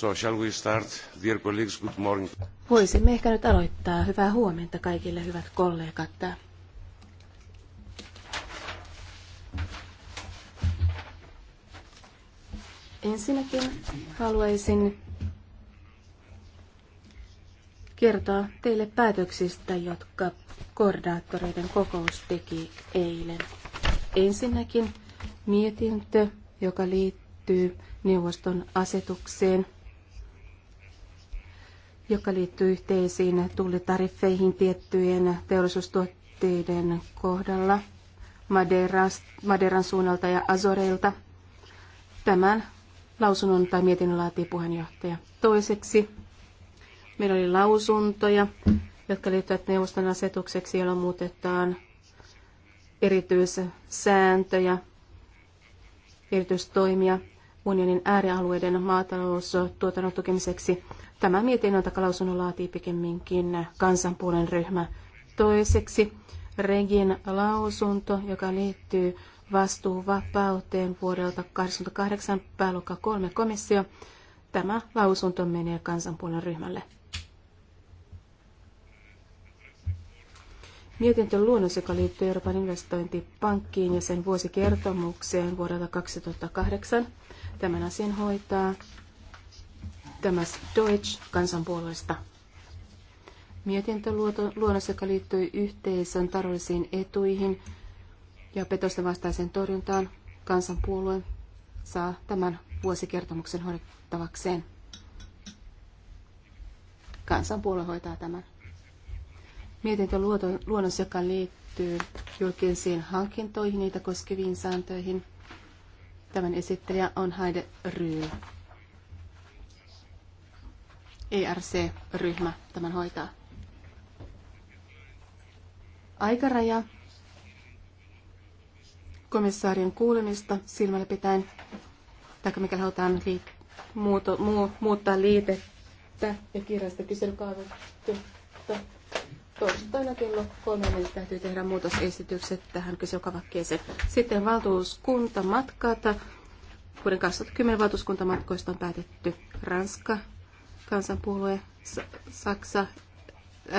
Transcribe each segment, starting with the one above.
So shall we start, dear colleagues, good morning. Voisimme ehkä nyt aloittaa. Hyvää huomenta kaikille hyvät kollegat. Ensinnäkin haluaisin kertoa teille päätöksistä, jotka koordinaattoreiden kokous teki eilen. Ensinnäkin mietintö, joka liittyy neuvoston asetukseen – joka liittyy yhteisiin tullitariffeihin tiettyjen teollisuustuotteiden kohdalla Madeiran suunnalta ja Azoreilta. Tämän lausunnon tai mietinnön laatii puheenjohtaja. Toiseksi meillä oli lausuntoja, jotka liittyvät neuvoston asetukseksi, jolla muutetaan erityissääntöjä, erityistoimia unionin äärialueiden maataloustuotannon tukemiseksi. Tämä mietinnön takalausunnon laatii pikemminkin kansanpuolen ryhmä. Toiseksi Regin lausunto, joka liittyy vastuuvapauteen vuodelta 2008 pääluokka 3 komissio. Tämä lausunto menee kansanpuolen ryhmälle. Mietintö luonnos, joka liittyy Euroopan investointipankkiin ja sen vuosikertomukseen vuodelta 2008, Tämän asian hoitaa Thomas Deutsch kansanpuolueesta. Mietintö luonnos, joka liittyy yhteisön taloudellisiin etuihin ja petosten vastaiseen torjuntaan, kansanpuolue saa tämän vuosikertomuksen hoidettavakseen. Kansanpuolue hoitaa tämän. Mietintö luonnos, joka liittyy julkisiin hankintoihin, niitä koskeviin sääntöihin Tämän esittelijä on Heide Ryl. ERC-ryhmä tämän hoitaa. Aikaraja komissaarien kuulemista silmällä pitäen, tai mikäli halutaan lii, muuto, muu, muuttaa liitettä ja kirjasta kyselykaavoitusta torstaina kello kolme mennessä täytyy tehdä muutosesitykset tähän kysyokavakkeeseen. Sitten valtuuskunta Vuoden 2010 valtuuskuntamatkoista on päätetty Ranska, kansanpuolue, Saksa,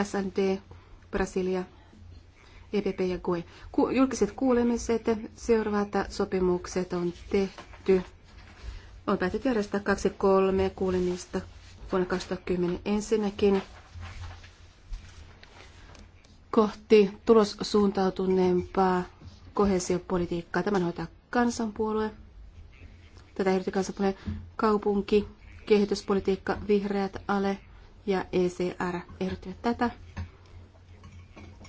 SND, Brasilia, EPP ja GUE. Ku- julkiset kuulemiset, seuraavat sopimukset on tehty. On päätetty järjestää kaksi kolme kuulemista vuonna 2010 ensinnäkin kohti tulossuuntautuneempaa kohesiopolitiikkaa. Tämän hoitaa kansanpuolue. Tätä ehdotti kansanpuolueen kaupunki, kehityspolitiikka, vihreät, ale ja ECR ehdottivat tätä.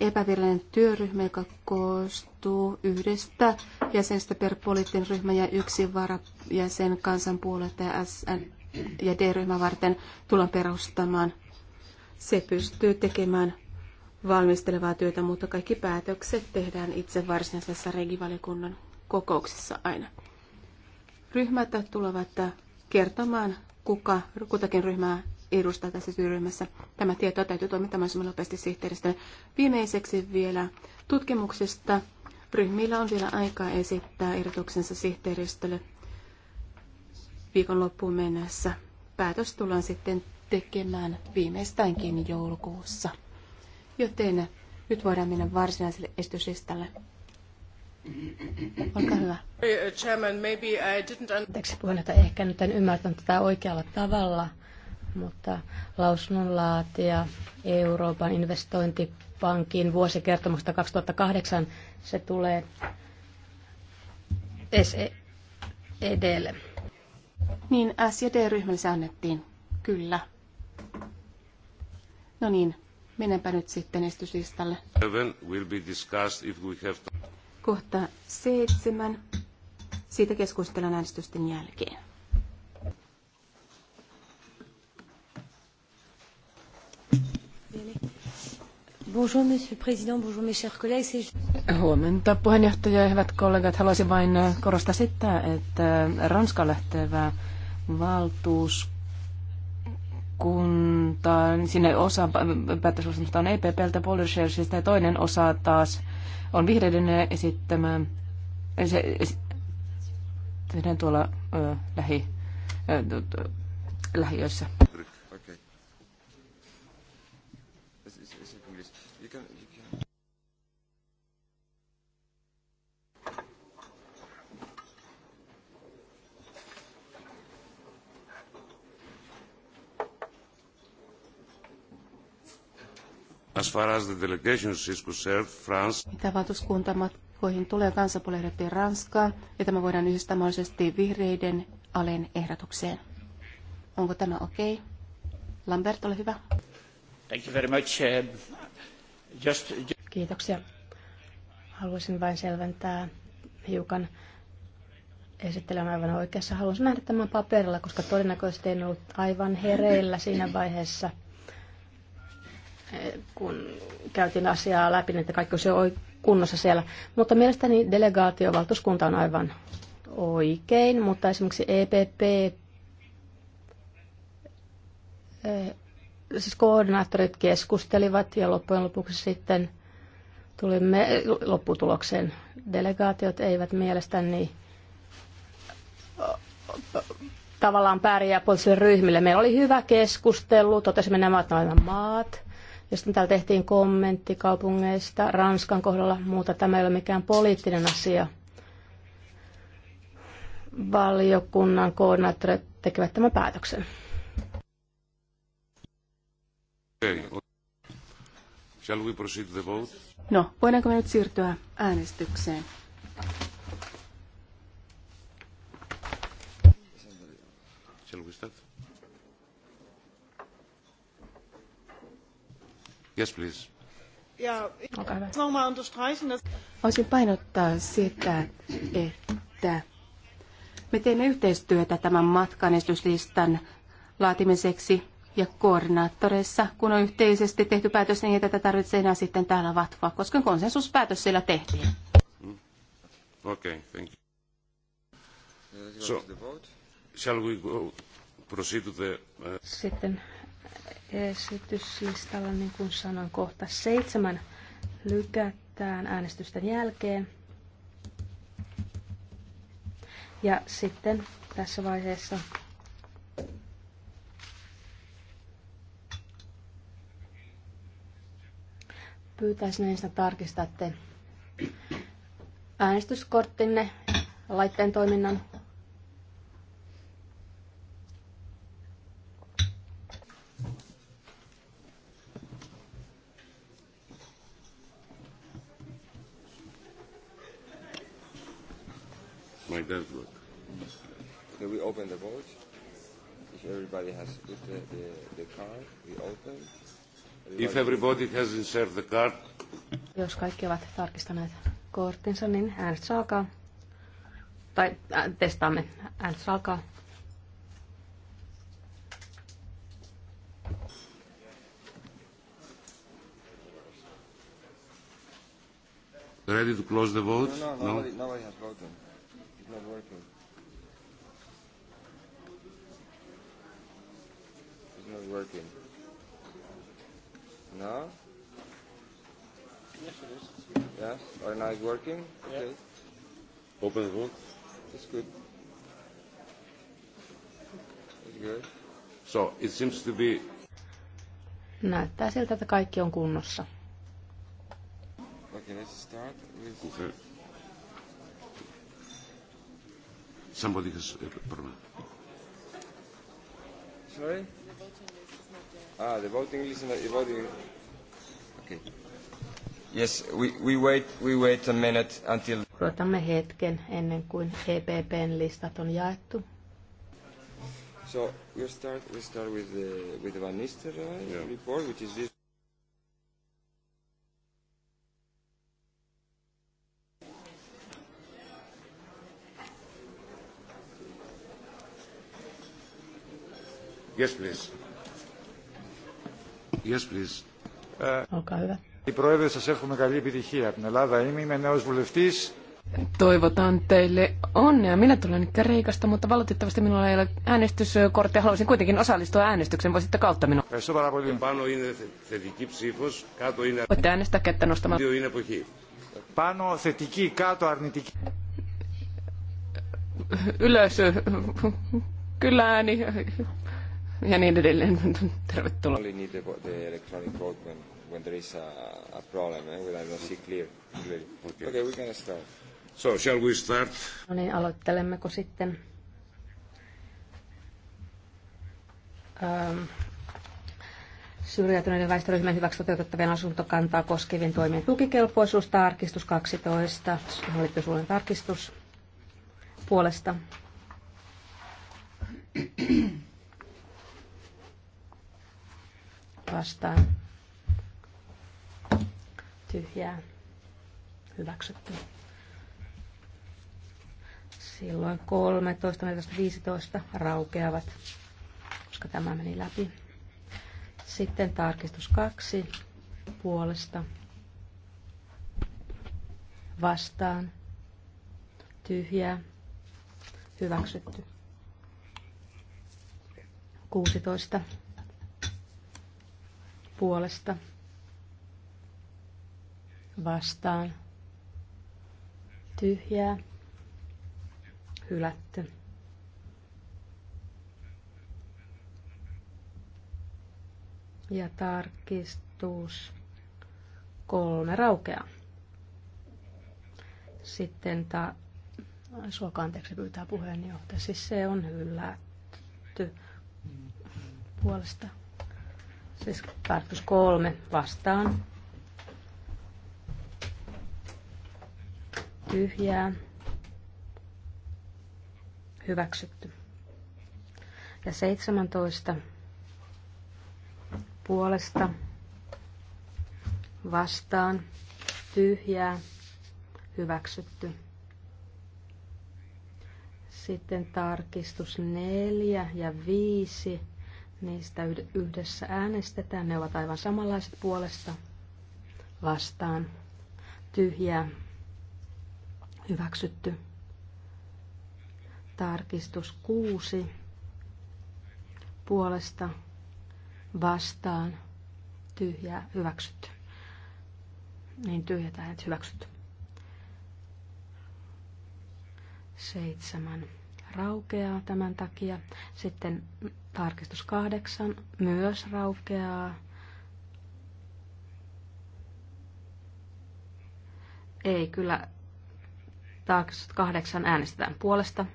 Epävirallinen työryhmä, joka koostuu yhdestä jäsenestä per poliittinen ryhmä ja yksi varajäsen kansanpuoluetta ja SN ja D-ryhmä varten tullaan perustamaan. Se pystyy tekemään valmistelevaa työtä, mutta kaikki päätökset tehdään itse varsinaisessa regivalikunnan kokouksessa aina. Ryhmät tulevat kertomaan, kuka kutakin ryhmää edustaa tässä työryhmässä. Tämä tietoa täytyy toimittaa mahdollisimman nopeasti sihteeristä. Viimeiseksi vielä tutkimuksesta. Ryhmillä on vielä aikaa esittää ehdotuksensa sihteeristölle viikon loppuun mennessä. Päätös tullaan sitten tekemään viimeistäänkin joulukuussa. Joten nyt voidaan mennä varsinaiselle esityslistalle. Olkaa hyvä. Uh, Chairman, maybe I didn't... Anteeksi puheenjohtaja, ehkä nyt en ymmärtänyt tätä oikealla tavalla, mutta lausunnonlaatija Euroopan investointipankin vuosikertomusta 2008, se tulee SE edelle. Niin, S- ja e D-ryhmälle se annettiin, kyllä. No niin, Menenpä nyt sitten esityslistalle. Kohta seitsemän. Siitä keskustellaan äänestysten jälkeen. Bonjour, monsieur le président, bonjour mes chers collègues. Huomenta puheenjohtaja ja hyvät kollegat. Haluaisin vain äh, korostaa sitä, että Ranska lähtevä valtuus valiokuntaan. Sinne osa päätöslausunnosta on EPPltä Polishelsista ja toinen osa taas on vihreiden esittämä. Se, se, tehdään tuolla ö, lähi, ö, lähiössä. As far as the delegation is concerned, France... Itävaltuuskuntamatkoihin tulee kansanpuolehdottaja Ranskaa, ja tämä voidaan yhdistää mahdollisesti vihreiden alen ehdotukseen. Onko tämä okei? Okay? Lambert, ole hyvä. Thank you very much. Eh, just... Kiitoksia. Haluaisin vain selventää hiukan esittelemme aivan oikeassa. Haluaisin nähdä tämän paperilla, koska todennäköisesti en ollut aivan hereillä siinä vaiheessa – kun käytiin asiaa läpi, niin että kaikki se oli kunnossa siellä. Mutta mielestäni delegaatiovaltuuskunta on aivan oikein, mutta esimerkiksi EPP, eh, siis koordinaattorit keskustelivat ja loppujen lopuksi sitten tulimme lopputulokseen. Delegaatiot eivät mielestäni eh, tavallaan pärjää poliittisille ryhmille. Meillä oli hyvä keskustelu, totesimme nämä ovat nämä maat, ja sitten täällä tehtiin kommentti kaupungeista Ranskan kohdalla, mutta tämä ei ole mikään poliittinen asia. Valiokunnan koordinaattorit tekevät tämän päätöksen. No, voidaanko me nyt siirtyä äänestykseen? Yes, please. Ja, Voisin painottaa sitä, että me teemme yhteistyötä tämän matkanestyslistan laatimiseksi ja koordinaattoreissa, kun on yhteisesti tehty päätös, niin ei tätä tarvitse enää sitten täällä vatvoa, koska konsensuspäätös siellä tehtiin. Mm. Okay, thank you. So, shall we go proceed to the, uh... Sitten esityslistalla, niin kuin sanoin, kohta seitsemän lykätään äänestysten jälkeen. Ja sitten tässä vaiheessa pyytäisin ensin tarkistatte äänestyskorttinne laitteen toiminnan we open the If everybody has if the, the, the card, we open. Everybody if everybody has inserted the card. Jos kaikki ovat tarkistaneet korttinsa, niin äänestys alkaa. Tai äh, testaamme. Äänestys alkaa. Ready to close the vote? No, no, no? nobody, no? nobody has voted not working. It's not working. No? Yes, it is. Yes? Or now it's working? Yeah. Okay. Open the book. It's good. It's good. So, it seems to be... Näyttää siltä, että kaikki on kunnossa. Okay, let's start with... Okay. Somebody has a uh, problem. Sorry? Ah, the voting list the voting. Okay. Yes, we, we wait, we wait a minute until... Odotamme hetken ennen kuin EPPn listat on jaettu. So we start, we start with the, uh, with the Van Nistelrooy yeah. report, which is this... Yes, please. Yes, please. Uh, Olkaa hyvä. Πρόεδρε, σας εύχομαι καλή επιτυχία. Από την Ελλάδα είμαι, είμαι νέος βουλευτής. Toivotan teille onnea. Minä tulen Kreikasta, mutta valitettavasti minulla ei ole äänestyskorttia. Haluaisin kuitenkin osallistua äänestykseen. Voisitte kautta minua. Voitte äänestää kättä nostamalla. Pano thetiki, kato arnitiki. Ylös. Kyllä ääni ja niin edelleen. Tervetuloa. when there is a, a problem, eh? when I don't see clear, clearly. Okay. okay, we can start. So, shall we start? No niin, aloittelemmeko sitten? Um, syrjäytyneiden väestöryhmien hyväksi toteutettavien asuntokantaa koskevien toimien tukikelpoisuus, tarkistus 12, hallitusuuden tarkistus puolesta vastaan tyhjää hyväksytty. Silloin 13, 14, 15 raukeavat, koska tämä meni läpi. Sitten tarkistus 2 puolesta vastaan tyhjää hyväksytty. 16 puolesta vastaan tyhjää hylätty. Ja tarkistus kolme raukeaa. Sitten ta, suokaa anteeksi pyytää puheenjohtaja, siis se on hylätty puolesta Siis kartus kolme vastaan. Tyhjää. Hyväksytty. Ja 17 puolesta vastaan tyhjää hyväksytty. Sitten tarkistus 4 ja 5 Niistä yhdessä äänestetään. Ne ovat aivan samanlaiset puolesta vastaan. tyhjä Hyväksytty. Tarkistus kuusi Puolesta vastaan. tyhjä Hyväksytty. Niin tyhjät tai hyväksytty. Seitsemän raukeaa tämän takia. Sitten tarkistus kahdeksan myös raukeaa. Ei, kyllä tarkistus kahdeksan äänestetään puolesta.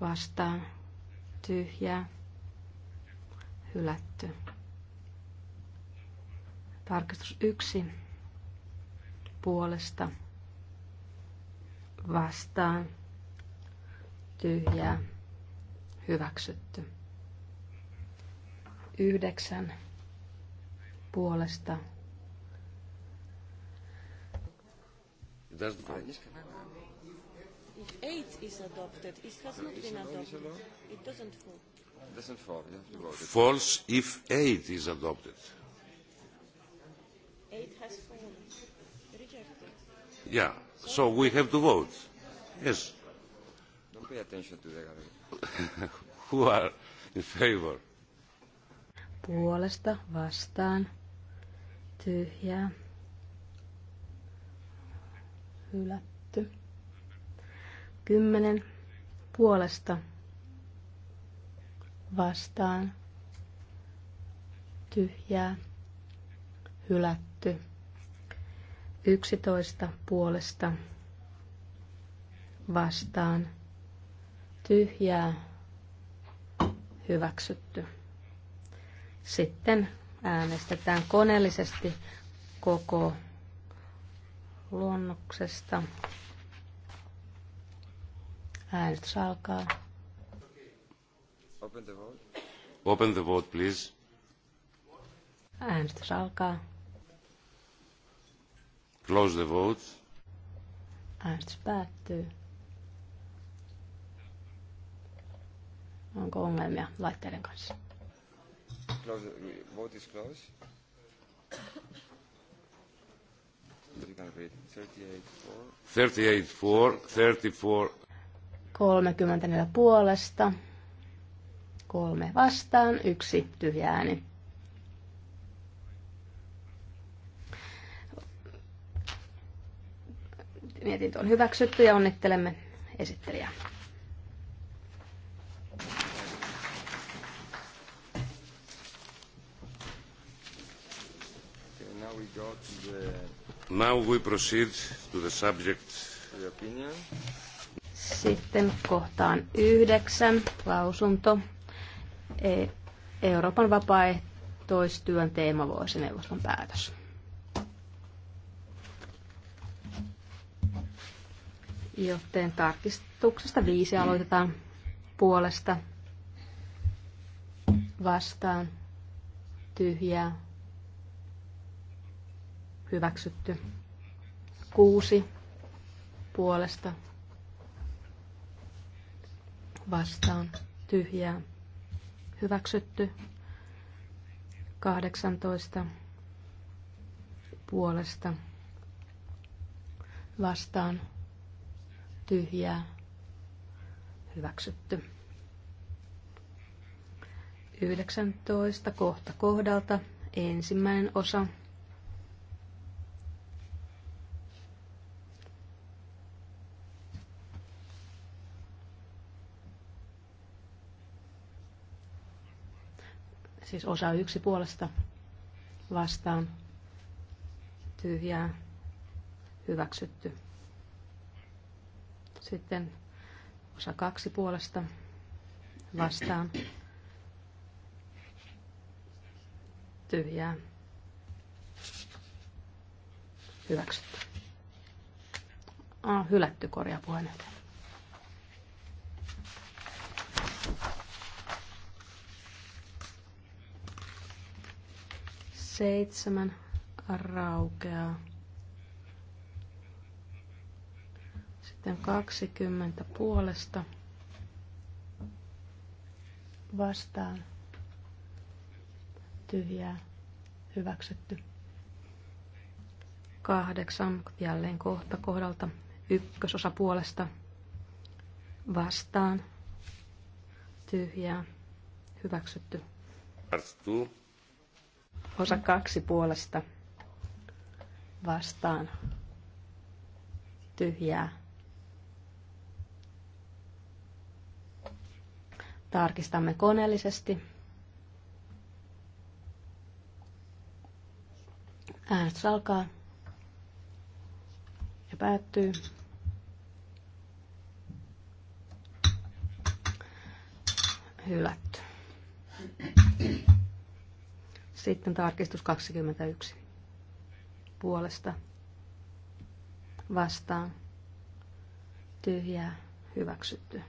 Vastaan. Tyhjää. Hylätty. Tarkistus yksi puolesta vastaan tyhjää hyväksytty. Yhdeksän puolesta If eight is adopted, it has not been adopted. It doesn't fall. It doesn't fall. False if eight is adopted. Eight has fallen. Rejected. Yeah. So we have to vote. Yes. Don't pay attention to the Who are in favor? Puolesta, vastaan, tyhjää, hylätty. Kymmenen, puolesta, vastaan, tyhjää, hylätty. 11 puolesta vastaan tyhjää hyväksytty. Sitten äänestetään koneellisesti koko luonnoksesta. Äänestys alkaa. Open the vote. Open the vote, please. Äänestys alkaa. Close the vote. Äänestys päättyy. Onko ongelmia laitteiden kanssa? Close the, vote is closed. You can read 38 for. 34 34 puolesta, kolme vastaan, yksi tyhjä ääni. Mietintö on hyväksytty ja onnittelemme esittelijää. Now we proceed to the subject. Sitten kohtaan yhdeksän, lausunto. E- Euroopan vapaaehtoistyön teemavuosineuvoston päätös. Joten tarkistuksesta viisi aloitetaan puolesta vastaan tyhjää hyväksytty. Kuusi puolesta vastaan tyhjää hyväksytty. 18 puolesta vastaan tyhjää, hyväksytty. 19 kohta kohdalta ensimmäinen osa. Siis osa yksi puolesta vastaan tyhjää hyväksytty. Sitten osa kaksi puolesta vastaan. Tyhjää. Hyväksytty. Ah, hylätty korjapuheenjohtaja. Seitsemän raukeaa. Sitten 20 puolesta vastaan tyhjää hyväksytty. Kahdeksan jälleen kohta kohdalta ykkösosa puolesta vastaan tyhjää hyväksytty. Osa kaksi puolesta vastaan tyhjää Tarkistamme koneellisesti. Äänestys alkaa ja päättyy. Hylätty. Sitten tarkistus 21. Puolesta vastaan tyhjää hyväksytty.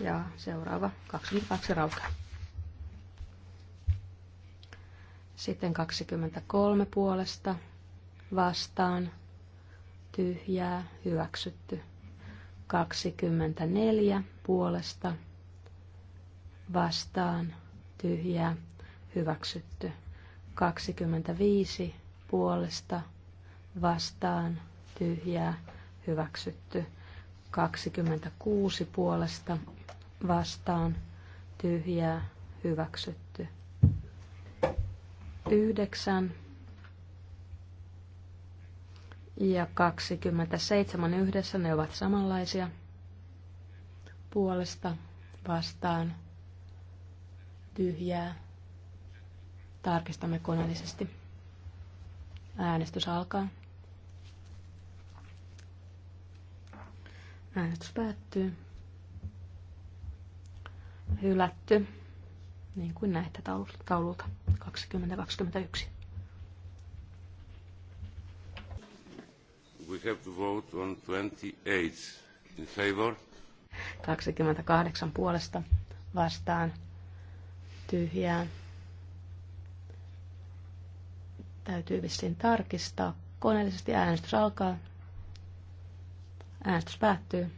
Ja seuraava 22 raukeaa. Sitten 23 puolesta vastaan tyhjää hyväksytty. 24 puolesta vastaan tyhjää hyväksytty. 25 puolesta vastaan tyhjää hyväksytty. 26 puolesta vastaan tyhjää hyväksytty. Yhdeksän ja 27 yhdessä, ne ovat samanlaisia. Puolesta vastaan tyhjää. Tarkistamme koneellisesti. Äänestys alkaa. Äänestys päättyy hylätty, niin kuin näette taululta 2021. We have to vote on 28 in favor. 28 puolesta vastaan tyhjään. Täytyy vissiin tarkistaa. Koneellisesti äänestys alkaa. Äänestys päättyy.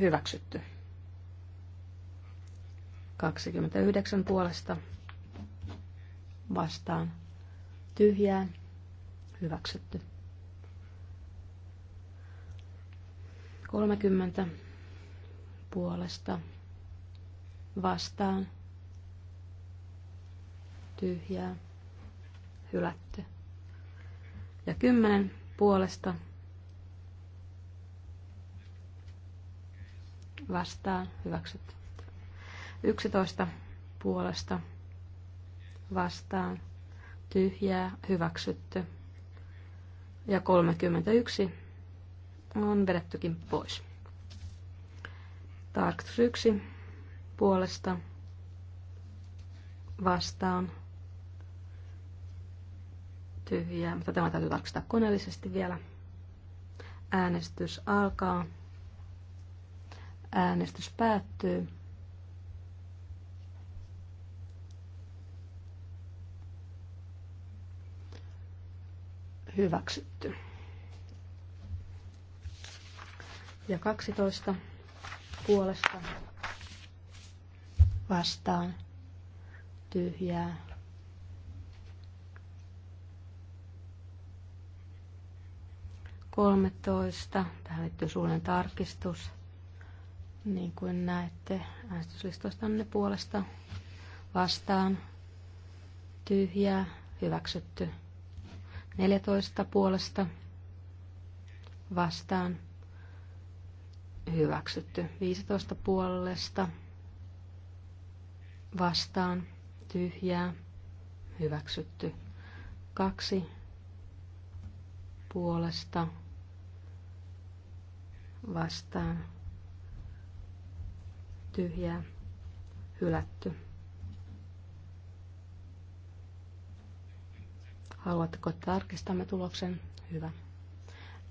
hyväksytty. 29 puolesta vastaan tyhjää hyväksytty. 30 puolesta vastaan tyhjää hylätty. Ja 10 puolesta vastaan hyväksyt. 11 puolesta vastaan tyhjää hyväksytty. Ja 31 on vedettykin pois. Tarkoitus 1 puolesta vastaan tyhjää, mutta tämä täytyy tarkistaa koneellisesti vielä. Äänestys alkaa. Äänestys päättyy. Hyväksytty. Ja 12 puolesta vastaan tyhjää. Kolmetoista. Tähän liittyy suullinen tarkistus. Niin kuin näette, äänestyslistostanne puolesta vastaan tyhjää hyväksytty. 14 puolesta vastaan hyväksytty. 15 puolesta vastaan tyhjää hyväksytty. kaksi puolesta vastaan tyhjää, hylätty. Haluatteko tarkistamme tuloksen? Hyvä.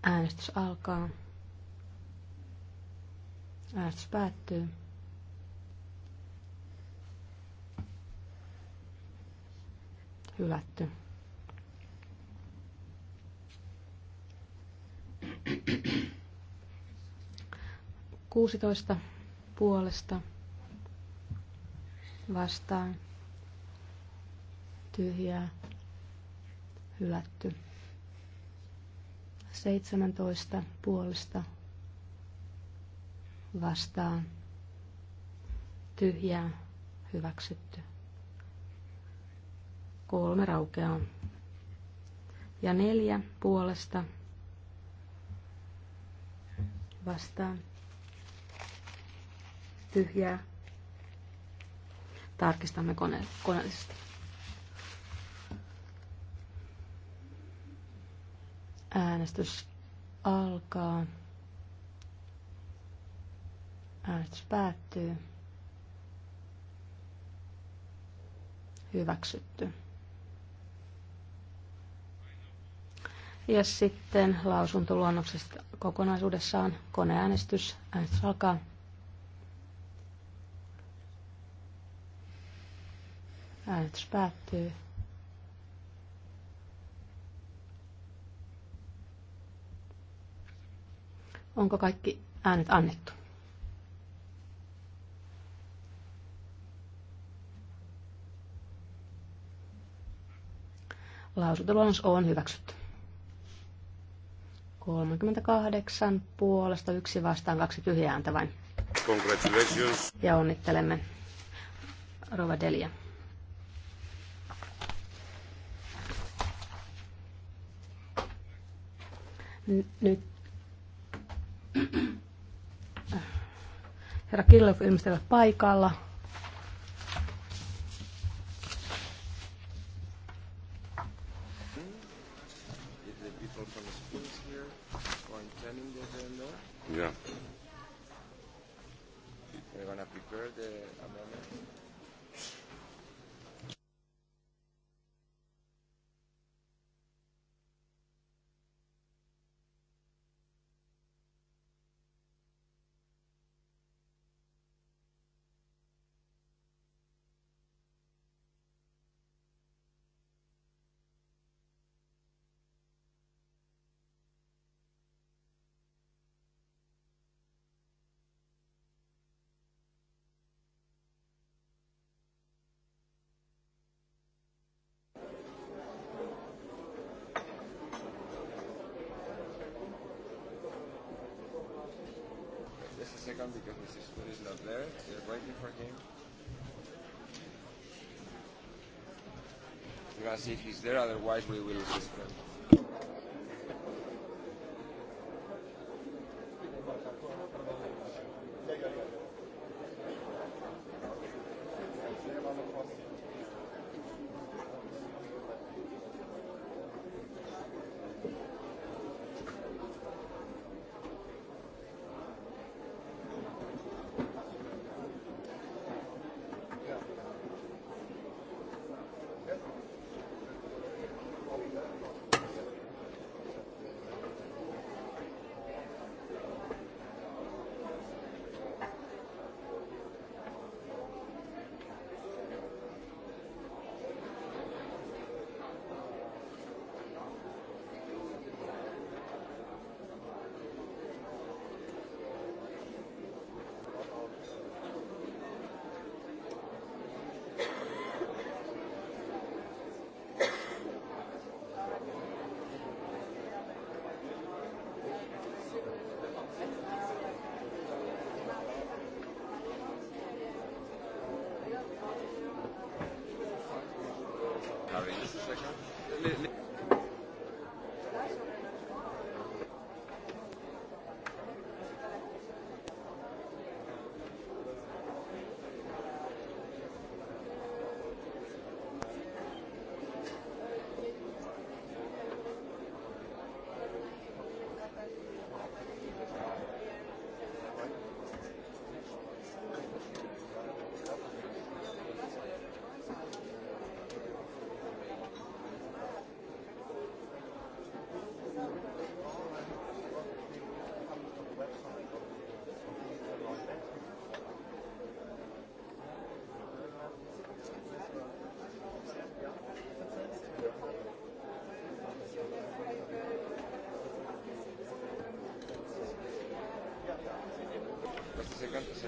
Äänestys alkaa. Äänestys päättyy. Hylätty. Kuusitoista puolesta vastaan tyhjää hylätty. 17 puolesta vastaan tyhjää hyväksytty. Kolme raukeaa. Ja neljä puolesta vastaan tyhjää. Tarkistamme kone- koneellisesti. Äänestys alkaa. Äänestys päättyy. Hyväksytty. Ja sitten lausuntoluonnoksesta kokonaisuudessaan koneäänestys. Äänestys alkaa. Äänestys päättyy. Onko kaikki äänet annettu? Lausuntoluonnos on hyväksytty. 38 puolesta, yksi vastaan, kaksi tyhjää ääntä vain. Congratulations. Ja onnittelemme Rova Delia. nyt herra Killef ilmeisesti paikalla. second because Mrs. Food is not there. We are waiting for him. We're going to see if he's there, otherwise we will suspend.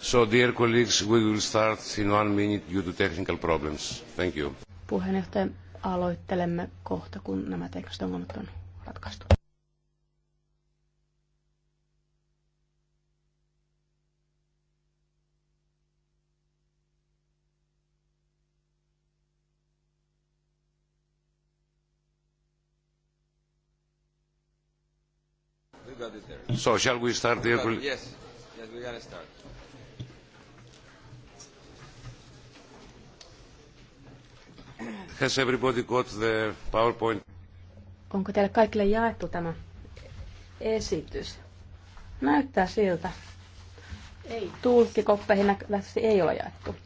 So, dear colleagues, we will start in one minute due to technical problems. Thank you. Puheenjohtaja, aloittelemme kohta, kun nämä tekniset ongelmat on ratkaistu. So shall we start, dear colleagues? Yes start? Has everybody got the PowerPoint? Onko teille kaikille jaettu tämä esitys? Näyttää siltä. Ei. Tulkkikoppeihin näköisesti ei ole jaettu.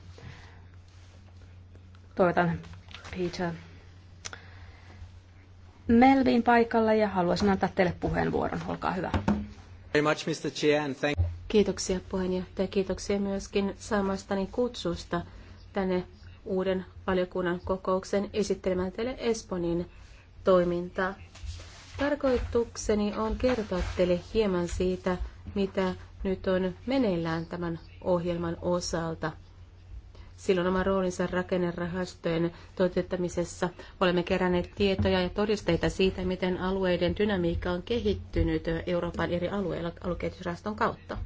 Toivotan Peter Melvin paikalle ja haluaisin antaa teille puheenvuoron. Olkaa hyvä. Very much, Mr. Chair, and thank Kiitoksia puheenjohtaja. Kiitoksia myöskin saamastani kutsusta tänne uuden valiokunnan kokouksen esittelemään teille Esponin toimintaa. Tarkoitukseni on kertoa teille hieman siitä, mitä nyt on meneillään tämän ohjelman osalta. Silloin oma roolinsa rakennerahastojen toteuttamisessa olemme keränneet tietoja ja todisteita siitä, miten alueiden dynamiikka on kehittynyt Euroopan eri alueilla aluekehitysrahaston kautta.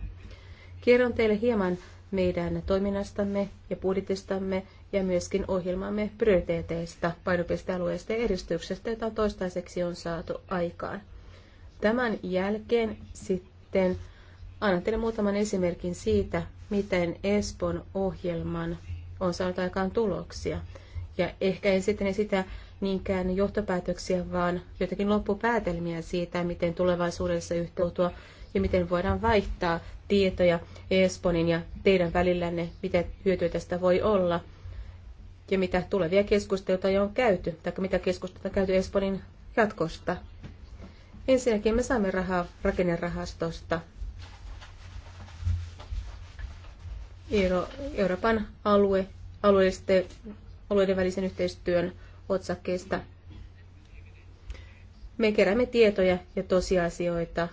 Kerron teille hieman meidän toiminnastamme ja budjetistamme ja myöskin ohjelmamme prioriteeteista, painopistealueesta ja edistyksestä, jota toistaiseksi on saatu aikaan. Tämän jälkeen sitten annan teille muutaman esimerkin siitä, miten Espoon ohjelman on saanut aikaan tuloksia. Ja ehkä en sitten sitä niinkään johtopäätöksiä, vaan jotakin loppupäätelmiä siitä, miten tulevaisuudessa yhteytua ja miten voidaan vaihtaa tietoja Esponin ja teidän välillänne, mitä hyötyä tästä voi olla ja mitä tulevia keskusteluita jo on käyty, tai mitä keskusteluita on käyty Esponin jatkosta. Ensinnäkin me saamme rahaa rakennerahastosta. Euroopan alue, alueellisten, alueiden välisen yhteistyön otsakkeesta. Me keräämme tietoja ja tosiasioita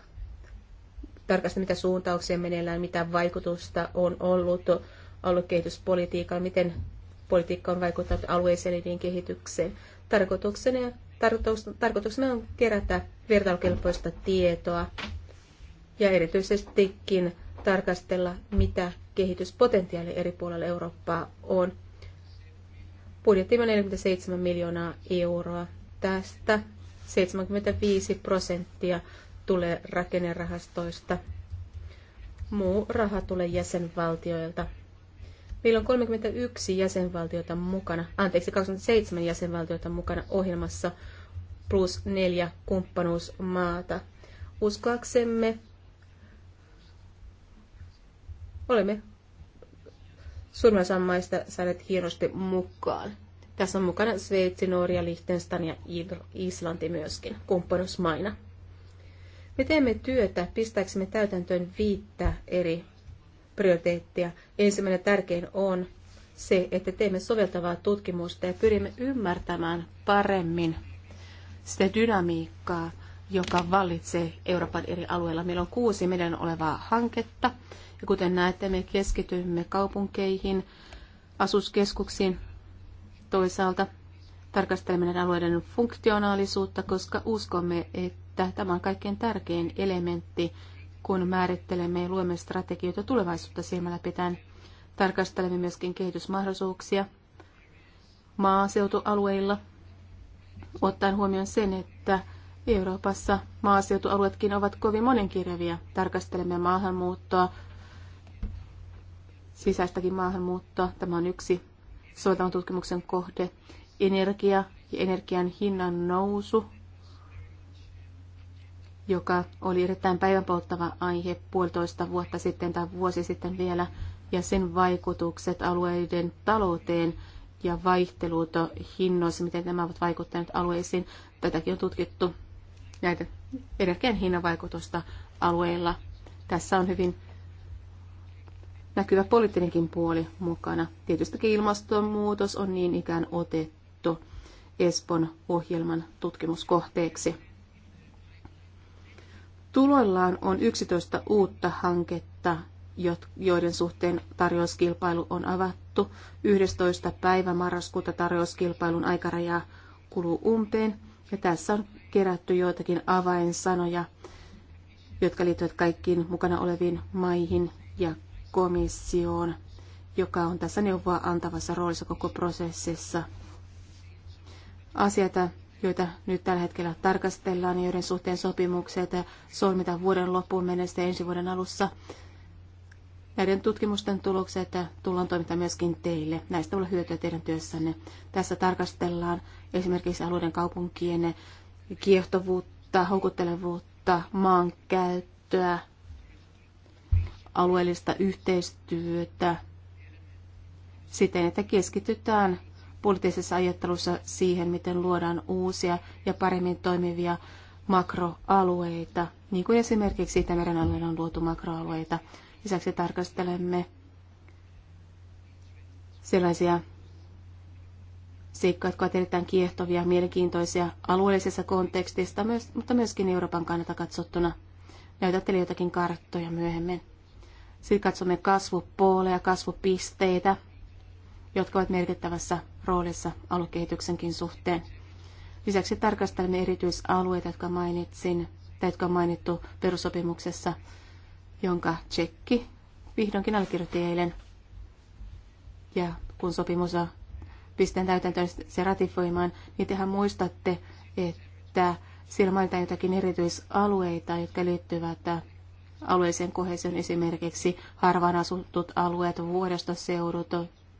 tarkasti, mitä suuntauksia meneillään, mitä vaikutusta on ollut aluekehityspolitiikalla, miten politiikka on vaikuttanut alueeseen kehitykseen. Tarkoituksena, tarkoitus, tarkoituksena on kerätä vertailukelpoista tietoa ja erityisestikin tarkastella, mitä kehityspotentiaali eri puolilla Eurooppaa on. Budjetti on 47 miljoonaa euroa. Tästä 75 prosenttia tulee rakennerahastoista. Muu raha tulee jäsenvaltioilta. Meillä on 31 jäsenvaltiota mukana, anteeksi 27 jäsenvaltiota mukana ohjelmassa plus neljä kumppanuusmaata. Uskoaksemme olemme surmasammaista saaneet hienosti mukaan. Tässä on mukana Sveitsi, Norja, Liechtenstein ja Islanti myöskin kumppanuusmaina. Me teemme työtä pistääksemme täytäntöön viittä eri prioriteettia. Ensimmäinen tärkein on se, että teemme soveltavaa tutkimusta ja pyrimme ymmärtämään paremmin sitä dynamiikkaa, joka vallitsee Euroopan eri alueilla. Meillä on kuusi meidän olevaa hanketta. Ja kuten näette, me keskitymme kaupunkeihin, asuskeskuksiin toisaalta tarkastelemme näiden alueiden funktionaalisuutta, koska uskomme, että että tämä on kaikkein tärkein elementti, kun määrittelemme ja luemme strategioita tulevaisuutta silmällä pitäen. Tarkastelemme myöskin kehitysmahdollisuuksia maaseutualueilla, ottaen huomioon sen, että Euroopassa maaseutualueetkin ovat kovin monenkirjavia. Tarkastelemme maahanmuuttoa, sisäistäkin maahanmuuttoa. Tämä on yksi soveltavan tutkimuksen kohde. Energia ja energian hinnan nousu joka oli erittäin päivänpolttava aihe puolitoista vuotta sitten tai vuosi sitten vielä, ja sen vaikutukset alueiden talouteen ja vaihtelut hinnoissa, miten nämä ovat vaikuttaneet alueisiin. Tätäkin on tutkittu, näitä energian hinnan vaikutusta alueilla. Tässä on hyvin näkyvä poliittinenkin puoli mukana. Tietystikin ilmastonmuutos on niin ikään otettu Espon ohjelman tutkimuskohteeksi. Tuloillaan on 11 uutta hanketta, joiden suhteen tarjouskilpailu on avattu. 11. päivä marraskuuta tarjouskilpailun aikaraja kuluu umpeen. Ja tässä on kerätty joitakin avainsanoja, jotka liittyvät kaikkiin mukana oleviin maihin ja komissioon, joka on tässä neuvoa antavassa roolissa koko prosessissa. Asioita joita nyt tällä hetkellä tarkastellaan ja joiden suhteen sopimukset solmitaan vuoden loppuun mennessä ensi vuoden alussa. Näiden tutkimusten tulokset tullaan toimittamaan myöskin teille. Näistä voi hyötyä teidän työssänne. Tässä tarkastellaan esimerkiksi alueiden kaupunkien kiehtovuutta, houkuttelevuutta, maankäyttöä, alueellista yhteistyötä siten, että keskitytään poliittisessa ajattelussa siihen, miten luodaan uusia ja paremmin toimivia makroalueita, niin kuin esimerkiksi Itämeren alueella on luotu makroalueita. Lisäksi tarkastelemme sellaisia seikkoja, jotka ovat erittäin kiehtovia, mielenkiintoisia alueellisessa kontekstista, mutta myöskin Euroopan kannalta katsottuna. Näytätte jotakin karttoja myöhemmin. Sitten katsomme kasvupuoleja, kasvupisteitä, jotka ovat merkittävässä roolissa aluekehityksenkin suhteen. Lisäksi tarkastelemme erityisalueita, jotka mainitsin, tai jotka on mainittu perussopimuksessa, jonka tsekki vihdoinkin allekirjoitti eilen. Ja kun sopimus on pisteen täytäntöön niin se ratifoimaan, niin tehän muistatte, että siellä mainitaan jotakin erityisalueita, jotka liittyvät alueeseen kohesioon, esimerkiksi harvaan asutut alueet, vuoristoseudut,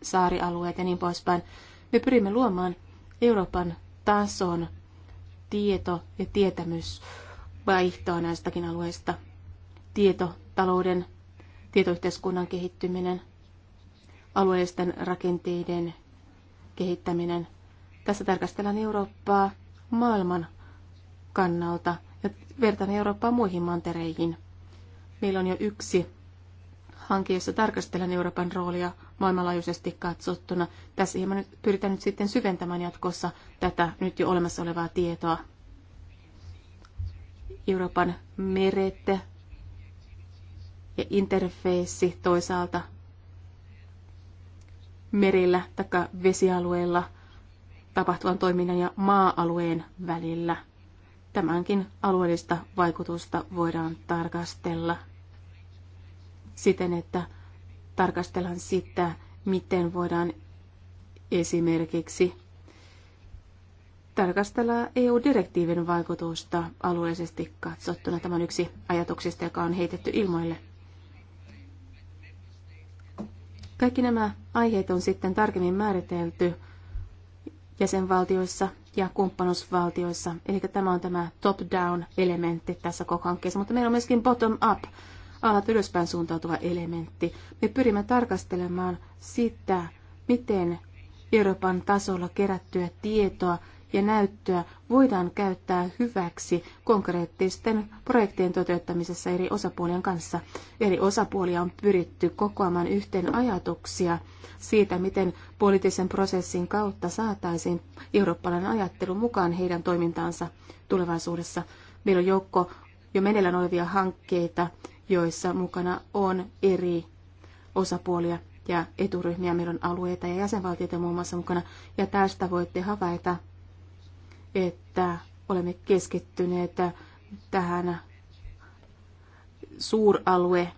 saarialueet ja niin poispäin. Me pyrimme luomaan Euroopan tason tieto- ja tietämys näistäkin alueista. Tietotalouden, tietoyhteiskunnan kehittyminen, alueellisten rakenteiden kehittäminen. Tässä tarkastellaan Eurooppaa maailman kannalta ja vertaan Eurooppaa muihin mantereihin. Meillä on jo yksi hanke, jossa tarkastellaan Euroopan roolia maailmanlaajuisesti katsottuna. Tässä hieman nyt pyritään nyt sitten syventämään jatkossa tätä nyt jo olemassa olevaa tietoa. Euroopan meret ja interfeissi toisaalta merillä tai vesialueella tapahtuvan toiminnan ja maa-alueen välillä. Tämänkin alueellista vaikutusta voidaan tarkastella siten, että tarkastellaan sitä, miten voidaan esimerkiksi tarkastella EU-direktiivin vaikutusta alueellisesti katsottuna. Tämä on yksi ajatuksista, joka on heitetty ilmoille. Kaikki nämä aiheet on sitten tarkemmin määritelty jäsenvaltioissa ja kumppanuusvaltioissa. Eli tämä on tämä top-down elementti tässä koko hankkeessa, mutta meillä on myöskin bottom-up alat ylöspäin suuntautuva elementti. Me pyrimme tarkastelemaan sitä, miten Euroopan tasolla kerättyä tietoa ja näyttöä voidaan käyttää hyväksi konkreettisten projektien toteuttamisessa eri osapuolien kanssa. Eri osapuolia on pyritty kokoamaan yhteen ajatuksia siitä, miten poliittisen prosessin kautta saataisiin eurooppalainen ajattelu mukaan heidän toimintaansa tulevaisuudessa. Meillä on joukko jo meneillään olevia hankkeita, joissa mukana on eri osapuolia ja eturyhmiä. Meillä on alueita ja jäsenvaltioita muun muassa mukana. Ja tästä voitte havaita, että olemme keskittyneet tähän suuralue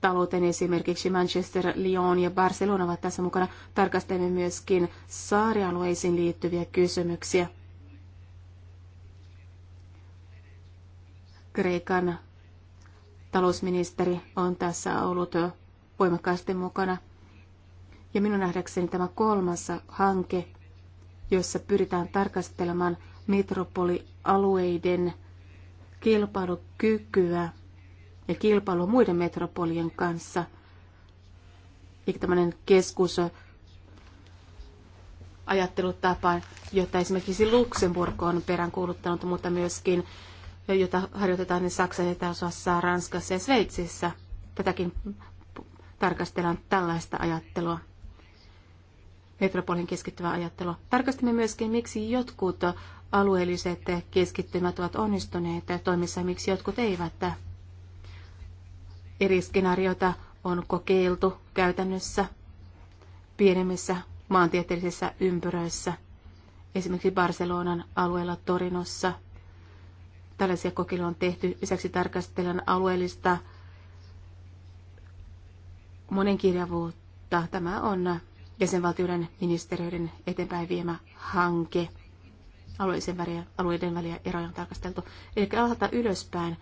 talouteen esimerkiksi Manchester, Lyon ja Barcelona ovat tässä mukana. Tarkastelemme myöskin saarialueisiin liittyviä kysymyksiä. Kreikan talousministeri on tässä ollut voimakkaasti mukana. Ja minun nähdäkseni tämä kolmas hanke, jossa pyritään tarkastelemaan metropolialueiden kilpailukykyä ja kilpailu muiden metropolien kanssa. Ja tämmöinen keskus ajattelutapa, jota esimerkiksi Luxemburg on peräänkuuluttanut, mutta myöskin jota harjoitetaan niin Saksan etäosassa, Ranskassa ja Sveitsissä. Tätäkin tarkastellaan tällaista ajattelua, metropolin keskittyvää ajattelua. Tarkastimme myöskin, miksi jotkut alueelliset keskittymät ovat onnistuneet toimissa miksi jotkut eivät. Eri skenaariota on kokeiltu käytännössä pienemmissä maantieteellisissä ympyröissä, esimerkiksi Barcelonan alueella Torinossa – Tällaisia kokeiluja on tehty. Lisäksi tarkastellaan alueellista monenkirjavuutta. Tämä on jäsenvaltioiden ministeriöiden eteenpäin viemä hanke. Alueiden väliä, alueiden väliä eroja on tarkasteltu. Eli alhaalta ylöspäin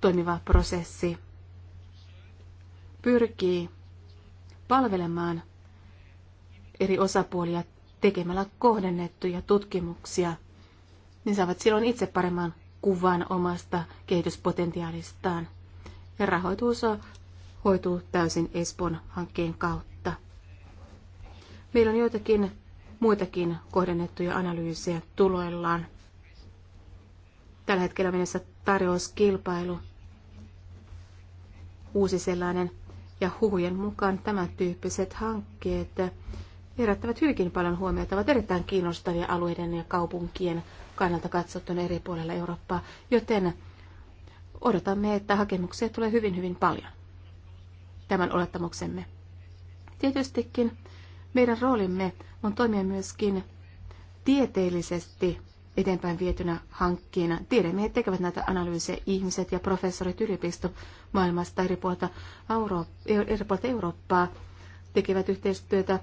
toimiva prosessi pyrkii palvelemaan eri osapuolia tekemällä kohdennettuja tutkimuksia. Niin saavat silloin itse paremman kuvan omasta kehityspotentiaalistaan. Ja rahoitus hoituu täysin Espoon hankkeen kautta. Meillä on joitakin muitakin kohdennettuja analyysejä tuloillaan. Tällä hetkellä mennessä tarjouskilpailu, uusi sellainen, ja huhujen mukaan tämän tyyppiset hankkeet herättävät hyvinkin paljon huomiota, ovat erittäin kiinnostavia alueiden ja kaupunkien kannalta katsottuna eri puolilla Eurooppaa, joten odotamme, että hakemuksia tulee hyvin hyvin paljon. Tämän olettamuksemme. Tietystikin meidän roolimme on toimia myöskin tieteellisesti eteenpäin vietynä hankkeena. Tiedemiehet tekevät näitä analyysejä ihmiset ja professorit yliopisto maailmasta eri puolta, Euro- eri puolta Eurooppaa tekevät yhteistyötä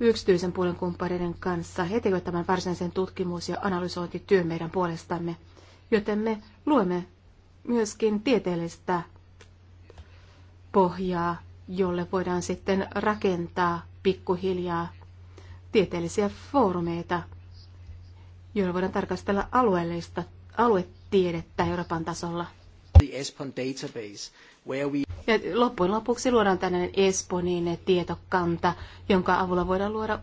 yksityisen puolen kumppaneiden kanssa. He tekevät tämän varsinaisen tutkimus- ja analysointityön meidän puolestamme, joten me luemme myöskin tieteellistä pohjaa, jolle voidaan sitten rakentaa pikkuhiljaa tieteellisiä foorumeita, joilla voidaan tarkastella alueellista aluetiedettä Euroopan tasolla. The Espon database, where we ja loppujen lopuksi luodaan tällainen Esponin tietokanta, jonka avulla voidaan luoda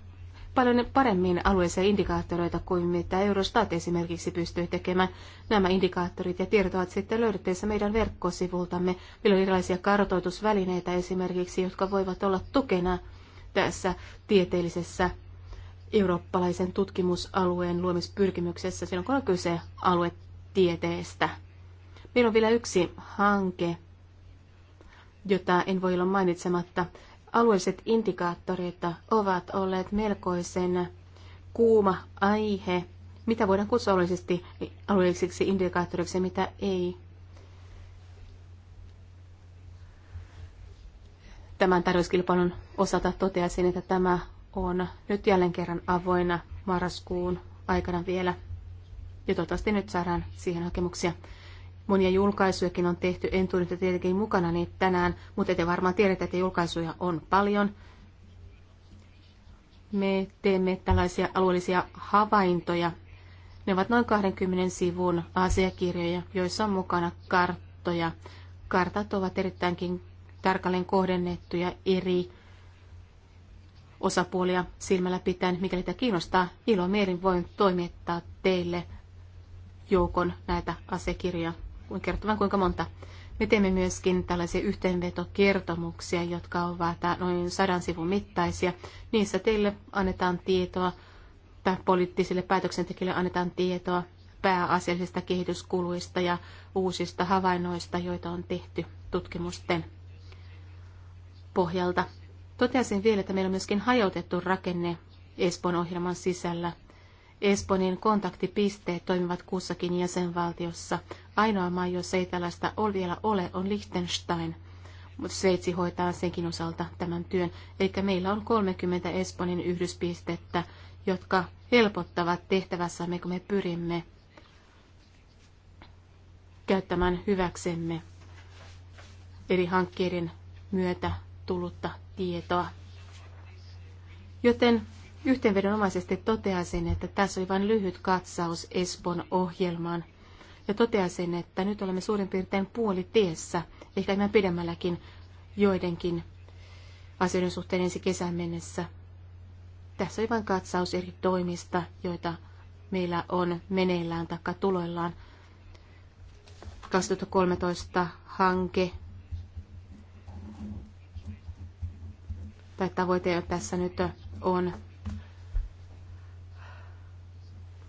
paljon paremmin alueisia indikaattoreita kuin mitä Eurostat esimerkiksi pystyy tekemään. Nämä indikaattorit ja tiedot ovat sitten löydettävissä meidän verkkosivultamme. Meillä on erilaisia kartoitusvälineitä esimerkiksi, jotka voivat olla tukena tässä tieteellisessä eurooppalaisen tutkimusalueen luomispyrkimyksessä silloin, kun on kyse aluetieteestä. Meillä on vielä yksi hanke, jota en voi olla mainitsematta. Alueelliset indikaattorit ovat olleet melkoisen kuuma aihe, mitä voidaan kutsua alueellisesti, alueellisiksi indikaattoriksi ja mitä ei. Tämän tarjouskilpailun osalta toteaisin, että tämä on nyt jälleen kerran avoinna marraskuun aikana vielä. Ja toivottavasti nyt saadaan siihen hakemuksia. Monia julkaisujakin on tehty, en tule niitä tietenkin mukana niitä tänään, mutta te varmaan tiedätte, että julkaisuja on paljon. Me teemme tällaisia alueellisia havaintoja. Ne ovat noin 20 sivun asiakirjoja, joissa on mukana karttoja. Kartat ovat erittäinkin tarkalleen kohdennettuja eri osapuolia silmällä pitäen. Mikäli tämä kiinnostaa, ilo mielin voin toimittaa teille joukon näitä asiakirjoja. Kertovan kuinka monta. Me teemme myöskin tällaisia yhteenvetokertomuksia, jotka ovat noin sadan sivun mittaisia. Niissä teille annetaan tietoa, tai poliittisille päätöksentekijöille annetaan tietoa pääasiallisista kehityskuluista ja uusista havainnoista, joita on tehty tutkimusten pohjalta. Toteaisin vielä, että meillä on myöskin hajautettu rakenne Espoon ohjelman sisällä. Espanjan kontaktipisteet toimivat kussakin jäsenvaltiossa. Ainoa maa, jossa ei tällaista ole vielä ole, on Liechtenstein. Mutta Sveitsi hoitaa senkin osalta tämän työn. Eikä meillä on 30 Espanjan yhdyspistettä, jotka helpottavat tehtävässämme, kun me pyrimme käyttämään hyväksemme eri hankkeiden myötä tullutta tietoa. Joten Yhteenvedonomaisesti toteaisin, että tässä oli vain lyhyt katsaus Esbon ohjelmaan. Ja toteaisin, että nyt olemme suurin piirtein tiessä, ehkä enemmän pidemmälläkin joidenkin asioiden suhteen ensi kesän mennessä. Tässä oli vain katsaus eri toimista, joita meillä on meneillään tai tuloillaan. 2013 hanke tai tavoite tässä nyt on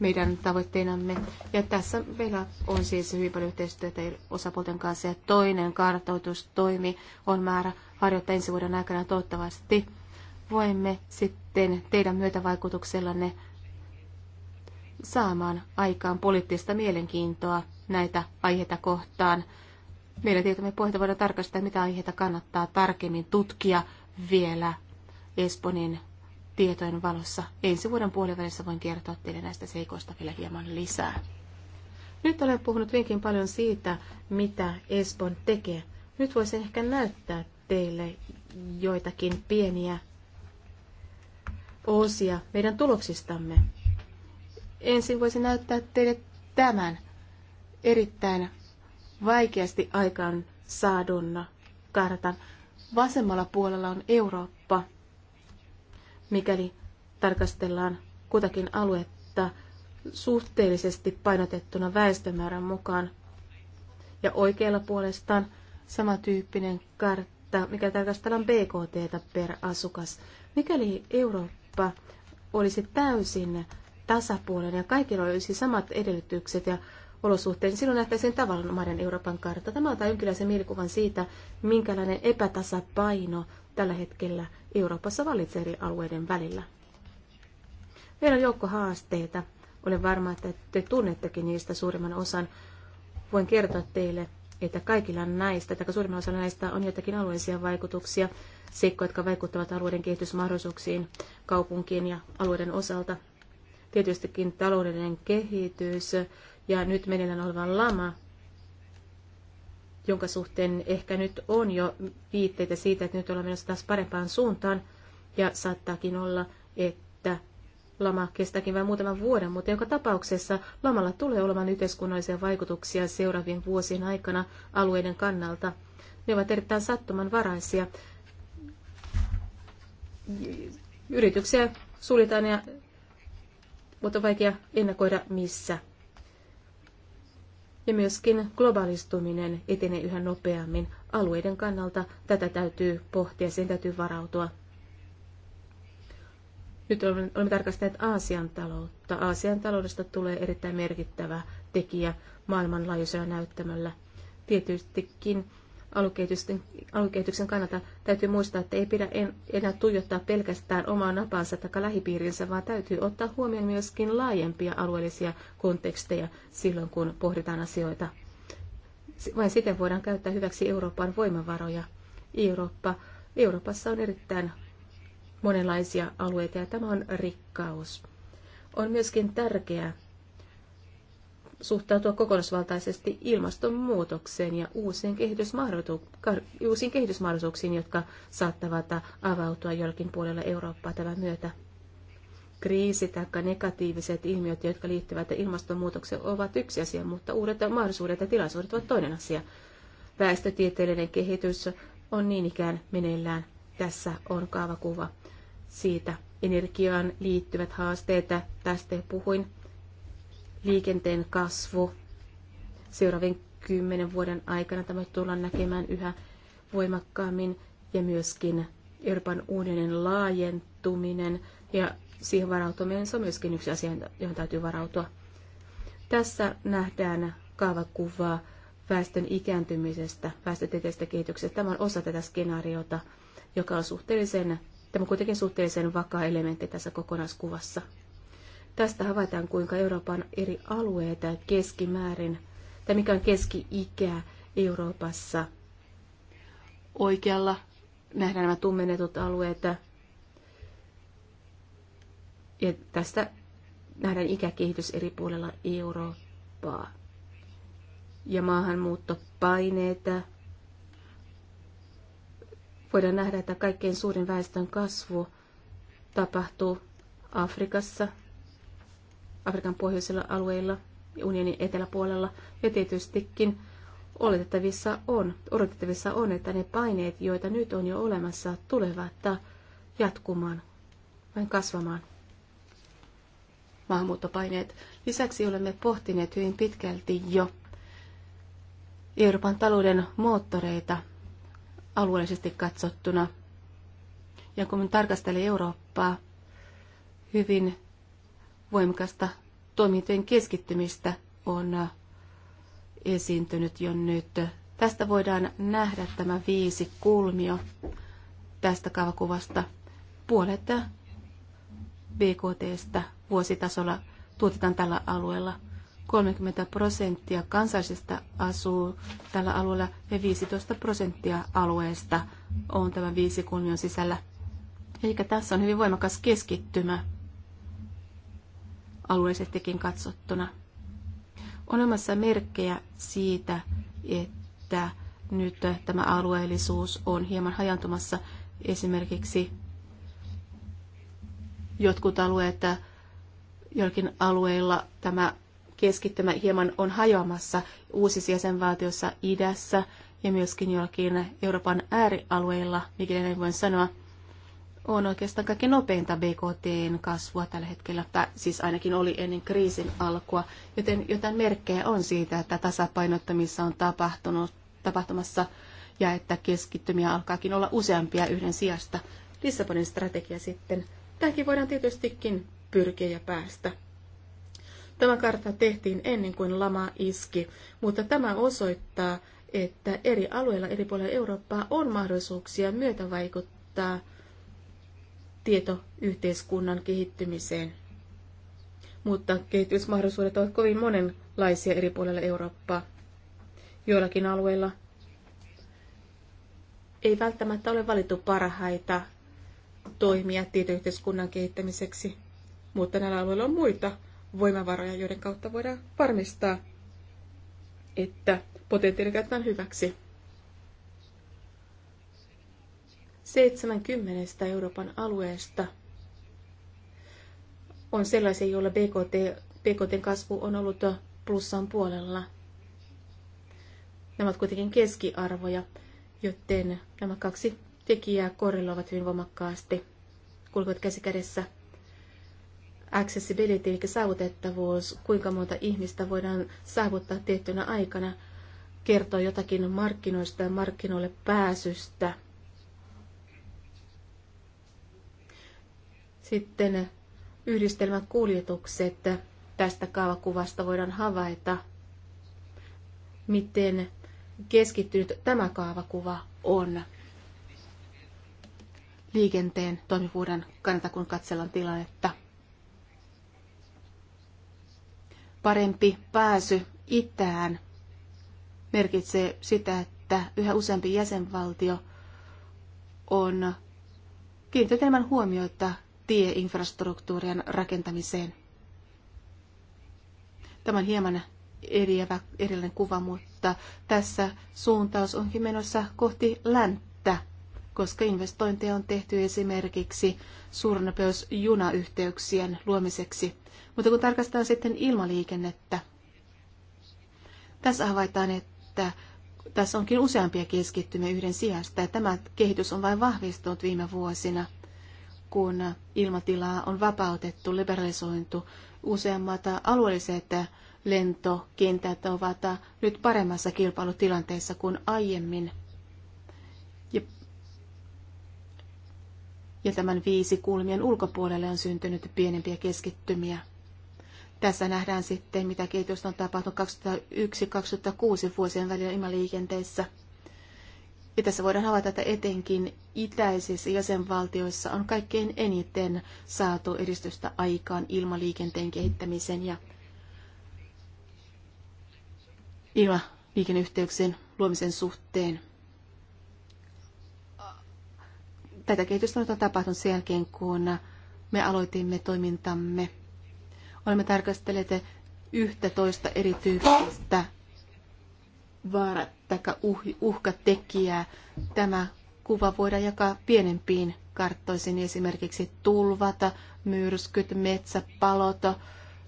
meidän tavoitteenamme. Ja tässä meillä on siis hyvin paljon yhteistyötä osapuolten kanssa. Ja toinen kartoitustoimi on määrä harjoittaa ensi vuoden aikana toivottavasti. Voimme sitten teidän myötävaikutuksellanne saamaan aikaan poliittista mielenkiintoa näitä aiheita kohtaan. Meidän tietämme pohjalta voidaan tarkastaa, mitä aiheita kannattaa tarkemmin tutkia vielä Esponin tietojen valossa. Ensi vuoden puolivälissä voin kertoa teille näistä seikoista vielä hieman lisää. Nyt olen puhunut hyvinkin paljon siitä, mitä Espoon tekee. Nyt voisin ehkä näyttää teille joitakin pieniä osia meidän tuloksistamme. Ensin voisin näyttää teille tämän erittäin vaikeasti aikaan saadun kartan. Vasemmalla puolella on Eurooppa mikäli tarkastellaan kutakin aluetta suhteellisesti painotettuna väestömäärän mukaan. Ja oikealla puolestaan samantyyppinen kartta, mikä tarkastellaan BKT per asukas. Mikäli Eurooppa olisi täysin tasapuolinen ja kaikilla olisi samat edellytykset ja olosuhteet, niin silloin nähtäisiin tavallinen Euroopan kartta. Tämä antaa jonkinlaisen mielikuvan siitä, minkälainen epätasapaino tällä hetkellä Euroopassa valitsee eri alueiden välillä. Meillä on joukko haasteita. Olen varma, että te tunnettekin niistä suurimman osan. Voin kertoa teille, että kaikilla näistä, tai suurimman osalla näistä on jotakin alueellisia vaikutuksia, seikkoja, jotka vaikuttavat alueiden kehitysmahdollisuuksiin kaupunkien ja alueiden osalta. Tietystikin taloudellinen kehitys ja nyt meneillään oleva lama jonka suhteen ehkä nyt on jo viitteitä siitä, että nyt ollaan menossa taas parempaan suuntaan. Ja saattaakin olla, että lama kestääkin vain muutaman vuoden, mutta joka tapauksessa lamalla tulee olemaan yhteiskunnallisia vaikutuksia seuraavien vuosien aikana alueiden kannalta. Ne ovat erittäin sattumanvaraisia. Yrityksiä suljetaan ja mutta on vaikea ennakoida missä ja myöskin globaalistuminen etenee yhä nopeammin. Alueiden kannalta tätä täytyy pohtia, sen täytyy varautua. Nyt olemme tarkastaneet Aasian taloutta. Aasian taloudesta tulee erittäin merkittävä tekijä maailmanlaajuisella näyttämällä. Tietystikin aluekehityksen, aluekehityksen kannalta täytyy muistaa, että ei pidä en, enää tuijottaa pelkästään omaa napansa tai lähipiirinsä, vaan täytyy ottaa huomioon myöskin laajempia alueellisia konteksteja silloin, kun pohditaan asioita. Vain siten voidaan käyttää hyväksi Euroopan voimavaroja. Eurooppa, Euroopassa on erittäin monenlaisia alueita ja tämä on rikkaus. On myöskin tärkeää, suhtautua kokonaisvaltaisesti ilmastonmuutokseen ja uusiin, kehitysmahdollisuuksiin, uusiin kehitysmahdollisuuksiin, jotka saattavat avautua jollakin puolella Eurooppaa tämän myötä. Kriisi tai negatiiviset ilmiöt, jotka liittyvät ilmastonmuutokseen, ovat yksi asia, mutta uudet mahdollisuudet ja tilaisuudet ovat toinen asia. Väestötieteellinen kehitys on niin ikään meneillään. Tässä on kaavakuva siitä. Energiaan liittyvät haasteet, tästä puhuin liikenteen kasvu seuraavien kymmenen vuoden aikana tämä tullaan näkemään yhä voimakkaammin ja myöskin Euroopan unionin laajentuminen ja siihen varautuminen, se on myöskin yksi asia, johon täytyy varautua. Tässä nähdään kaavakuvaa väestön ikääntymisestä, väestötieteellisestä kehityksestä. Tämä on osa tätä skenaariota, joka on suhteellisen, tämä on kuitenkin suhteellisen vakaa elementti tässä kokonaiskuvassa. Tästä havaitaan, kuinka Euroopan eri alueita keskimäärin, tai mikä on keski-ikä Euroopassa. Oikealla nähdään nämä tummenetut alueet. Ja tästä nähdään ikäkehitys eri puolella Eurooppaa. Ja maahanmuuttopaineita. Voidaan nähdä, että kaikkein suurin väestön kasvu tapahtuu Afrikassa – Afrikan pohjoisilla alueilla ja unionin eteläpuolella. Ja tietystikin oletettavissa on, odotettavissa on, että ne paineet, joita nyt on jo olemassa, tulevat jatkumaan, vai kasvamaan maahanmuuttopaineet. Lisäksi olemme pohtineet hyvin pitkälti jo Euroopan talouden moottoreita alueellisesti katsottuna. Ja kun tarkastelee Eurooppaa hyvin voimakasta toimintojen keskittymistä on esiintynyt jo nyt. Tästä voidaan nähdä tämä viisi kulmio tästä kaavakuvasta. Puolet BKTstä vuositasolla tuotetaan tällä alueella. 30 prosenttia kansallisesta asuu tällä alueella ja 15 prosenttia alueesta on tämän kulmion sisällä. Eli tässä on hyvin voimakas keskittymä alueellisestikin katsottuna. On olemassa merkkejä siitä, että nyt tämä alueellisuus on hieman hajantumassa. Esimerkiksi jotkut alueet, jollakin alueilla tämä keskittymä hieman on hajoamassa uusissa jäsenvaltioissa idässä ja myöskin jollakin Euroopan äärialueilla, mikä ei voi sanoa – on oikeastaan kaikkein nopeinta BKTn kasvua tällä hetkellä, tai siis ainakin oli ennen kriisin alkua, joten jotain merkkejä on siitä, että tasapainottamissa on tapahtunut, tapahtumassa ja että keskittymiä alkaakin olla useampia yhden sijasta. Lissabonin strategia sitten. Tähänkin voidaan tietystikin pyrkiä ja päästä. Tämä kartta tehtiin ennen kuin lama iski, mutta tämä osoittaa, että eri alueilla eri puolilla Eurooppaa on mahdollisuuksia myötävaikuttaa – tietoyhteiskunnan kehittymiseen. Mutta kehitysmahdollisuudet ovat kovin monenlaisia eri puolilla Eurooppaa. Joillakin alueilla ei välttämättä ole valittu parhaita toimia tietoyhteiskunnan kehittämiseksi, mutta näillä alueilla on muita voimavaroja, joiden kautta voidaan varmistaa, että potentiaali käytetään hyväksi. 70 Euroopan alueesta on sellaisia, joilla BKT, BKTn kasvu on ollut plussan puolella. Nämä ovat kuitenkin keskiarvoja, joten nämä kaksi tekijää korreloivat hyvin voimakkaasti, kulkevat käsi kädessä. Accessibility, eli saavutettavuus, kuinka monta ihmistä voidaan saavuttaa tiettynä aikana, kertoo jotakin markkinoista ja markkinoille pääsystä. Sitten kuljetukset. Tästä kaavakuvasta voidaan havaita, miten keskittynyt tämä kaavakuva on liikenteen toimivuuden kannalta, kun katsellaan tilannetta. Parempi pääsy itään merkitsee sitä, että yhä useampi jäsenvaltio on kiinnittänyt enemmän huomiota tieinfrastruktuurien rakentamiseen. Tämä on hieman eriävä, erillinen kuva, mutta tässä suuntaus onkin menossa kohti länttä, koska investointeja on tehty esimerkiksi suurnopeusjunayhteyksien luomiseksi. Mutta kun tarkastetaan sitten ilmaliikennettä, tässä havaitaan, että tässä onkin useampia keskittymiä yhden sijasta, ja tämä kehitys on vain vahvistunut viime vuosina – kun ilmatilaa on vapautettu, liberalisointu. Useammat alueelliset lentokentät ovat nyt paremmassa kilpailutilanteessa kuin aiemmin. Ja, ja tämän viisi kulmien ulkopuolelle on syntynyt pienempiä keskittymiä. Tässä nähdään sitten, mitä kehitystä on tapahtunut 2001-2006 vuosien välillä ilmaliikenteessä. Ja tässä voidaan havaita, että etenkin itäisissä jäsenvaltioissa on kaikkein eniten saatu edistystä aikaan ilmaliikenteen kehittämisen ja ilmaliikenneyhteyksien luomisen suhteen. Tätä kehitystä on tapahtunut sen jälkeen, kun me aloitimme toimintamme. Olemme tarkastelleet toista erityyppistä vaara tai uh, uhkatekijää. Tämä kuva voidaan jakaa pienempiin karttoisiin esimerkiksi tulvata, myrskyt, metsäpalot,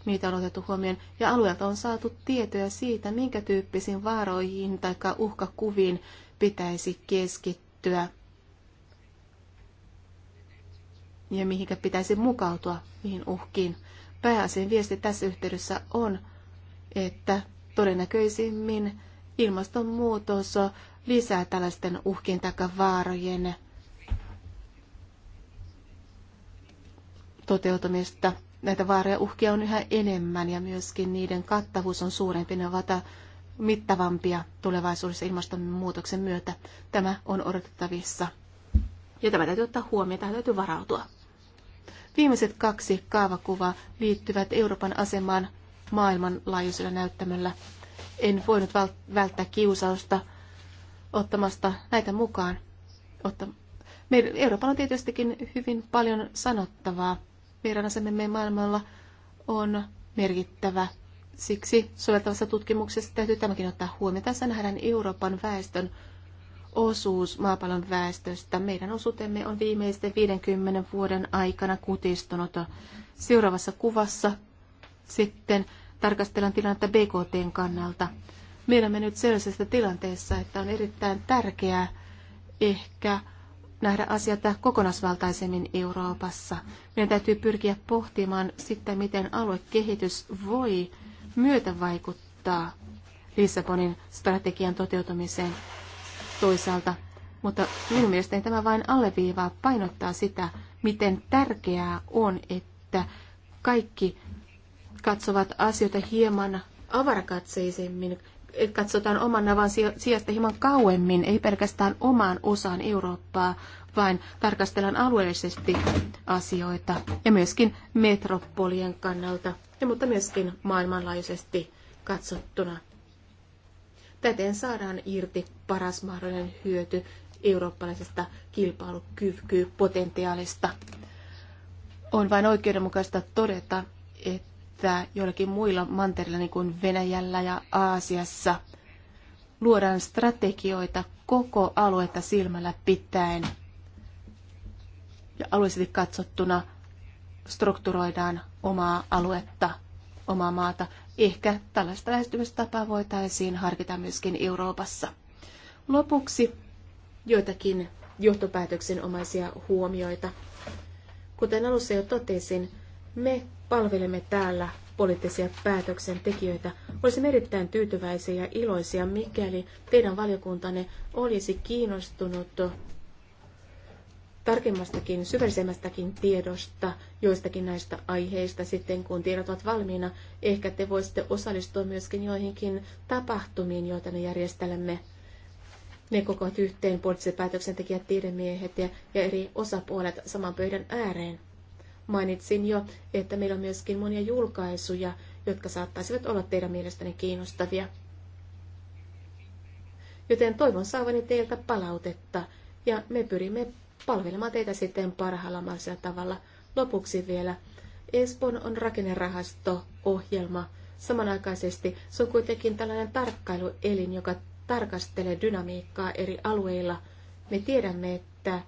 niitä on otettu huomioon. Ja alueelta on saatu tietoja siitä, minkä tyyppisiin vaaroihin tai uhkakuviin pitäisi keskittyä ja mihinkä pitäisi mukautua, mihin uhkiin. pääasiin viesti tässä yhteydessä on, että todennäköisimmin Ilmastonmuutos lisää tällaisten uhkien tai vaarojen toteutumista. Näitä vaaroja uhkia on yhä enemmän ja myöskin niiden kattavuus on suurempi. Ne ovat mittavampia tulevaisuudessa ilmastonmuutoksen myötä. Tämä on odotettavissa. Ja tämä täytyy ottaa huomioon, tähän täytyy varautua. Viimeiset kaksi kaavakuvaa liittyvät Euroopan asemaan maailmanlaajuisella näyttämöllä en voinut välttää kiusausta ottamasta näitä mukaan. Otta, Euroopalla on tietystikin hyvin paljon sanottavaa. Meidän asemamme maailmalla on merkittävä. Siksi soveltavassa tutkimuksessa täytyy tämäkin ottaa huomioon. Tässä nähdään Euroopan väestön osuus maapallon väestöstä. Meidän osuutemme on viimeisten 50 vuoden aikana kutistunut. Seuraavassa kuvassa sitten tarkastellaan tilannetta BKTn kannalta. Me olemme nyt sellaisessa tilanteessa, että on erittäin tärkeää ehkä nähdä asiat kokonaisvaltaisemmin Euroopassa. Meidän täytyy pyrkiä pohtimaan sitä, miten aluekehitys voi myötä vaikuttaa Lissabonin strategian toteutumiseen toisaalta. Mutta minun mielestäni tämä vain alleviivaa painottaa sitä, miten tärkeää on, että kaikki katsovat asioita hieman avarakatseisemmin, katsotaan oman navan sijasta hieman kauemmin, ei pelkästään omaan osaan Eurooppaa, vaan tarkastellaan alueellisesti asioita ja myöskin metropolien kannalta, ja mutta myöskin maailmanlaajuisesti katsottuna. Täten saadaan irti paras mahdollinen hyöty eurooppalaisesta kilpailukyvypotentiaalista. On vain oikeudenmukaista todeta, että että joillakin muilla mantereilla, niin kuin Venäjällä ja Aasiassa, luodaan strategioita koko aluetta silmällä pitäen ja alueellisesti katsottuna strukturoidaan omaa aluetta, omaa maata. Ehkä tällaista lähestymistapaa voitaisiin harkita myöskin Euroopassa. Lopuksi joitakin johtopäätöksenomaisia huomioita. Kuten alussa jo totesin, me palvelemme täällä poliittisia päätöksentekijöitä. Olisimme erittäin tyytyväisiä ja iloisia, mikäli teidän valiokuntanne olisi kiinnostunut tarkemmastakin, syvällisemmästäkin tiedosta joistakin näistä aiheista sitten, kun tiedot ovat valmiina. Ehkä te voisitte osallistua myöskin joihinkin tapahtumiin, joita me järjestelemme. Ne kokoavat yhteen poliittiset päätöksentekijät, tiedemiehet ja, ja eri osapuolet saman pöydän ääreen. Mainitsin jo, että meillä on myöskin monia julkaisuja, jotka saattaisivat olla teidän mielestäni kiinnostavia. Joten toivon saavani teiltä palautetta ja me pyrimme palvelemaan teitä sitten parhaalla mahdollisella tavalla. Lopuksi vielä. Espoon on rakennerahasto-ohjelma. Samanaikaisesti se on kuitenkin tällainen tarkkailuelin, joka tarkastelee dynamiikkaa eri alueilla. Me tiedämme, että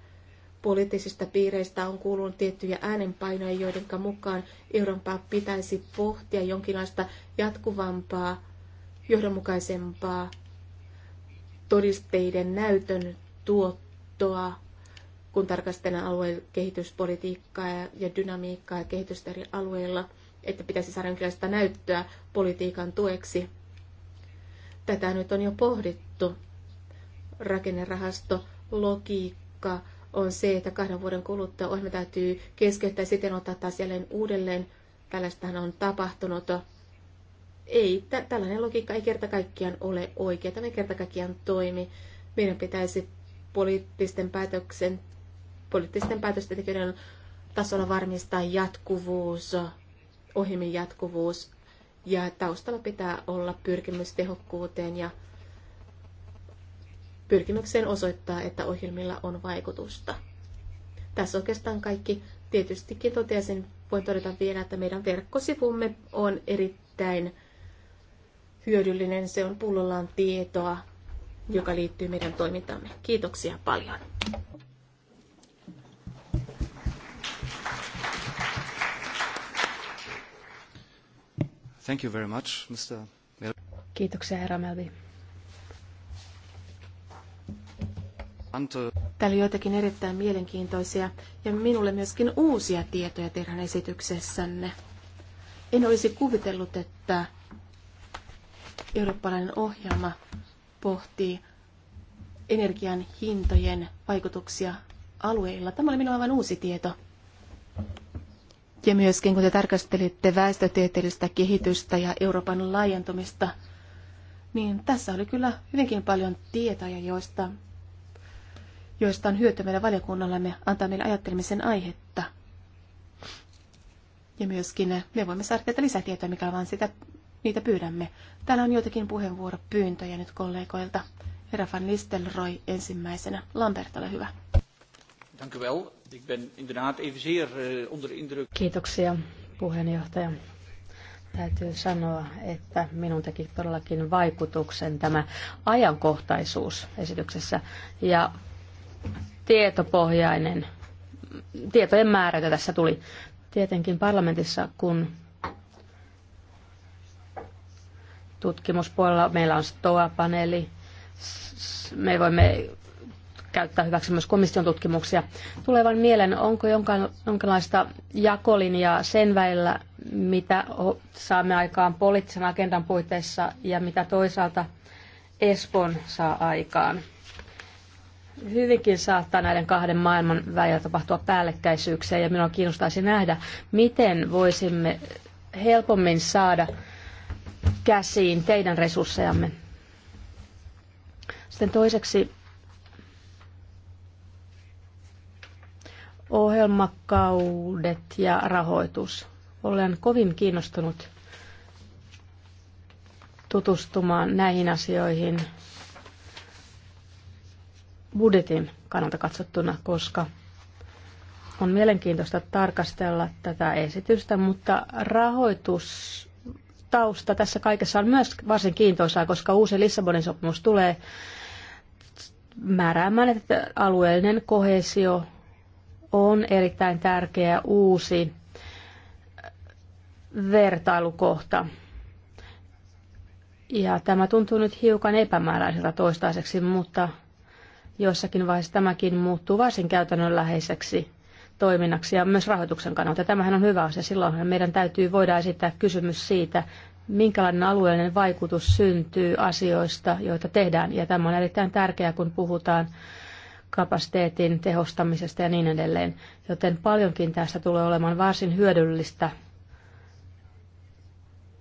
poliittisista piireistä on kuulunut tiettyjä äänenpainoja, joiden mukaan Eurooppaa pitäisi pohtia jonkinlaista jatkuvampaa, johdonmukaisempaa todisteiden näytön tuottoa, kun tarkastellaan alueen kehityspolitiikkaa ja dynamiikkaa ja kehitystä eri alueilla, että pitäisi saada jonkinlaista näyttöä politiikan tueksi. Tätä nyt on jo pohdittu. Rakennerahasto, logiikka, on se, että kahden vuoden kuluttua ohjelma täytyy keskeyttää sitten ottaa taas jälleen uudelleen. Tällaista on tapahtunut. Ei, t- tällainen logiikka ei kerta kaikkiaan ole oikea. Tämä ei kerta kaikkiaan toimi. Meidän pitäisi poliittisten, päätöksen, poliittisten päätösten tasolla varmistaa jatkuvuus, ohjelmien jatkuvuus ja taustalla pitää olla pyrkimys tehokkuuteen ja pyrkimykseen osoittaa, että ohjelmilla on vaikutusta. Tässä oikeastaan kaikki. Tietystikin totesin, voin todeta vielä, että meidän verkkosivumme on erittäin hyödyllinen. Se on pullollaan tietoa, joka liittyy meidän toimintamme. Kiitoksia paljon. Thank you very much, Mr. Kiitoksia, herra Melvi. Täällä oli joitakin erittäin mielenkiintoisia ja minulle myöskin uusia tietoja teidän esityksessänne. En olisi kuvitellut, että eurooppalainen ohjelma pohtii energian hintojen vaikutuksia alueilla. Tämä oli minulle aivan uusi tieto. Ja myöskin kun te tarkastelitte väestötieteellistä kehitystä ja Euroopan laajentumista, niin tässä oli kyllä hyvinkin paljon tietoja, joista joista on hyötyä meidän valiokunnallamme, antaa meille ajattelemisen aihetta. Ja myöskin me voimme saada tätä lisätietoa, mikä vaan sitä, niitä pyydämme. Täällä on joitakin puheenvuoropyyntöjä nyt kollegoilta. Herra van Listelroy ensimmäisenä. Lambert, ole hyvä. Eh, Kiitoksia, puheenjohtaja. Täytyy sanoa, että minun teki todellakin vaikutuksen tämä ajankohtaisuus esityksessä. Ja tietopohjainen, tietojen määrä, jota tässä tuli. Tietenkin parlamentissa, kun tutkimuspuolella meillä on STOA-paneeli, me voimme käyttää hyväksi myös komission tutkimuksia. Tulee vain mieleen, onko jonkinlaista jakolinjaa sen välillä, mitä saamme aikaan poliittisen agendan puitteissa ja mitä toisaalta Espon saa aikaan hyvinkin saattaa näiden kahden maailman välillä tapahtua päällekkäisyyksiä ja minua kiinnostaisi nähdä, miten voisimme helpommin saada käsiin teidän resurssejamme. Sitten toiseksi ohjelmakaudet ja rahoitus. Olen kovin kiinnostunut tutustumaan näihin asioihin – budjetin kannalta katsottuna, koska on mielenkiintoista tarkastella tätä esitystä, mutta rahoitustausta tässä kaikessa on myös varsin kiintoisaa, koska uusi Lissabonin sopimus tulee määräämään, että alueellinen kohesio on erittäin tärkeä uusi vertailukohta. Ja tämä tuntuu nyt hiukan epämääräiseltä toistaiseksi, mutta Joissakin vaiheissa tämäkin muuttuu varsin käytännönläheiseksi toiminnaksi ja myös rahoituksen kannalta. Tämähän on hyvä asia. Silloinhan meidän täytyy voida esittää kysymys siitä, minkälainen alueellinen vaikutus syntyy asioista, joita tehdään. Ja tämä on erittäin tärkeää, kun puhutaan kapasiteetin tehostamisesta ja niin edelleen. Joten paljonkin tästä tulee olemaan varsin hyödyllistä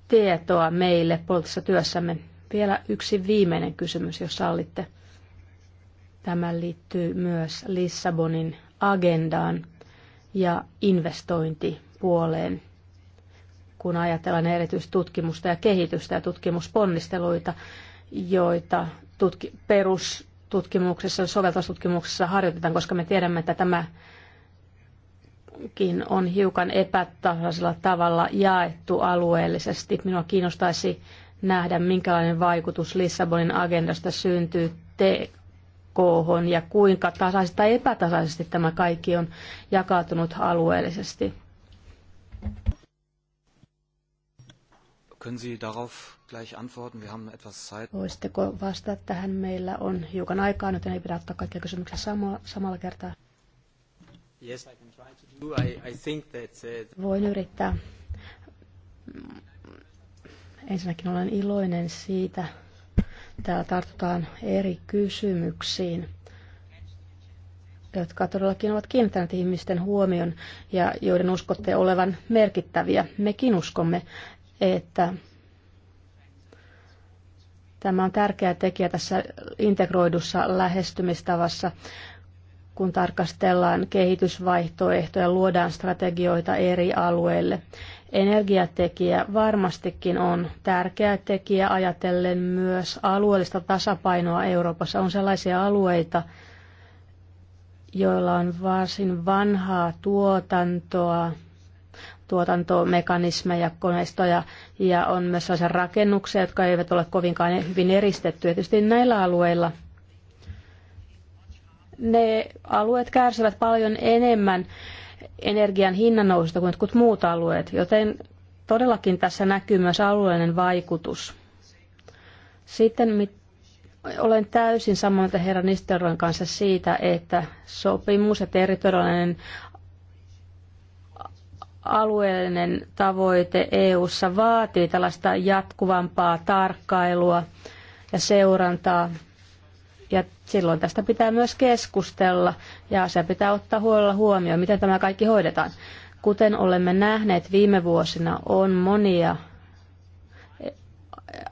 tietoa meille poliittisessa työssämme. Vielä yksi viimeinen kysymys, jos sallitte. Tämä liittyy myös Lissabonin agendaan ja investointipuoleen kun ajatellaan erityistutkimusta ja kehitystä ja tutkimusponnisteluita, joita tutki- perustutkimuksessa, soveltustutkimuksessa harjoitetaan, koska me tiedämme, että tämäkin on hiukan epätasaisella tavalla jaettu alueellisesti. Minua kiinnostaisi nähdä, minkälainen vaikutus Lissabonin agendasta syntyy te- Kohon ja kuinka tasaisesti tai epätasaisesti tämä kaikki on jakautunut alueellisesti. Können Sie darauf gleich antworten? Wir haben etwas Zeit. Voisitteko vastata tähän? Meillä on hiukan aikaa, joten ei pidä ottaa kaikkia kysymyksiä samalla, samalla kertaa. Yes, I can try to do. I, I think that, uh... Voin yrittää. Ensinnäkin olen iloinen siitä, Täällä tartutaan eri kysymyksiin, jotka todellakin ovat kiinnittäneet ihmisten huomion ja joiden uskotte olevan merkittäviä. Mekin uskomme, että tämä on tärkeä tekijä tässä integroidussa lähestymistavassa, kun tarkastellaan kehitysvaihtoehtoja, luodaan strategioita eri alueille Energiatekijä varmastikin on tärkeä tekijä ajatellen myös alueellista tasapainoa Euroopassa. On sellaisia alueita, joilla on varsin vanhaa tuotantoa, tuotantomekanismeja, koneistoja ja on myös sellaisia rakennuksia, jotka eivät ole kovinkaan hyvin eristettyjä. Tietysti näillä alueilla ne alueet kärsivät paljon enemmän energian hinnan noususta kuin jotkut muut alueet, joten todellakin tässä näkyy myös alueellinen vaikutus. Sitten mit, olen täysin samaa mieltä herra Nisteron kanssa siitä, että sopimus ja territoriaalinen alueellinen tavoite EU:ssa vaatii tällaista jatkuvampaa tarkkailua ja seurantaa ja silloin tästä pitää myös keskustella ja se pitää ottaa huolella huomioon, miten tämä kaikki hoidetaan. Kuten olemme nähneet viime vuosina, on monia eh,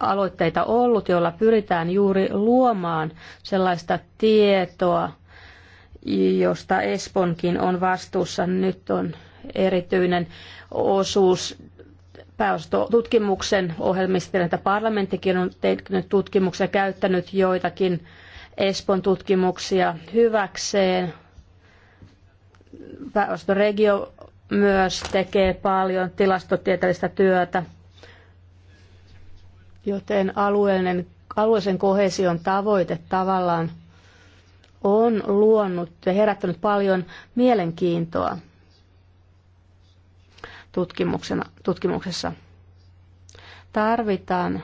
aloitteita ollut, joilla pyritään juuri luomaan sellaista tietoa, josta Esponkin on vastuussa. Nyt on erityinen osuus tutkimuksen ohjelmista, että parlamenttikin on tehnyt tutkimuksia käyttänyt joitakin Espon tutkimuksia hyväkseen. Pääostoregio myös tekee paljon tilastotieteellistä työtä, joten alueellinen, alueellisen kohesion tavoite tavallaan on luonut ja herättänyt paljon mielenkiintoa tutkimuksessa. Tarvitaan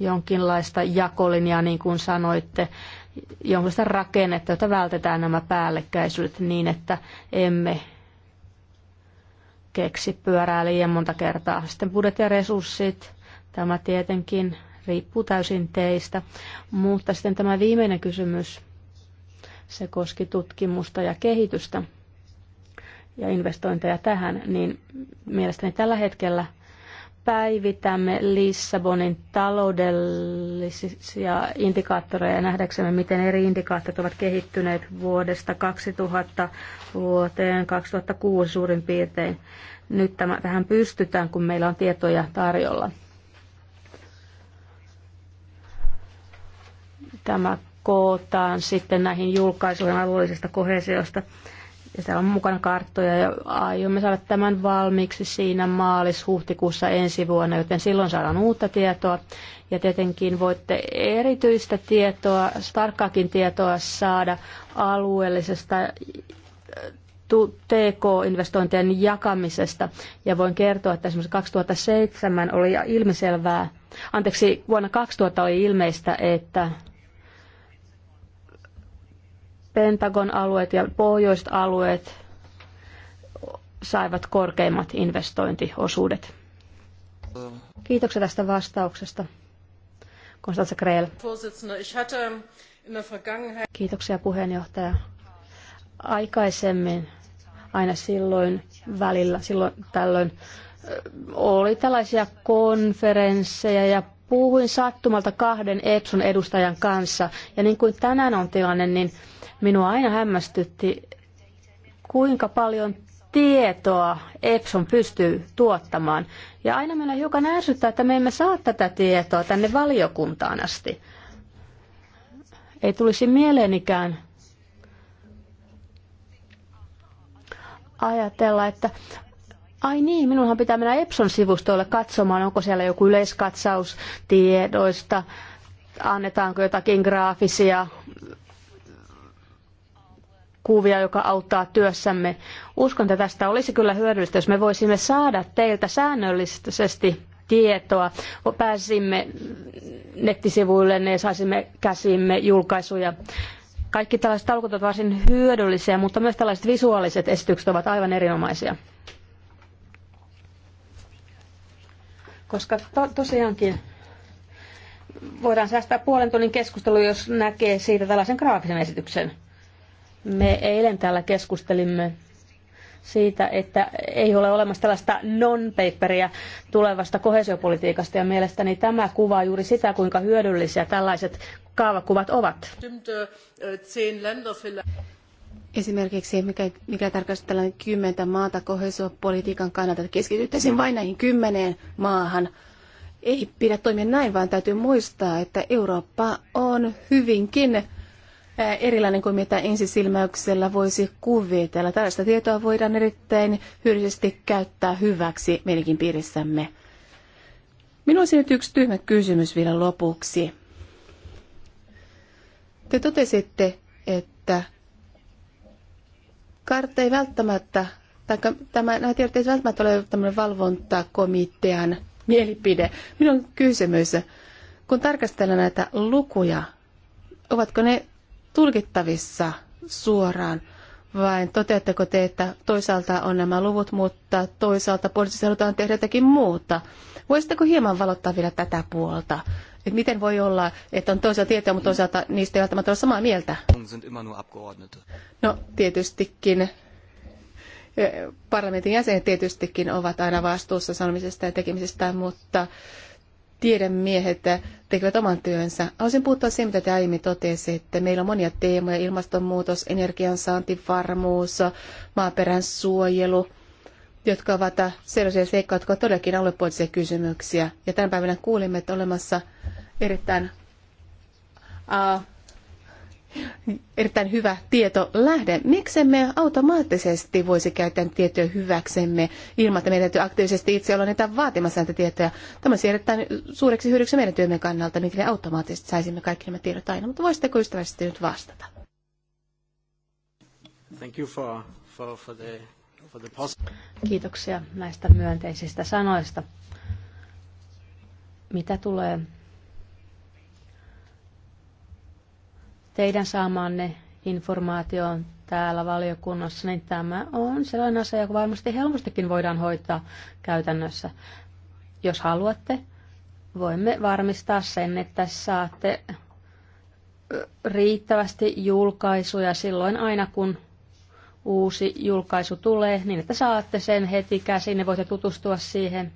jonkinlaista jakolinjaa, niin kuin sanoitte, jonkinlaista rakennetta, jota vältetään nämä päällekkäisyydet niin, että emme keksi pyörää liian monta kertaa. Sitten budjet ja resurssit, tämä tietenkin riippuu täysin teistä. Mutta sitten tämä viimeinen kysymys, se koski tutkimusta ja kehitystä ja investointeja tähän, niin mielestäni tällä hetkellä – päivitämme Lissabonin taloudellisia indikaattoreja nähdäksemme, miten eri indikaattorit ovat kehittyneet vuodesta 2000 vuoteen 2006 suurin piirtein. Nyt tämä, tähän pystytään, kun meillä on tietoja tarjolla. Tämä kootaan sitten näihin julkaisuihin alueellisesta kohesiosta. Ja täällä on mukana karttoja ja aiomme saada tämän valmiiksi siinä maalis-huhtikuussa ensi vuonna, joten silloin saadaan uutta tietoa. Ja tietenkin voitte erityistä tietoa, tarkkaakin tietoa saada alueellisesta äh, TK-investointien jakamisesta. Ja voin kertoa, että esimerkiksi 2007 oli ilmiselvää, anteeksi, vuonna 2000 oli ilmeistä, että Pentagon alueet ja pohjoiset alueet saivat korkeimmat investointiosuudet. Kiitoksia tästä vastauksesta. Konstanza Kreel. Kiitoksia puheenjohtaja. Aikaisemmin, aina silloin välillä, silloin tällöin, oli tällaisia konferensseja ja puhuin sattumalta kahden Epson edustajan kanssa. Ja niin kuin tänään on tilanne, niin Minua aina hämmästytti, kuinka paljon tietoa Epson pystyy tuottamaan. Ja aina minä hiukan ärsyttää, että me emme saa tätä tietoa tänne valiokuntaan asti. Ei tulisi mieleenikään ajatella, että ai niin, minunhan pitää mennä Epson sivustolle katsomaan, onko siellä joku yleiskatsaus tiedoista, annetaanko jotakin graafisia kuvia, joka auttaa työssämme. Uskon, että tästä olisi kyllä hyödyllistä, jos me voisimme saada teiltä säännöllisesti tietoa. Pääsimme nettisivuille ja saisimme käsimme julkaisuja. Kaikki tällaiset talkot ovat varsin hyödyllisiä, mutta myös tällaiset visuaaliset esitykset ovat aivan erinomaisia. Koska to- tosiaankin voidaan säästää puolen tunnin keskustelu, jos näkee siitä tällaisen graafisen esityksen. Me eilen täällä keskustelimme siitä, että ei ole olemassa tällaista non-paperia tulevasta kohesiopolitiikasta ja mielestäni tämä kuvaa juuri sitä, kuinka hyödyllisiä tällaiset kaavakuvat ovat. Esimerkiksi mikä, mikä tällainen kymmentä maata kohesiopolitiikan kannalta, että keskityttäisiin vain näihin kymmeneen maahan. Ei pidä toimia näin, vaan täytyy muistaa, että Eurooppa on hyvinkin Eh, erilainen kuin mitä ensisilmäyksellä voisi kuvitella. Tällaista tietoa voidaan erittäin hyödyllisesti käyttää hyväksi meidänkin piirissämme. Minulla olisi nyt yksi tyhmä kysymys vielä lopuksi. Te totesitte, että kartta ei välttämättä, tai tämä, nämä tiedot ei välttämättä ole tämmöinen valvontakomitean mielipide. Minun kysymys, kun tarkastellaan näitä lukuja, ovatko ne tulkittavissa suoraan, vai toteatteko te, että toisaalta on nämä luvut, mutta toisaalta poliisissa halutaan tehdä jotakin muuta? Voisitteko hieman valottaa vielä tätä puolta? Et miten voi olla, että on toisaalta tietoa, mutta toisaalta niistä ei välttämättä ole samaa mieltä? No tietystikin. Eh, parlamentin jäsenet tietystikin ovat aina vastuussa sanomisesta ja tekemisestä, mutta tiedemiehet tekevät oman työnsä. Haluaisin puuttua siihen, mitä te aiemmin totesitte. Meillä on monia teemoja, ilmastonmuutos, energiansaanti, varmuus, maaperän suojelu, jotka ovat sellaisia seikkoja, jotka ovat todellakin aluepoliittisia kysymyksiä. Ja tänä päivänä kuulimme, että olemassa erittäin uh, erittäin hyvä tietolähde. Miksemme automaattisesti voisi käyttää tietoja hyväksemme ilman, että meidän täytyy aktiivisesti itse olla niitä vaatimassa näitä tietoja. Tämä on erittäin suureksi hyödyksi meidän työmme kannalta, me automaattisesti saisimme kaikki nämä tiedot aina. Mutta voisitteko ystävällisesti nyt vastata? Thank you for, for, for the, for the Kiitoksia näistä myönteisistä sanoista. Mitä tulee teidän saamaanne informaatioon täällä valiokunnassa, niin tämä on sellainen asia, joka varmasti helpostikin voidaan hoitaa käytännössä. Jos haluatte, voimme varmistaa sen, että saatte riittävästi julkaisuja silloin aina, kun uusi julkaisu tulee, niin että saatte sen heti käsiin ja niin voitte tutustua siihen.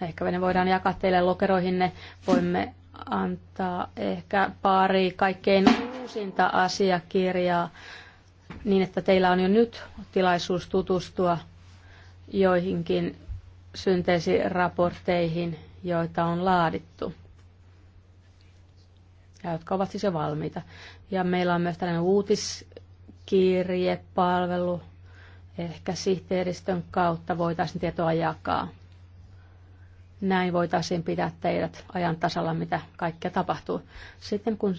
Ehkä me ne voidaan jakaa teille ne Voimme antaa ehkä pari kaikkein uusinta asiakirjaa niin, että teillä on jo nyt tilaisuus tutustua joihinkin synteesiraportteihin, joita on laadittu ja jotka ovat siis jo valmiita. Ja meillä on myös tällainen uutiskirjepalvelu, ehkä sihteeristön kautta voitaisiin tietoa jakaa. Näin voitaisiin pitää teidät ajan tasalla, mitä kaikkea tapahtuu. Sitten kun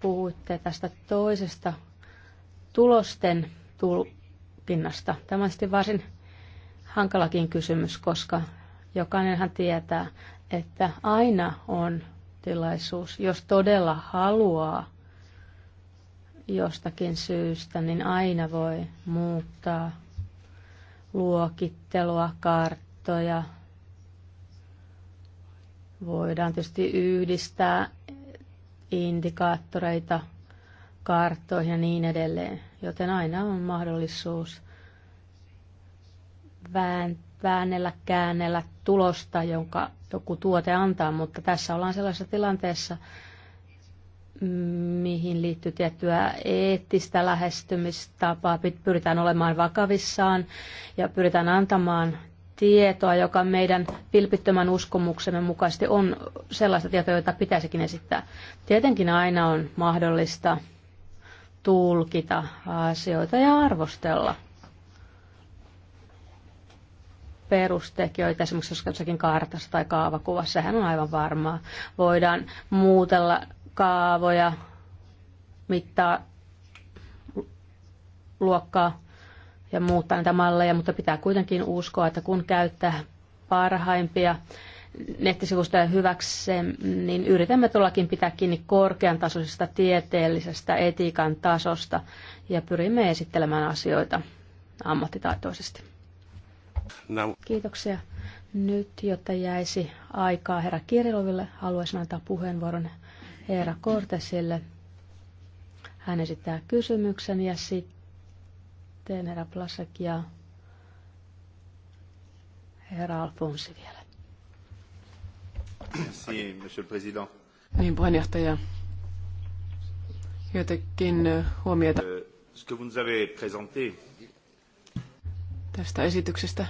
puhuitte tästä toisesta tulosten tulkinnasta, tämä on sitten varsin hankalakin kysymys, koska jokainenhan tietää, että aina on tilaisuus, jos todella haluaa jostakin syystä, niin aina voi muuttaa luokittelua, karttoja, Voidaan tietysti yhdistää indikaattoreita karttoihin ja niin edelleen, joten aina on mahdollisuus väännellä, käännellä tulosta, jonka joku tuote antaa, mutta tässä ollaan sellaisessa tilanteessa, mihin liittyy tiettyä eettistä lähestymistapaa. Pyritään olemaan vakavissaan ja pyritään antamaan tietoa, joka meidän vilpittömän uskomuksemme mukaisesti on sellaista tietoa, jota pitäisikin esittää. Tietenkin aina on mahdollista tulkita asioita ja arvostella perustekijöitä, esimerkiksi jossakin kartassa tai kaavakuvassa, sehän on aivan varmaa. Voidaan muutella kaavoja, mittaa luokkaa ja muuttaa näitä malleja, mutta pitää kuitenkin uskoa, että kun käyttää parhaimpia nettisivustoja hyväksi, niin yritämme todellakin pitää kiinni korkean tasoisesta tieteellisestä etiikan tasosta ja pyrimme esittelemään asioita ammattitaitoisesti. No. Kiitoksia. Nyt, jotta jäisi aikaa herra Kiriloville, haluaisin antaa puheenvuoron herra Kortesille. Hän esittää kysymyksen ja sitten sitten herra Plasek ja herra Alfonsi vielä. Merci, monsieur le président. Niin, puheenjohtaja. Jotakin huomiota. Euh, ce que vous nous avez présenté. Tästä esityksestä.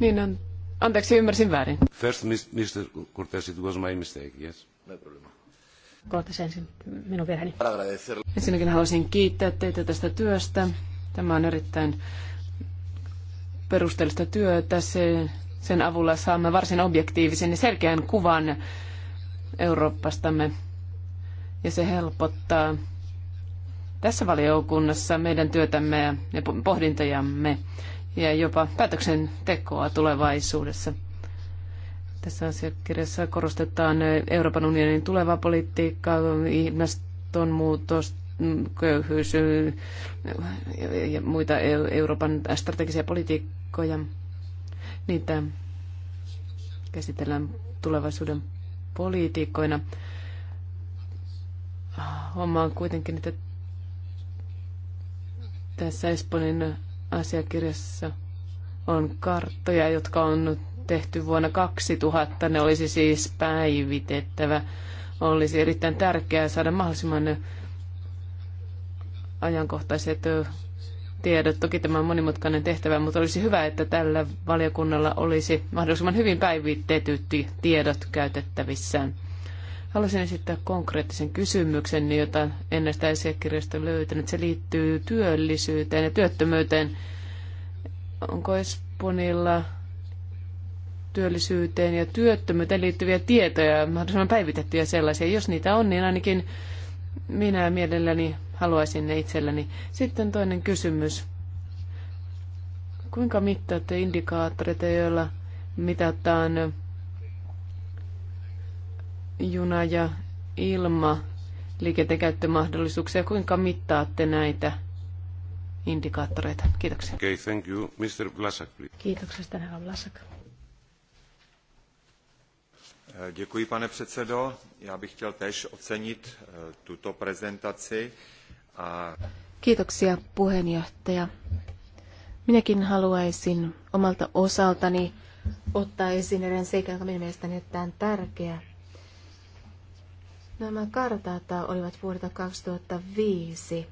Niin on. Anteeksi, ymmärsin väärin. First, Mr. Cortes, it was my mistake, yes. No problema. Cortes ensin, minun virheeni. Ensinnäkin haluaisin kiittää teitä tästä työstä. Tämä on erittäin perusteellista työtä. Se, sen avulla saamme varsin objektiivisen ja selkeän kuvan Euroopastamme. Ja se helpottaa tässä valiokunnassa meidän työtämme ja pohdintojamme ja jopa päätöksentekoa tulevaisuudessa. Tässä asiakirjassa korostetaan Euroopan unionin tulevaa politiikkaa, ilmastonmuutosta, köyhyys ja muita Euroopan strategisia politiikkoja. Niitä käsitellään tulevaisuuden poliitikkoina. Homma on kuitenkin, että tässä espanin asiakirjassa on karttoja, jotka on tehty vuonna 2000. Ne olisi siis päivitettävä. Olisi erittäin tärkeää saada mahdollisimman ajankohtaiset tiedot. Toki tämä on monimutkainen tehtävä, mutta olisi hyvä, että tällä valiokunnalla olisi mahdollisimman hyvin päivitetyt tiedot käytettävissään. Haluaisin esittää konkreettisen kysymyksen, jota ennen sitä asiakirjoista löytänyt. Se liittyy työllisyyteen ja työttömyyteen. Onko Espanjalla työllisyyteen ja työttömyyteen liittyviä tietoja, mahdollisimman päivitettyjä sellaisia? Jos niitä on, niin ainakin minä mielelläni haluaisin ne itselleni. Sitten toinen kysymys. Kuinka mittaatte indikaattoreita, joilla mitataan juna- ja ilma liikenteen käyttömahdollisuuksia? Kuinka mittaatte näitä indikaattoreita? Kiitoksia. Okay, thank you. Mr. Vlasak, please. Kiitoksia, Stenhä Vlasak. Děkuji, pane předsedo. Já bych chtěl tež ocenit eh, tuto prezentaci. Kiitoksia puheenjohtaja. Minäkin haluaisin omalta osaltani ottaa esiin erään seikan, joka minun mielestäni on tärkeä. Nämä kartat olivat vuodelta 2005.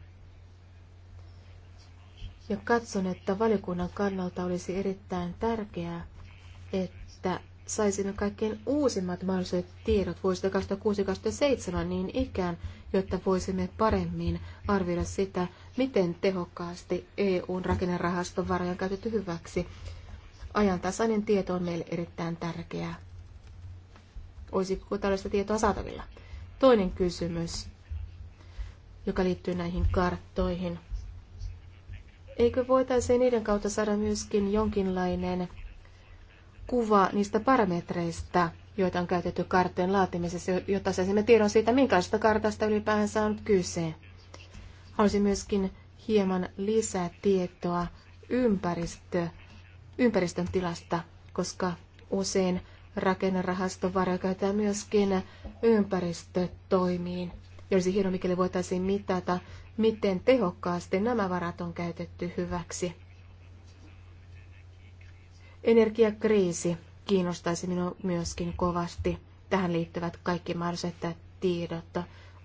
Ja katson, että valiokunnan kannalta olisi erittäin tärkeää, että saisimme kaikkein uusimmat mahdolliset tiedot vuosilta 2006-2007 niin ikään – jotta voisimme paremmin arvioida sitä, miten tehokkaasti EUn rakennerahaston varoja on käytetty hyväksi. Ajantasainen tieto on meille erittäin tärkeää. Olisiko tällaista tietoa saatavilla? Toinen kysymys, joka liittyy näihin karttoihin. Eikö voitaisiin niiden kautta saada myöskin jonkinlainen kuva niistä parametreista, joita on käytetty karttojen laatimisessa, jotta saisimme tiedon siitä, minkälaisesta kartasta ylipäänsä on kyse. Haluaisin myöskin hieman tietoa ympäristö, ympäristön tilasta, koska usein rakennerahaston varoja käytetään myöskin ympäristötoimiin. Ja olisi hienoa, mikäli voitaisiin mitata, miten tehokkaasti nämä varat on käytetty hyväksi. Energiakriisi kiinnostaisi minua myöskin kovasti. Tähän liittyvät kaikki mahdolliset tiedot.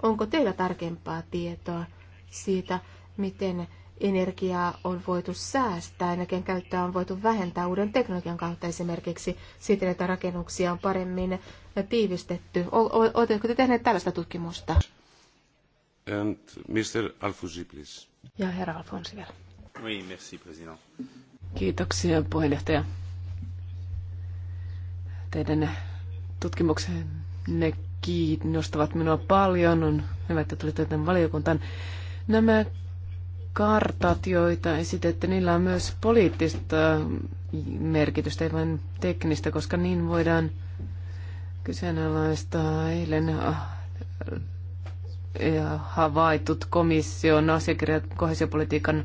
Onko teillä tarkempaa tietoa siitä, miten energiaa on voitu säästää, energian käyttöä on voitu vähentää uuden teknologian kautta esimerkiksi siten, että rakennuksia on paremmin tiivistetty. Oletteko te tehneet tällaista tutkimusta? And Mr. Alfonsi, please. Ja herra Alfonsi vielä. Oui, merci, president. Kiitoksia, puheenjohtaja. Teidän ne kiinnostavat minua paljon. On hyvä, että tulitte tämän valiokuntaan. Nämä kartat, joita esitette, niillä on myös poliittista merkitystä, ei vain teknistä, koska niin voidaan kyseenalaista eilen ah, havaitut komission asiakirjat kohesiopolitiikan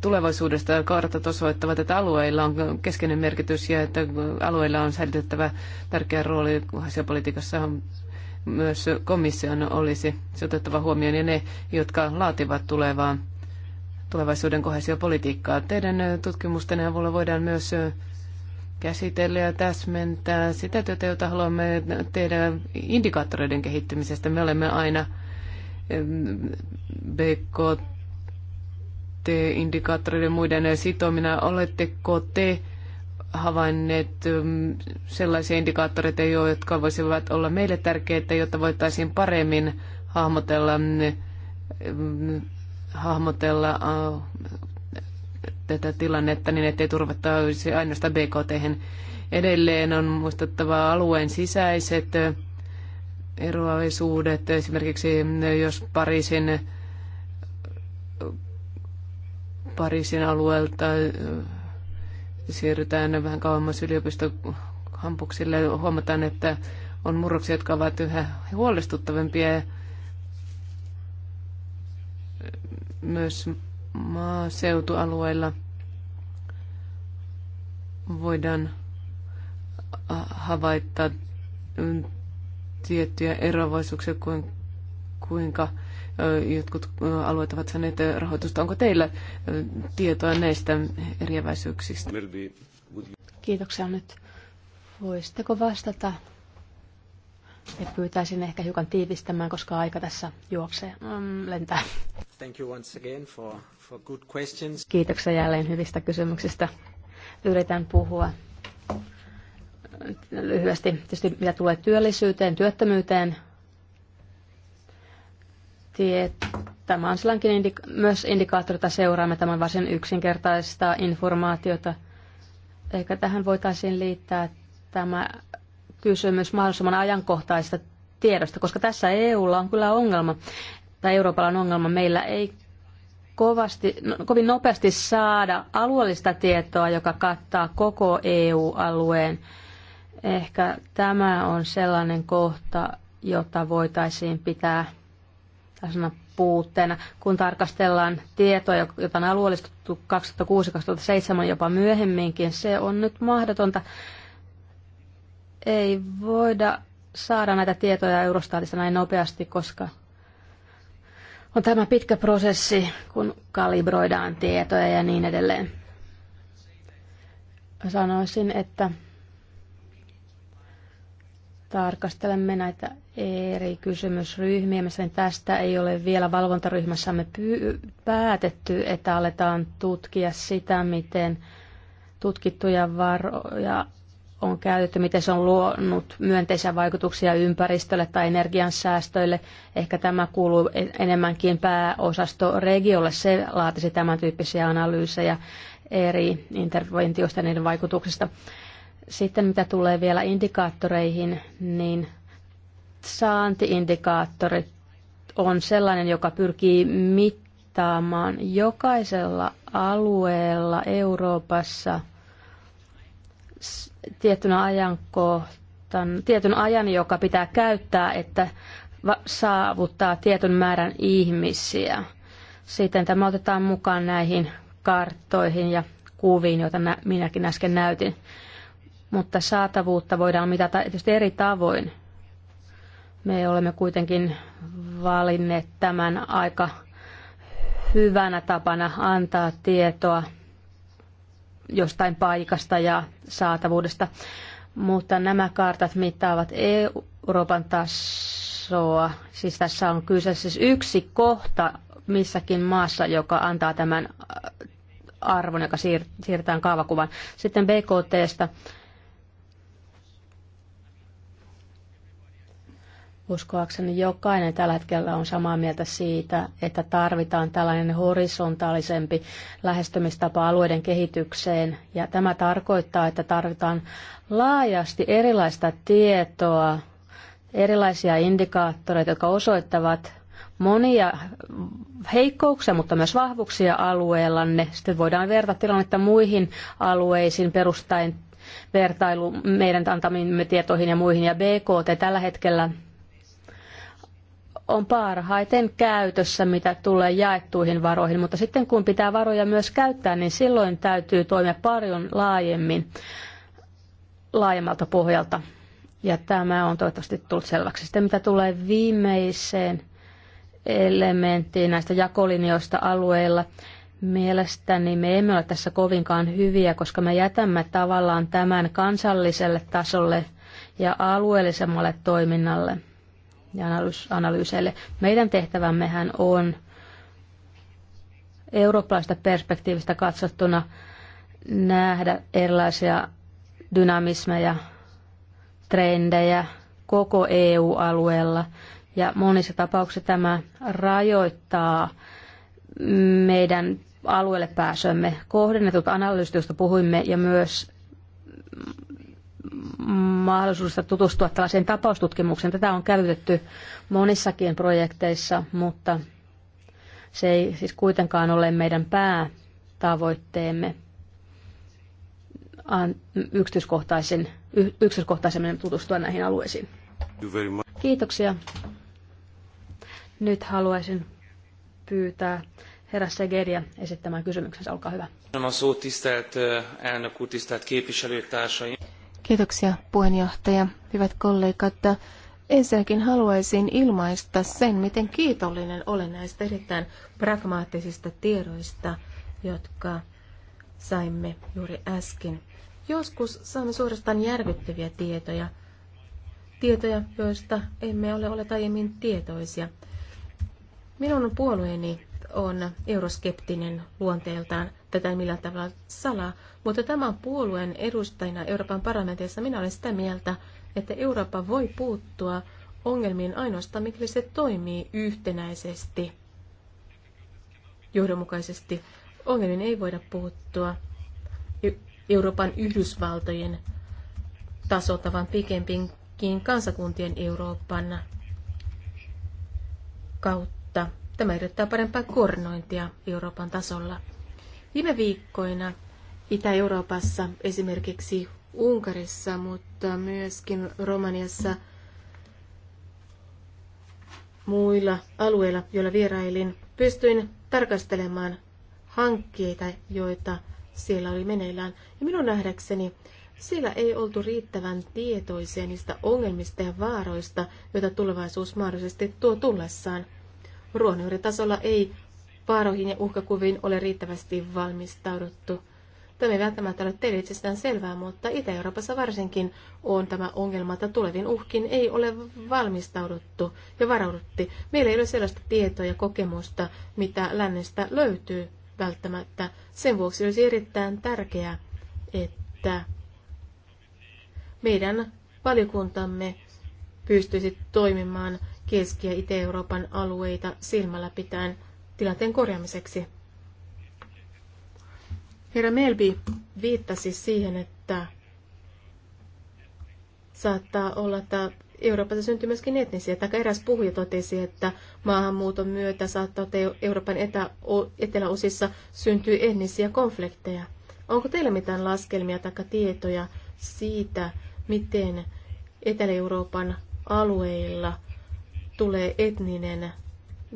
tulevaisuudesta. Kartat osoittavat, että alueilla on keskeinen merkitys ja että alueilla on säilytettävä tärkeä rooli asiapolitiikassa myös komission olisi se otettava huomioon ja ne, jotka laativat tulevaa tulevaisuuden kohesiopolitiikkaa. Teidän tutkimusten avulla voidaan myös käsitellä ja täsmentää sitä työtä, jota haluamme tehdä indikaattoreiden kehittymisestä. Me olemme aina BKT näiden indikaattoreiden muiden sitomina, oletteko te havainneet mm, sellaisia indikaattoreita, jotka voisivat olla meille tärkeitä, jotta voitaisiin paremmin hahmotella, mm, mm, hahmotella äh, tätä tilannetta niin, ettei turvattaisi ainoastaan BKT. Edelleen on muistettava alueen sisäiset eroavaisuudet, esimerkiksi jos Pariisin Pariisin alueelta siirrytään vähän kauemmas yliopistokampuksille, huomataan, että on murroksia, jotka ovat yhä huolestuttavampia. Myös maaseutualueilla voidaan havaittaa tiettyjä eroavaisuuksia, kuinka jotkut alueet ovat saaneet rahoitusta. Onko teillä tietoa näistä eriäväisyyksistä? Kiitoksia nyt. Voisitteko vastata? Ja pyytäisin ehkä hiukan tiivistämään, koska aika tässä juoksee, mm, lentää. Thank you once again for, for good questions. Kiitoksia jälleen hyvistä kysymyksistä. Yritän puhua lyhyesti. Tietysti mitä tulee työllisyyteen, työttömyyteen, Tämä on silloinkin indika- myös indikaattori, jota seuraamme. Tämä on varsin yksinkertaista informaatiota. Ehkä tähän voitaisiin liittää tämä kysymys mahdollisimman ajankohtaisesta tiedosta, koska tässä EUlla on kyllä ongelma, tai Euroopalla on ongelma. Meillä ei kovasti, no, kovin nopeasti saada alueellista tietoa, joka kattaa koko EU-alueen. Ehkä tämä on sellainen kohta, jota voitaisiin pitää tällaisena puutteena, kun tarkastellaan tietoja, jota on alueellistettu 2006-2007 jopa myöhemminkin. Se on nyt mahdotonta. Ei voida saada näitä tietoja Eurostatissa näin nopeasti, koska on tämä pitkä prosessi, kun kalibroidaan tietoja ja niin edelleen. Sanoisin, että tarkastelemme näitä eri kysymysryhmiä. Mielestäni tästä ei ole vielä valvontaryhmässämme päätetty, että aletaan tutkia sitä, miten tutkittuja varoja on käytetty, miten se on luonut myönteisiä vaikutuksia ympäristölle tai energiansäästöille. Ehkä tämä kuuluu enemmänkin pääosasto regiolle. Se laatisi tämän tyyppisiä analyysejä eri interventioista ja niiden vaikutuksista. Sitten mitä tulee vielä indikaattoreihin, niin saantiindikaattori on sellainen, joka pyrkii mittaamaan jokaisella alueella Euroopassa tietyn ajankohtan, tietyn ajan, joka pitää käyttää, että saavuttaa tietyn määrän ihmisiä. Sitten tämä otetaan mukaan näihin karttoihin ja kuviin, joita minäkin äsken näytin mutta saatavuutta voidaan mitata tietysti eri tavoin. Me olemme kuitenkin valinneet tämän aika hyvänä tapana antaa tietoa jostain paikasta ja saatavuudesta. Mutta nämä kartat mittaavat Euroopan tasoa. Siis tässä on kyse siis yksi kohta missäkin maassa, joka antaa tämän arvon, joka siirtää kaavakuvan. Sitten BKTstä Uskoakseni jokainen tällä hetkellä on samaa mieltä siitä, että tarvitaan tällainen horisontaalisempi lähestymistapa alueiden kehitykseen. Ja tämä tarkoittaa, että tarvitaan laajasti erilaista tietoa, erilaisia indikaattoreita, jotka osoittavat monia heikkouksia, mutta myös vahvuuksia alueellanne. Sitten voidaan verrata tilannetta muihin alueisiin perustaen vertailu meidän antamiimme tietoihin ja muihin. Ja BKT tällä hetkellä on parhaiten käytössä, mitä tulee jaettuihin varoihin, mutta sitten kun pitää varoja myös käyttää, niin silloin täytyy toimia paljon laajemmin, laajemmalta pohjalta. Ja tämä on toivottavasti tullut selväksi. Sitten mitä tulee viimeiseen elementtiin näistä jakolinjoista alueilla, Mielestäni me emme ole tässä kovinkaan hyviä, koska me jätämme tavallaan tämän kansalliselle tasolle ja alueellisemmalle toiminnalle – ja analyyseille. Meidän tehtävämmehän on eurooppalaista perspektiivistä katsottuna nähdä erilaisia dynamismeja, trendejä koko EU-alueella. Ja monissa tapauksissa tämä rajoittaa meidän alueelle pääsömme. Kohdennetut analyysit, joista puhuimme, ja myös mahdollisuudesta tutustua tällaiseen tapaustutkimukseen. Tätä on käytetty monissakin projekteissa, mutta se ei siis kuitenkaan ole meidän päätavoitteemme yksityiskohtaisen, yksityiskohtaisemmin tutustua näihin alueisiin. Kiitoksia. Nyt haluaisin pyytää herra Segeria esittämään kysymyksensä. Olkaa hyvä. Köszönöm a szót, tisztelt eh, elnök úr, tisztelt képviselőtársaim. Kiitoksia puheenjohtaja, hyvät kollegat. Ensinnäkin haluaisin ilmaista sen, miten kiitollinen olen näistä erittäin pragmaattisista tiedoista, jotka saimme juuri äsken. Joskus saamme suorastaan järkyttäviä tietoja, tietoja, joista emme ole ole aiemmin tietoisia. Minun puolueeni on euroskeptinen luonteeltaan tätä millään tavalla salaa, mutta tämän puolueen edustajina Euroopan parlamentissa minä olen sitä mieltä, että Eurooppa voi puuttua ongelmiin ainoastaan, mikäli se toimii yhtenäisesti, johdonmukaisesti. Ongelmiin ei voida puuttua Euroopan Yhdysvaltojen tasolta, vaan pikempikin kansakuntien Euroopan kautta. Tämä edellyttää parempaa koordinointia Euroopan tasolla. Viime viikkoina Itä-Euroopassa, esimerkiksi Unkarissa, mutta myöskin Romaniassa muilla alueilla, joilla vierailin, pystyin tarkastelemaan hankkeita, joita siellä oli meneillään. Ja minun nähdäkseni siellä ei oltu riittävän tietoisia niistä ongelmista ja vaaroista, joita tulevaisuus mahdollisesti tuo tullessaan. Ruohonjuuritasolla ei vaaroihin ja uhkakuviin ole riittävästi valmistauduttu. Tämä ei välttämättä ole teille itsestään selvää, mutta Itä-Euroopassa varsinkin on tämä ongelma, että tuleviin uhkiin ei ole valmistauduttu ja varauduttu. Meillä ei ole sellaista tietoa ja kokemusta, mitä lännestä löytyy välttämättä. Sen vuoksi olisi erittäin tärkeää, että meidän valikuntamme pystyisi toimimaan Keski- ja Itä-Euroopan alueita silmällä pitäen – tilanteen korjaamiseksi. Herra Melby viittasi siihen, että saattaa olla, että Euroopassa syntyy myöskin etnisiä. Tai eräs puhuja totesi, että maahanmuuton myötä saattaa, että Euroopan etä, eteläosissa syntyy etnisiä konflikteja. Onko teillä mitään laskelmia tai tietoja siitä, miten Etelä-Euroopan alueilla tulee etninen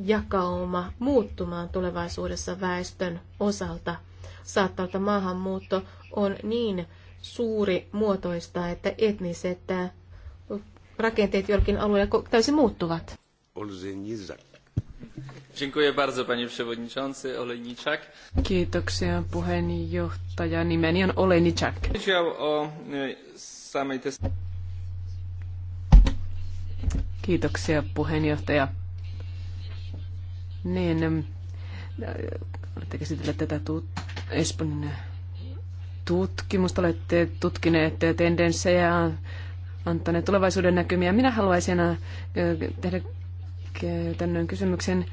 jakauma muuttumaan tulevaisuudessa väestön osalta. Saattaa, maahanmuutto on niin suuri muotoista, että etniset äh, rakenteet jollakin alueella täysin muuttuvat. bardzo, Kiitoksia puheenjohtaja. Nimeni on Olejniczak. E, Kiitoksia puheenjohtaja niin olette käsitelleet tätä tut- Espanjan tutkimusta, olette tutkineet tendenssejä, antaneet tulevaisuuden näkymiä. Minä haluaisin äh, tehdä käytännön kysymyksen,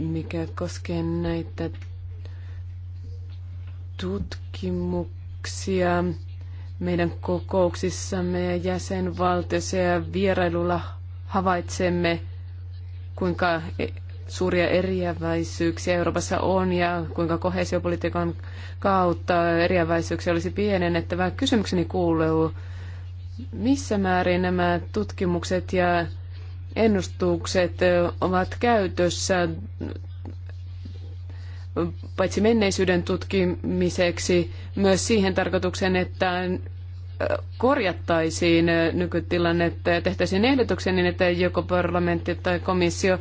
mikä koskee näitä tutkimuksia meidän kokouksissamme ja jäsenvaltioissa ja vierailulla havaitsemme, kuinka suuria eriäväisyyksiä Euroopassa on ja kuinka kohesiopolitiikan kautta eriäväisyyksiä olisi pienennettävä. Kysymykseni kuuluu, missä määrin nämä tutkimukset ja ennustukset ovat käytössä paitsi menneisyyden tutkimiseksi, myös siihen tarkoitukseen, että korjattaisiin nykytilannetta ja tehtäisiin ehdotuksia niin, että joko parlamentti tai komissio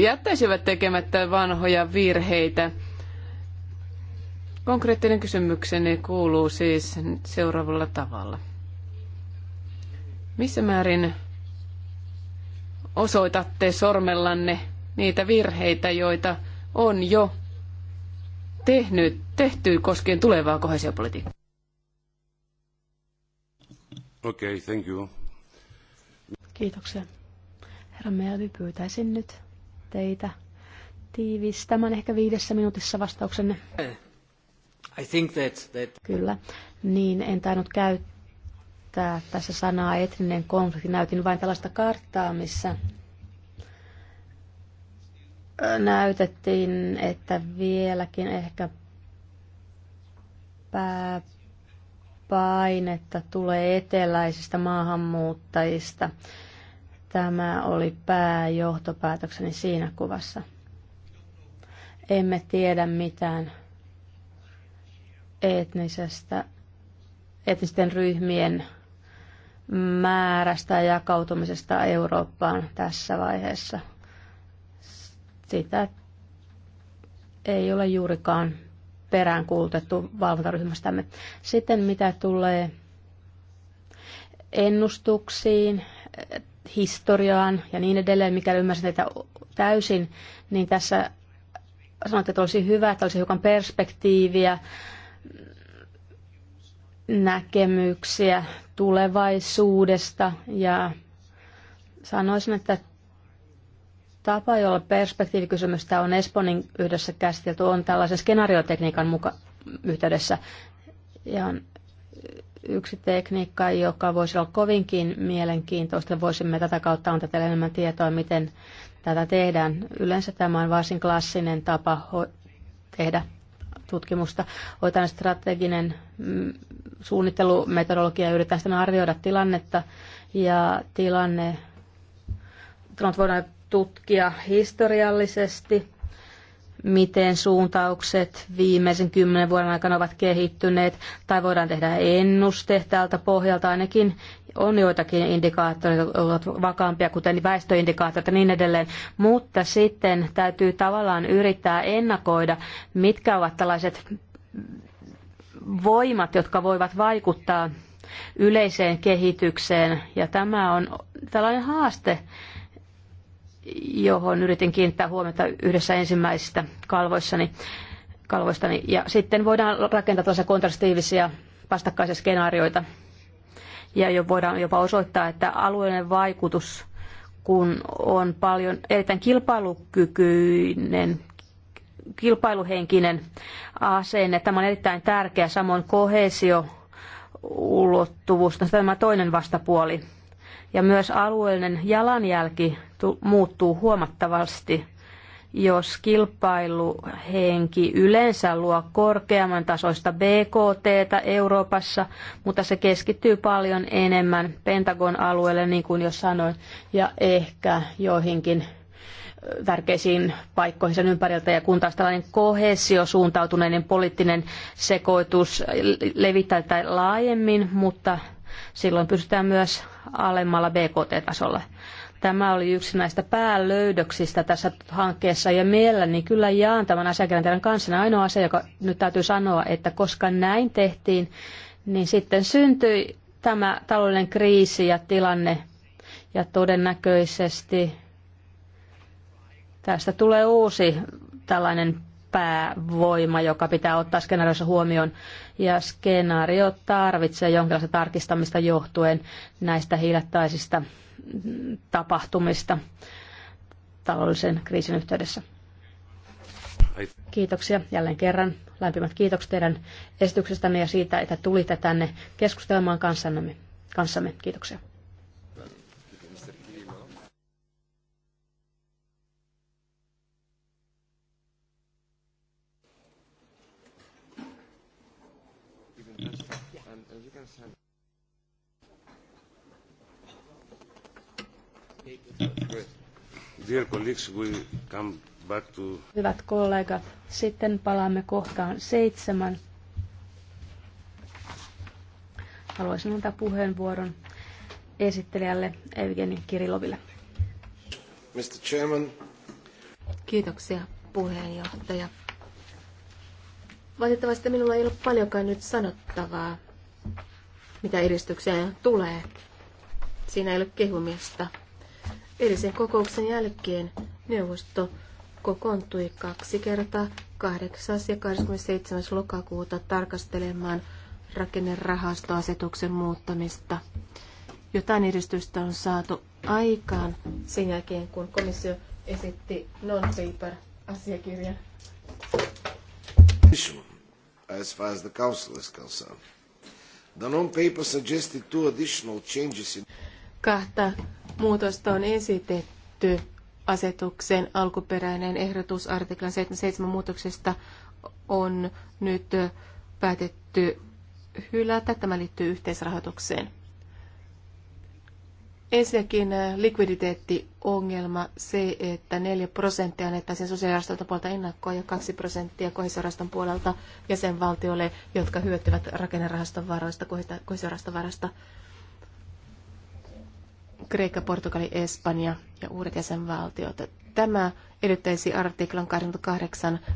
jättäisivät tekemättä vanhoja virheitä. Konkreettinen kysymykseni kuuluu siis seuraavalla tavalla. Missä määrin osoitatte sormellanne niitä virheitä, joita on jo tehnyt, tehty koskien tulevaa kohesiopolitiikkaa? Okay, thank you. Kiitoksia. Herra Melvi, pyytäisin nyt teitä tiivistämään ehkä viidessä minuutissa vastauksenne. I think that, that... Kyllä, niin en tainnut käyttää tässä sanaa etninen konflikti. Näytin vain tällaista karttaa, missä näytettiin, että vieläkin ehkä pää painetta tulee eteläisistä maahanmuuttajista. Tämä oli pääjohtopäätökseni siinä kuvassa. Emme tiedä mitään etnisestä, etnisten ryhmien määrästä ja jakautumisesta Eurooppaan tässä vaiheessa. Sitä ei ole juurikaan peräänkuultettu valvontaryhmästämme. Sitten mitä tulee ennustuksiin, historiaan ja niin edelleen, mikä ymmärsin teitä täysin, niin tässä sanoitte, että olisi hyvä, että olisi hiukan perspektiiviä, näkemyksiä tulevaisuudesta ja sanoisin, että Tapa, jolla perspektiivikysymystä on Esponin yhdessä käsitelty, on tällaisen skenaariotekniikan muka- yhteydessä. Ja yksi tekniikka, joka voisi olla kovinkin mielenkiintoista. Voisimme tätä kautta antaa teille enemmän tietoa, miten tätä tehdään. Yleensä tämä on varsin klassinen tapa tehdä tutkimusta. Otetaan strateginen mm, suunnittelumetodologia ja yritetään sitten arvioida tilannetta. Ja tilanne, tilanne voidaan tutkia historiallisesti, miten suuntaukset viimeisen kymmenen vuoden aikana ovat kehittyneet, tai voidaan tehdä ennuste tältä pohjalta ainakin on joitakin indikaattoreita, ovat vakaampia, kuten väestöindikaattorit ja niin edelleen, mutta sitten täytyy tavallaan yrittää ennakoida, mitkä ovat tällaiset voimat, jotka voivat vaikuttaa yleiseen kehitykseen, ja tämä on tällainen haaste, johon yritin kiinnittää huomiota yhdessä ensimmäisistä kalvoissani. kalvoistani. Ja sitten voidaan rakentaa tuossa kontrastiivisia vastakkaisia skenaarioita. Ja jo voidaan jopa osoittaa, että alueellinen vaikutus, kun on paljon erittäin kilpailukykyinen kilpailuhenkinen asenne. Tämä on erittäin tärkeä, samoin kohesio ulottuvuus. No, tämä toinen vastapuoli ja myös alueellinen jalanjälki muuttuu huomattavasti, jos kilpailuhenki yleensä luo korkeamman tasoista BKT Euroopassa, mutta se keskittyy paljon enemmän Pentagon alueelle, niin kuin jo sanoin, ja ehkä joihinkin tärkeisiin paikkoihin sen ympäriltä, ja kun taas tällainen kohesio suuntautuneinen poliittinen sekoitus levittää tai laajemmin, mutta silloin pystytään myös alemmalla BKT-tasolla. Tämä oli yksi näistä päälöydöksistä tässä hankkeessa ja niin kyllä jaan tämän asiakirjan teidän kanssanne. Ainoa asia, joka nyt täytyy sanoa, että koska näin tehtiin, niin sitten syntyi tämä taloudellinen kriisi ja tilanne ja todennäköisesti tästä tulee uusi tällainen päävoima, joka pitää ottaa skenaarioissa huomioon. Ja skenaario tarvitsee jonkinlaista tarkistamista johtuen näistä hiljattaisista tapahtumista taloudellisen kriisin yhteydessä. Kiitoksia jälleen kerran. Lämpimät kiitokset teidän esityksestänne ja siitä, että tulitte tänne keskustelemaan kanssamme. kanssamme. Kiitoksia. Hyvät kollegat, sitten palaamme kohtaan seitsemän. Haluaisin antaa puheenvuoron esittelijälle Evgeni Kiriloville. Mr. Chairman. Kiitoksia puheenjohtaja. Valitettavasti minulla ei ole paljonkaan nyt sanottavaa, mitä edistykseen tulee. Siinä ei ole kehumista. Edellisen kokouksen jälkeen neuvosto kokoontui kaksi kertaa 8. ja 27. lokakuuta tarkastelemaan rakennerahastoasetuksen muuttamista. Jotain edistystä on saatu aikaan sen jälkeen, kun komissio esitti non-paper-asiakirjan. As far as the council is concerned. The non-paper suggested two additional changes in... Kahta muutosta on esitetty asetuksen alkuperäinen ehdotus artiklan 77 muutoksesta on nyt päätetty hylätä. Tämä liittyy yhteisrahoitukseen. Ensinnäkin likviditeettiongelma, se, että 4 prosenttia annettaisiin sosiaalirastolta puolelta ennakkoa ja 2 prosenttia kohesioraston puolelta jäsenvaltioille, jotka hyötyvät rakennerahaston varoista, kohesioraston varoista. Kohesio Kreikka, Portugali, Espanja ja uudet jäsenvaltiot. Tämä edellyttäisi artiklan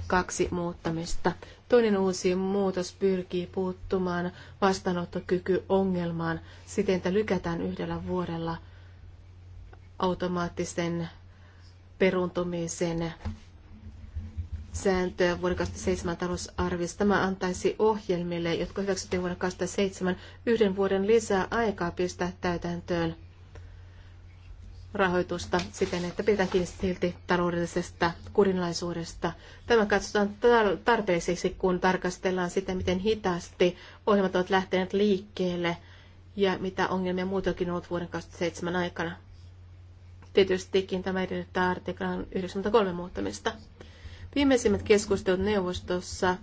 kaksi muuttamista. Toinen uusi muutos pyrkii puuttumaan vastaanottokykyongelmaan siten, että lykätään yhdellä vuodella automaattisen peruntumisen sääntöä vuoden 2007 talousarviossa. Tämä antaisi ohjelmille, jotka hyväksyttiin vuonna 2007, yhden vuoden lisää aikaa pistää täytäntöön rahoitusta siten, että pidetään kiinni silti taloudellisesta kurinlaisuudesta. Tämä katsotaan tarpeelliseksi, kun tarkastellaan sitä, miten hitaasti ohjelmat ovat lähteneet liikkeelle ja mitä ongelmia muutokin on ollut vuoden 2007 aikana. Tietystikin tämä edellyttää artiklan 93 muuttamista. Viimeisimmät keskustelut neuvostossa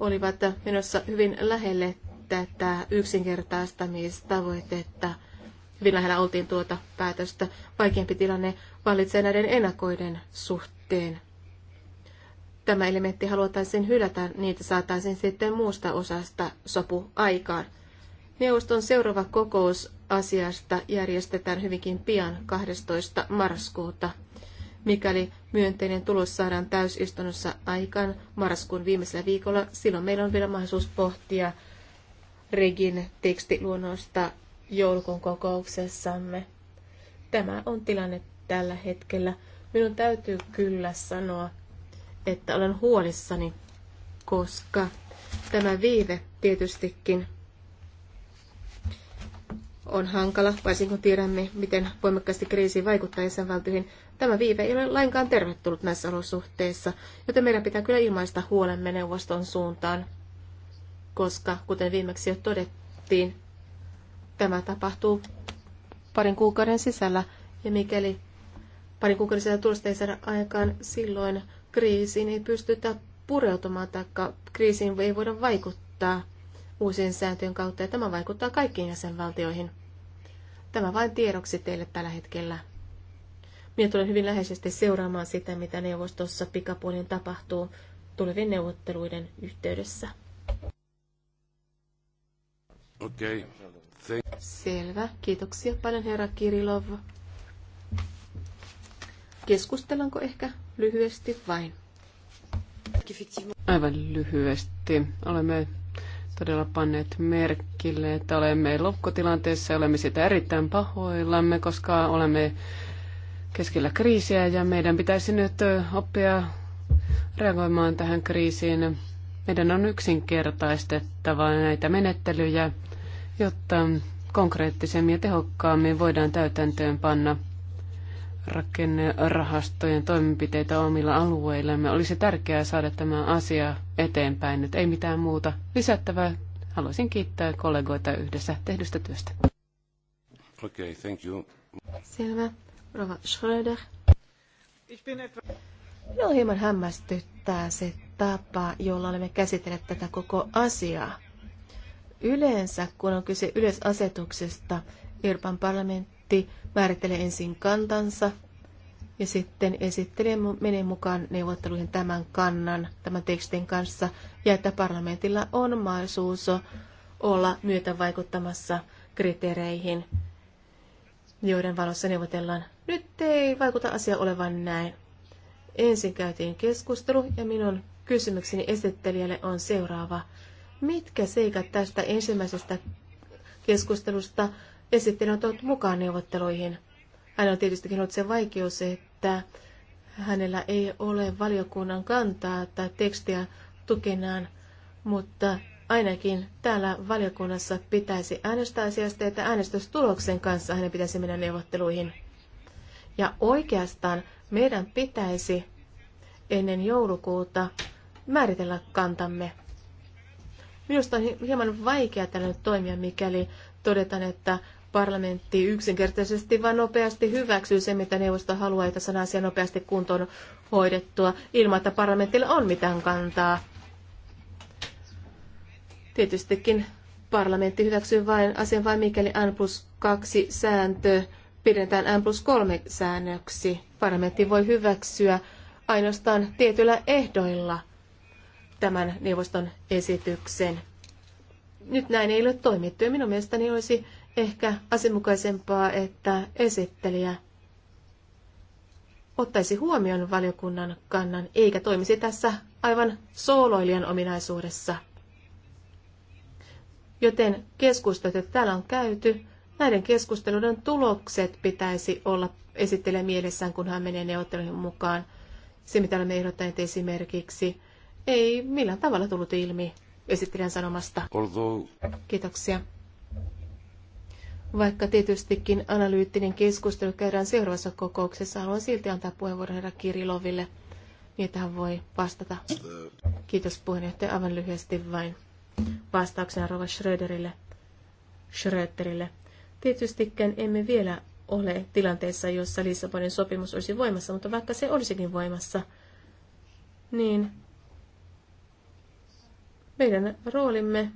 olivat menossa hyvin lähelle tätä yksinkertaistamistavoitetta – hyvin lähellä oltiin tuota päätöstä. Vaikeampi tilanne vallitsee näiden ennakoiden suhteen. Tämä elementti haluttaisiin hylätä, niitä saataisiin sitten muusta osasta sopu aikaan. Neuvoston seuraava kokous asiasta järjestetään hyvinkin pian 12. marraskuuta. Mikäli myönteinen tulos saadaan täysistunnossa aikaan marraskuun viimeisellä viikolla, silloin meillä on vielä mahdollisuus pohtia Regin tekstiluonnosta joulukuun kokouksessamme. Tämä on tilanne tällä hetkellä. Minun täytyy kyllä sanoa, että olen huolissani, koska tämä viive tietystikin on hankala, varsinkin kun tiedämme, miten voimakkaasti kriisi vaikuttaa jäsenvaltioihin. Tämä viive ei ole lainkaan tervetullut näissä olosuhteissa, joten meidän pitää kyllä ilmaista huolemme neuvoston suuntaan, koska kuten viimeksi jo todettiin, Tämä tapahtuu parin kuukauden sisällä ja mikäli parin kuukauden sisällä tulosta ei saada aikaan, silloin kriisiin ei pystytä pureutumaan tai kriisiin ei voida vaikuttaa uusien sääntöjen kautta ja tämä vaikuttaa kaikkiin jäsenvaltioihin. Tämä vain tiedoksi teille tällä hetkellä. Minä tulen hyvin läheisesti seuraamaan sitä, mitä neuvostossa pikapuolin tapahtuu tulevien neuvotteluiden yhteydessä. Okei. Okay. Selvä. Kiitoksia paljon, herra Kirilov. Keskustellaanko ehkä lyhyesti vain? Aivan lyhyesti. Olemme todella panneet merkille, että olemme lokkotilanteessa ja olemme sitä erittäin pahoillamme, koska olemme keskellä kriisiä ja meidän pitäisi nyt oppia reagoimaan tähän kriisiin. Meidän on yksinkertaistettava näitä menettelyjä jotta konkreettisemmin ja tehokkaammin voidaan täytäntöön panna rakennerahastojen toimenpiteitä omilla alueillamme. Olisi tärkeää saada tämä asia eteenpäin. Nyt ei mitään muuta lisättävää. Haluaisin kiittää kollegoita yhdessä tehdystä työstä. Okay, thank you. Selvä. Rova Schröder. Minua hieman hämmästyttää se tapa, jolla olemme käsitelleet tätä koko asiaa. Yleensä, kun on kyse yleisasetuksesta, Euroopan parlamentti määrittelee ensin kantansa ja sitten esittelee menee mukaan neuvotteluihin tämän kannan, tämän tekstin kanssa, ja että parlamentilla on mahdollisuus olla myötä vaikuttamassa kriteereihin, joiden valossa neuvotellaan. Nyt ei vaikuta asia olevan näin. Ensin käytiin keskustelu ja minun kysymykseni esittelijälle on seuraava – Mitkä seikat tästä ensimmäisestä keskustelusta esittelijä on tullut mukaan neuvotteluihin? Hän on tietystikin ollut se vaikeus, että hänellä ei ole valiokunnan kantaa tai tekstiä tukenaan, mutta ainakin täällä valiokunnassa pitäisi äänestää asiasta, että äänestystuloksen kanssa hänen pitäisi mennä neuvotteluihin. Ja oikeastaan meidän pitäisi ennen joulukuuta määritellä kantamme. Minusta on hieman vaikea tällä nyt toimia, mikäli todetaan, että parlamentti yksinkertaisesti vaan nopeasti hyväksyy sen, mitä neuvosto haluaa, että saadaan asia nopeasti kuntoon hoidettua, ilman että parlamentilla on mitään kantaa. Tietystikin parlamentti hyväksyy vain asian vain mikäli N plus 2 sääntö pidetään N plus 3 säännöksi. Parlamentti voi hyväksyä ainoastaan tietyillä ehdoilla – tämän neuvoston esityksen. Nyt näin ei ole toimittu ja minun mielestäni olisi ehkä asianmukaisempaa, että esittelijä ottaisi huomioon valiokunnan kannan, eikä toimisi tässä aivan sooloilijan ominaisuudessa. Joten keskustelut, joita täällä on käyty, näiden keskusteluiden tulokset pitäisi olla esittelijä mielessään, kun hän menee neuvotteluihin mukaan. Se, mitä olemme ehdottaneet esimerkiksi, ei millään tavalla tullut ilmi esittelijän sanomasta. Although... Kiitoksia. Vaikka tietystikin analyyttinen keskustelu käydään seuraavassa kokouksessa, haluan silti antaa puheenvuoron herra Kiriloville, niin että hän voi vastata. Kiitos puheenjohtaja aivan lyhyesti vain vastauksena Rova Schröderille. Schröderille. Tietystikään emme vielä ole tilanteessa, jossa Lissabonin sopimus olisi voimassa, mutta vaikka se olisikin voimassa, niin meidän roolimme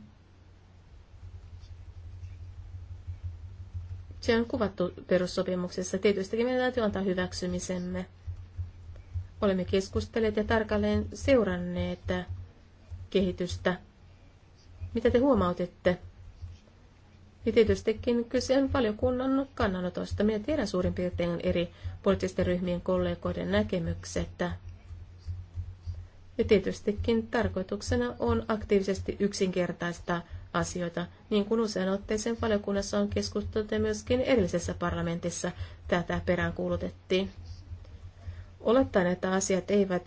se on kuvattu perussopimuksessa. Tietystikin meidän täytyy antaa hyväksymisemme. Olemme keskustelleet ja tarkalleen seuranneet kehitystä. Mitä te huomautitte? Ja tietystikin kyse on valiokunnan kannanotosta. Minä tiedän suurin piirtein eri poliittisten ryhmien kollegoiden näkemykset ja tietystikin tarkoituksena on aktiivisesti yksinkertaistaa asioita, niin kuin usein otteeseen valiokunnassa on keskusteltu ja myöskin edellisessä parlamentissa tätä peräänkuulutettiin. Olettaen, että asiat eivät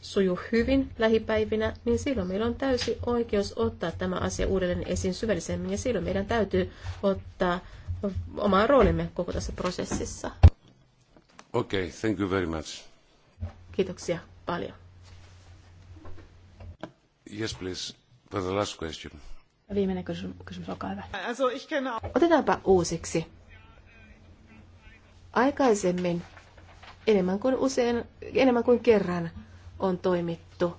suju hyvin lähipäivinä, niin silloin meillä on täysi oikeus ottaa tämä asia uudelleen esiin syvällisemmin, ja silloin meidän täytyy ottaa oma roolimme koko tässä prosessissa. Okei, okay, thank you very much. Kiitoksia paljon. Yes, please. For the last question. Viimeinen kysymys, olkaa hyvä. Otetaanpa uusiksi. Aikaisemmin enemmän kuin usein, enemmän kuin kerran on toimittu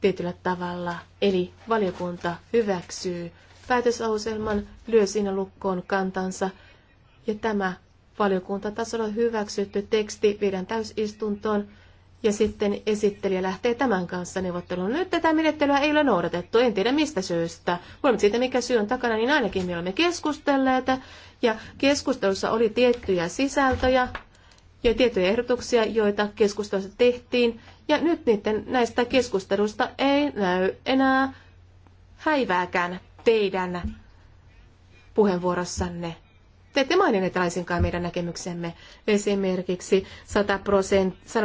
tietyllä tavalla. Eli valiokunta hyväksyy päätösauselman, lyö siinä lukkoon kantansa ja tämä valiokuntatasolla hyväksytty teksti viedään täysistuntoon ja sitten esittelijä lähtee tämän kanssa neuvotteluun. Nyt tätä menettelyä ei ole noudatettu, en tiedä mistä syystä. Huolimatta siitä, mikä syy on takana, niin ainakin me olemme keskustelleet, ja keskustelussa oli tiettyjä sisältöjä ja tiettyjä ehdotuksia, joita keskustelussa tehtiin, ja nyt niiden, näistä keskustelusta ei näy enää häivääkään teidän puheenvuorossanne. Te ette maininneet laisinkaan meidän näkemyksemme. Esimerkiksi 100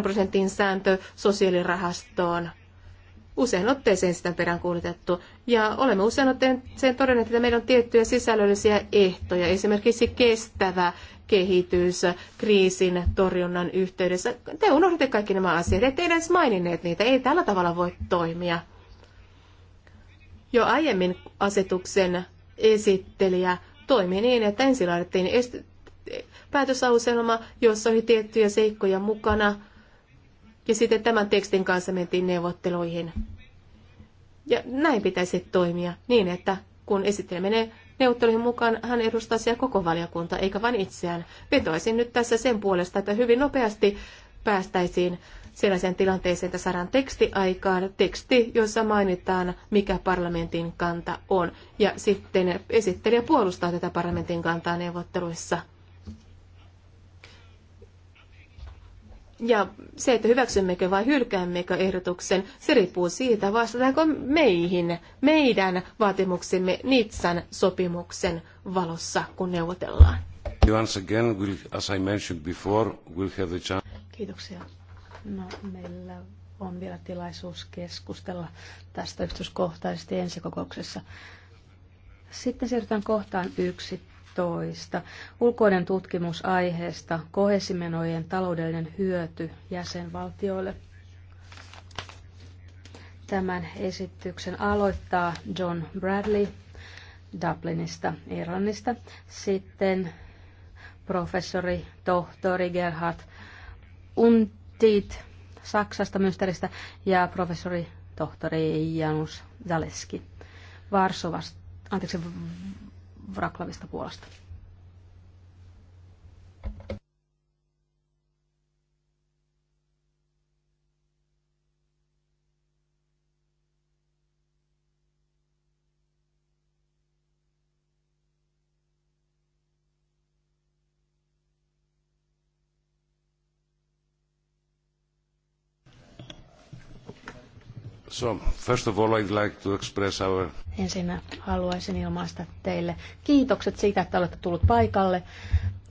prosentin sääntö sosiaalirahastoon usein otteeseen sitä on peräänkuulutettu. Ja olemme usein otteeseen todenneet, että meillä on tiettyjä sisällöllisiä ehtoja, esimerkiksi kestävä kehitys kriisin torjunnan yhteydessä. Te unohdatte kaikki nämä asiat, ette edes maininneet niitä, ei tällä tavalla voi toimia. Jo aiemmin asetuksen esittelijä toimi niin, että ensin laadittiin est- päätösauselma, jossa oli tiettyjä seikkoja mukana, ja sitten tämän tekstin kanssa mentiin neuvotteluihin. Ja näin pitäisi toimia niin, että kun esittelijä menee neuvotteluihin mukaan, hän edustaa siellä koko valiokunta, eikä vain itseään. Vetoisin nyt tässä sen puolesta, että hyvin nopeasti päästäisiin sellaiseen tilanteeseen, että saadaan teksti aikaan, teksti, jossa mainitaan, mikä parlamentin kanta on. Ja sitten esittelijä puolustaa tätä parlamentin kantaa neuvotteluissa. Ja se, että hyväksymmekö vai hylkäämmekö ehdotuksen, se riippuu siitä, vastataanko meihin, meidän vaatimuksemme Nitsan sopimuksen valossa, kun neuvotellaan. Once again, we'll, as I mentioned before, we'll have the chance... Kiitoksia. No, meillä on vielä tilaisuus keskustella tästä yksityiskohtaisesti kokouksessa. Sitten siirrytään kohtaan 11. Ulkoinen tutkimus aiheesta kohesimenojen taloudellinen hyöty jäsenvaltioille. Tämän esityksen aloittaa John Bradley Dublinista, Irlannista. Sitten professori, tohtori Gerhard Unt Tiit Saksasta Münsteristä ja professori tohtori Janus Zaleski Varsovasta, anteeksi, Vraklavista Puolasta. So, first of all, I'd like to express our... Ensinnä haluaisin ilmaista teille kiitokset siitä, että olette tullut paikalle.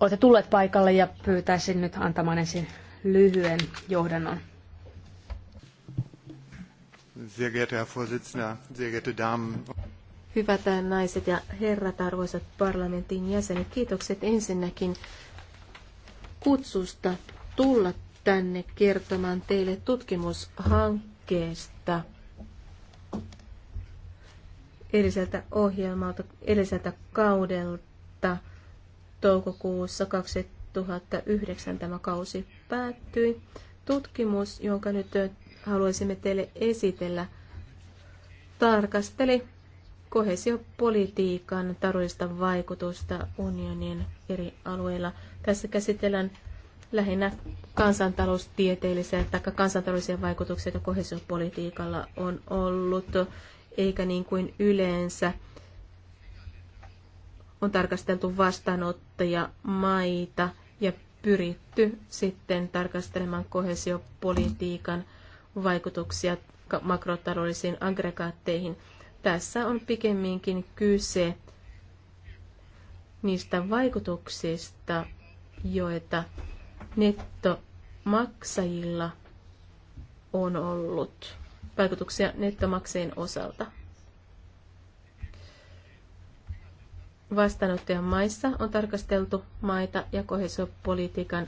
Olette tulleet paikalle ja pyytäisin nyt antamaan ensin lyhyen johdannon. Sehr Herr Vorsitzender, sehr geehrte Damen. Hyvät naiset ja herrat, arvoisat parlamentin jäsenet, kiitokset ensinnäkin kutsusta tulla tänne kertomaan teille tutkimushankkeesta hankkeesta edelliseltä ohjelmalta, edelliseltä kaudelta toukokuussa 2009 tämä kausi päättyi. Tutkimus, jonka nyt haluaisimme teille esitellä, tarkasteli kohesiopolitiikan taloudellista vaikutusta unionin eri alueilla. Tässä käsitellään lähinnä kansantaloustieteellisiä tai kansantaloudellisia vaikutuksia, joita kohesiopolitiikalla on ollut, eikä niin kuin yleensä on tarkasteltu vastaanottaja maita ja pyritty sitten tarkastelemaan kohesiopolitiikan vaikutuksia makrotaloudellisiin aggregaatteihin. Tässä on pikemminkin kyse niistä vaikutuksista, joita nettomaksajilla on ollut vaikutuksia nettomaksajien osalta. Vastaanottajan maissa on tarkasteltu maita ja kohesiopolitiikan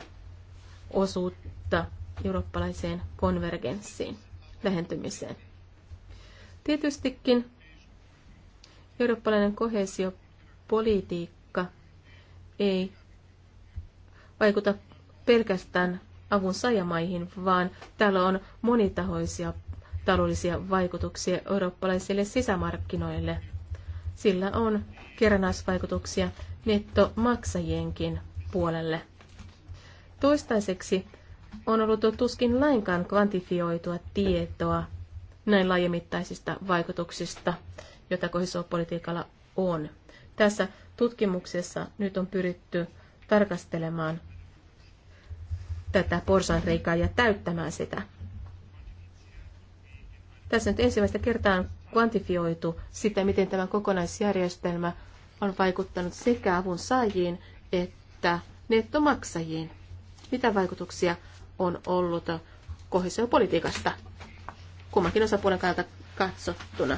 osuutta eurooppalaiseen konvergenssiin, lähentymiseen. Tietystikin eurooppalainen kohesiopolitiikka ei vaikuta pelkästään avun saajamaihin, vaan tällä on monitahoisia taloudellisia vaikutuksia eurooppalaisille sisämarkkinoille. Sillä on kerranaisvaikutuksia nettomaksajienkin puolelle. Toistaiseksi on ollut tuskin lainkaan kvantifioitua tietoa näin laajemittaisista vaikutuksista, joita kohesiopolitiikalla on. Tässä tutkimuksessa nyt on pyritty tarkastelemaan tätä porsanreikää ja täyttämään sitä. Tässä nyt ensimmäistä kertaa on kvantifioitu sitä, miten tämä kokonaisjärjestelmä on vaikuttanut sekä avun saajiin että nettomaksajiin. Mitä vaikutuksia on ollut kohesiopolitiikasta kummankin osapuolen kannalta katsottuna?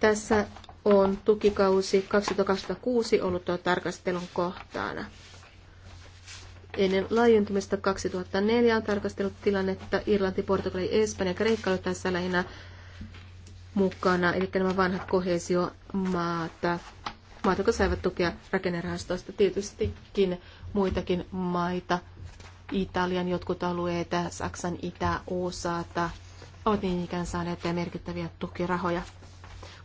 Tässä on tukikausi 2026 ollut tuo tarkastelun kohtaana ennen laajentumista 2004 on tarkastellut tilannetta Irlanti, Portugali, Espanja ja Kreikka oli tässä lähinnä mukana, eli nämä vanhat kohesiomaat, Maat, jotka saivat tukea rakennerahastoista, tietystikin muitakin maita, Italian jotkut alueet, Saksan itäosaata, ovat niin ikään saaneet merkittäviä tukirahoja.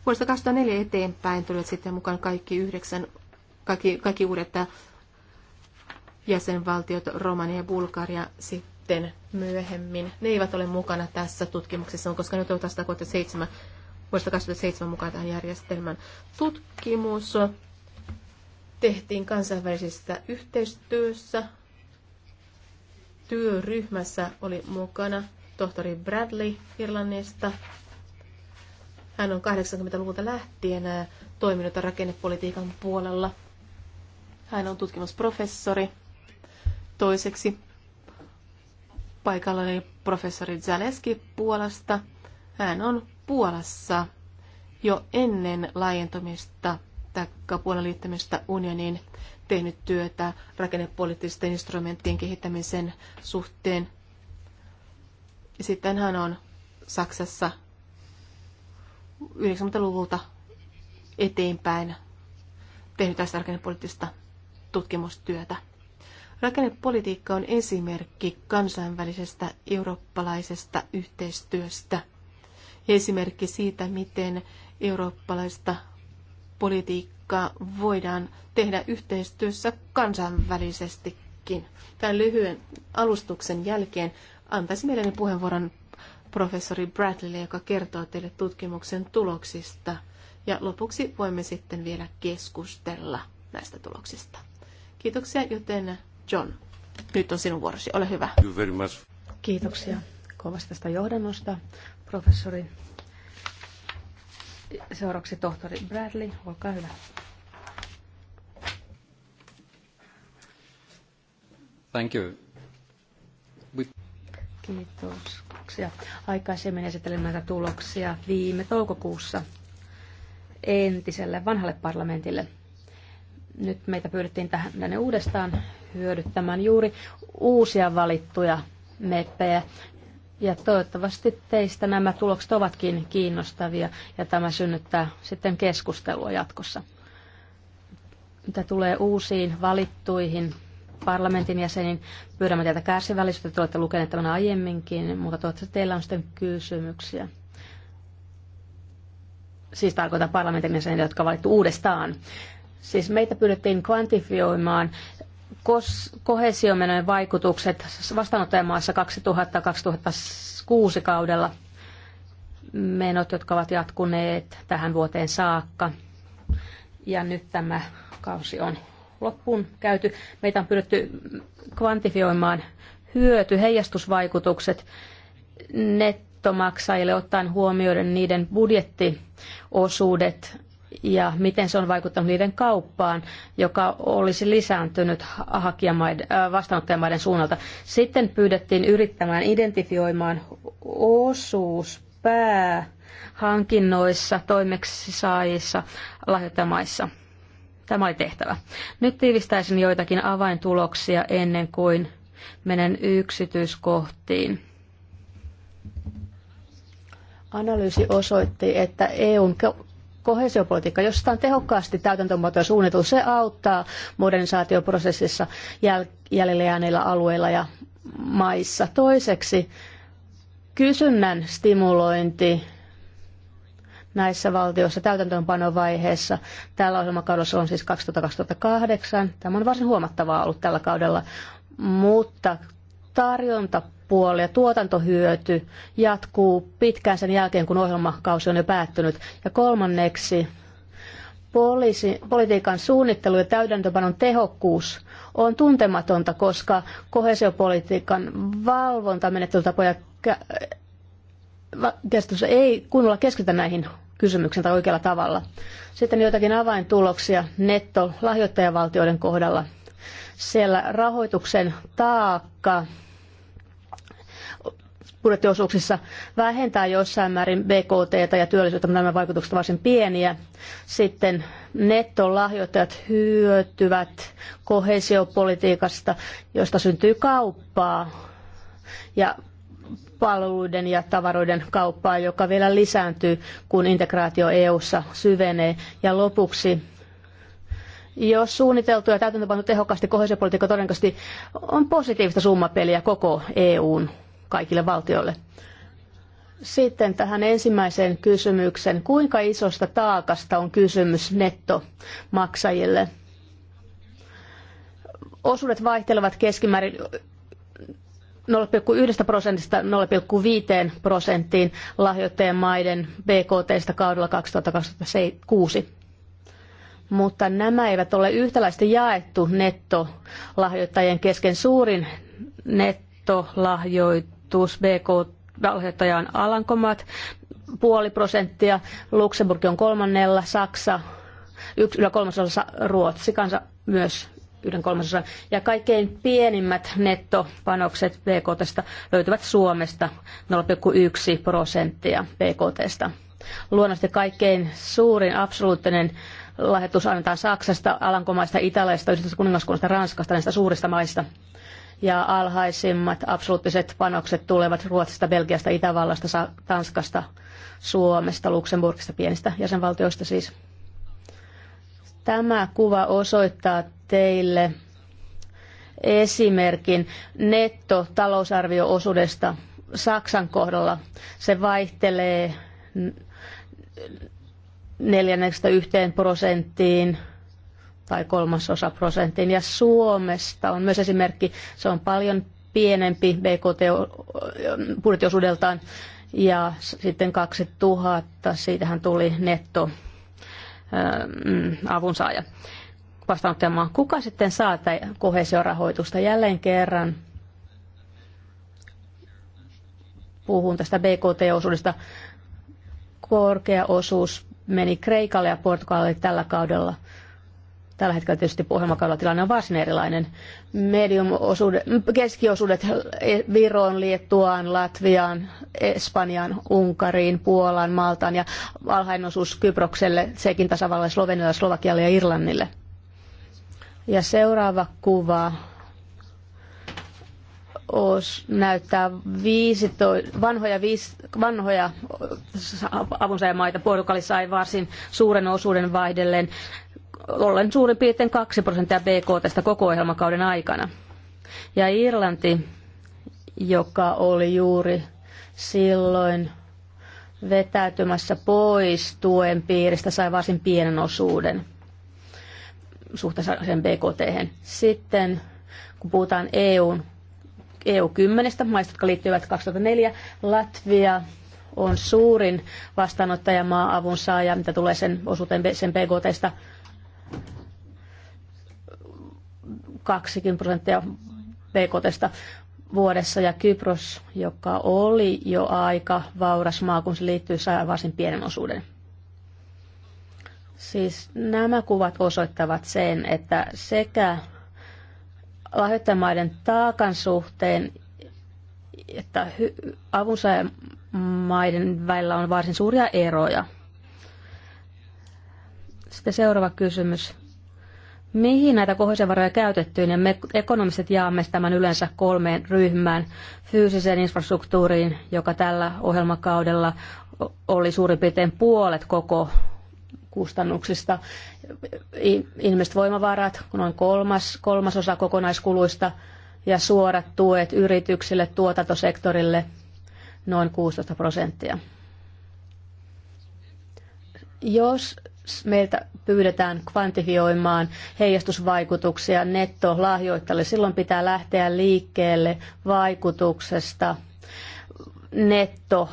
Vuodesta 2004 eteenpäin tulivat sitten mukaan kaikki yhdeksän kaikki, kaikki uudet jäsenvaltiot, Romania ja Bulgaria sitten myöhemmin. Ne eivät ole mukana tässä tutkimuksessa, koska ne ovat 7 vuodesta 2007 mukaan tähän järjestelmään. Tutkimus tehtiin kansainvälisessä yhteistyössä. Työryhmässä oli mukana tohtori Bradley Irlannista. Hän on 80-luvulta lähtien toiminut rakennepolitiikan puolella. Hän on tutkimusprofessori Toiseksi paikalla oli professori Zaleski Puolasta. Hän on Puolassa jo ennen laajentumista tai Puolan liittämistä unioniin tehnyt työtä rakennepoliittisten instrumenttien kehittämisen suhteen. Sitten hän on Saksassa 90-luvulta eteenpäin tehnyt tästä rakennepoliittista tutkimustyötä. Rakennepolitiikka on esimerkki kansainvälisestä eurooppalaisesta yhteistyöstä. Esimerkki siitä, miten eurooppalaista politiikkaa voidaan tehdä yhteistyössä kansainvälisestikin. Tämän lyhyen alustuksen jälkeen antaisin mielelläni puheenvuoron professori Bradleylle, joka kertoo teille tutkimuksen tuloksista. Ja lopuksi voimme sitten vielä keskustella näistä tuloksista. Kiitoksia, joten John, nyt on sinun vuorosi. Ole hyvä. Kiitoksia kovasti tästä johdannosta, professori. Seuraavaksi tohtori Bradley, olkaa hyvä. Thank you. We... Kiitoksia. Aikaisemmin esittelin näitä tuloksia viime toukokuussa entiselle vanhalle parlamentille. Nyt meitä pyydettiin tähän, tänne uudestaan hyödyttämään juuri uusia valittuja meppejä. Ja toivottavasti teistä nämä tulokset ovatkin kiinnostavia ja tämä synnyttää sitten keskustelua jatkossa. Mitä tulee uusiin valittuihin parlamentin jäseniin, pyydämme teiltä kärsivällisyyttä. Te olette lukeneet tämän aiemminkin, mutta toivottavasti teillä on sitten kysymyksiä. Siis tarkoitan parlamentin jäseniä, jotka on valittu uudestaan. Siis meitä pyydettiin kvantifioimaan kohesiomenojen vaikutukset vastaanottajamaassa 2000-2006 kaudella. Menot, jotka ovat jatkuneet tähän vuoteen saakka. Ja nyt tämä kausi on loppuun käyty. Meitä on pyritty kvantifioimaan hyöty, heijastusvaikutukset nettomaksajille ottaen huomioiden niiden budjettiosuudet ja miten se on vaikuttanut niiden kauppaan, joka olisi lisääntynyt äh, vastaanottajamaiden suunnalta. Sitten pyydettiin yrittämään identifioimaan osuus päähankinnoissa, toimeksisaajissa, lahjoittajamaissa. Tämä oli tehtävä. Nyt tiivistäisin joitakin avaintuloksia ennen kuin menen yksityiskohtiin. Analyysi osoitti, että EUn kohesiopolitiikka, jos sitä on tehokkaasti täytäntömuotoja suunniteltu, se auttaa modernisaatioprosessissa jäl- jäljellä jääneillä alueilla ja maissa. Toiseksi kysynnän stimulointi näissä valtioissa täytäntöönpanovaiheessa. Tällä ohjelmakaudella on siis 2008. Tämä on varsin huomattavaa ollut tällä kaudella, mutta tarjonta puoli ja tuotantohyöty jatkuu pitkään sen jälkeen, kun ohjelmakausi on jo päättynyt. Ja kolmanneksi, poliisi, politiikan suunnittelu ja täydentöpanon tehokkuus on tuntematonta, koska kohesiopolitiikan valvontamenettelytapoja keskustelussa ei kunnolla keskitytä näihin kysymyksiin tai oikealla tavalla. Sitten joitakin avaintuloksia netto lahjoittajavaltioiden kohdalla. Siellä rahoituksen taakka budjettiosuuksissa vähentää jossain määrin BKT ja työllisyyttä, mutta nämä vaikutukset ovat varsin pieniä. Sitten nettolahjoittajat hyötyvät kohesiopolitiikasta, josta syntyy kauppaa ja palveluiden ja tavaroiden kauppaa, joka vielä lisääntyy, kun integraatio EU:ssa syvenee. Ja lopuksi jos suunniteltu ja täytäntöpannut tehokkaasti kohesiopolitiikka todennäköisesti on positiivista summapeliä koko EUn kaikille valtioille. Sitten tähän ensimmäiseen kysymykseen. Kuinka isosta taakasta on kysymys nettomaksajille? Osuudet vaihtelevat keskimäärin 0,1 prosentista 0,5 prosenttiin lahjoittajien maiden BKTstä kaudella 2026. Mutta nämä eivät ole yhtäläisesti jaettu nettolahjoittajien kesken. Suurin nettolahjoittajien osuus BKT valhjohtaja on Alankomaat, puoli prosenttia, Luxemburg on kolmannella, Saksa yksi yli kolmasosa, Ruotsi kansa myös yhden kolmasosan. Ja kaikkein pienimmät nettopanokset BKTstä löytyvät Suomesta 0,1 prosenttia BKTstä. Luonnollisesti kaikkein suurin absoluuttinen lahjoitus annetaan Saksasta, Alankomaista, Italiasta, Yhdistyneestä kuningaskunnasta, Ranskasta, näistä suurista maista ja alhaisimmat absoluuttiset panokset tulevat Ruotsista, Belgiasta, Itävallasta, Tanskasta, Suomesta, Luxemburgista, pienistä jäsenvaltioista siis. Tämä kuva osoittaa teille esimerkin nettotalousarvioosuudesta Saksan kohdalla. Se vaihtelee neljänneksestä yhteen prosenttiin tai kolmasosa prosentin. Ja Suomesta on myös esimerkki, se on paljon pienempi BKT-budjettiosuudeltaan ja sitten 2000, siitähän tuli netto mm, avunsaaja vastaanottamaan. Kuka sitten saa kohesiorahoitusta? Jälleen kerran puhun tästä BKT-osuudesta. Korkea osuus meni Kreikalle ja Portugalille tällä kaudella. Tällä hetkellä tietysti ohjelmakaudella tilanne on varsin erilainen. Medium-osuudet, keskiosuudet Viroon, Liettuaan, Latviaan, Espanjaan, Unkariin, Puolaan, Maltaan ja alhainen osuus Kyprokselle, sekin tasavallalle, Slovenialle, Slovakialle ja Irlannille. Ja seuraava kuva os, näyttää 15, vanhoja, viis, vanhoja avunsaajamaita. Portugalissa sai varsin suuren osuuden vaihdelleen ollen suurin piirtein 2 prosenttia BKT koko ohjelmakauden aikana. Ja Irlanti, joka oli juuri silloin vetäytymässä pois tuen piiristä, sai varsin pienen osuuden suhteessa sen BKT. Sitten kun puhutaan EUn, EU-10 maista, jotka liittyvät 2004, Latvia on suurin vastaanottajamaa avun saaja, mitä tulee sen osuuteen sen BKTstä 20 prosenttia BKTstä vuodessa ja Kypros, joka oli jo aika vauras maa, kun se liittyy, sai varsin pienen osuuden. Siis nämä kuvat osoittavat sen, että sekä lahjoittajamaiden taakan suhteen että avunsaajamaiden välillä on varsin suuria eroja. Sitten seuraava kysymys mihin näitä kohdisevaroja käytettyyn, ja me ekonomiset jaamme tämän yleensä kolmeen ryhmään. Fyysiseen infrastruktuuriin, joka tällä ohjelmakaudella oli suurin piirtein puolet koko kustannuksista. voimavarat, noin kolmas, kolmasosa kokonaiskuluista, ja suorat tuet yrityksille, tuotantosektorille, noin 16 prosenttia. Jos meiltä pyydetään kvantifioimaan heijastusvaikutuksia nettolahjoittajille. Silloin pitää lähteä liikkeelle vaikutuksesta netto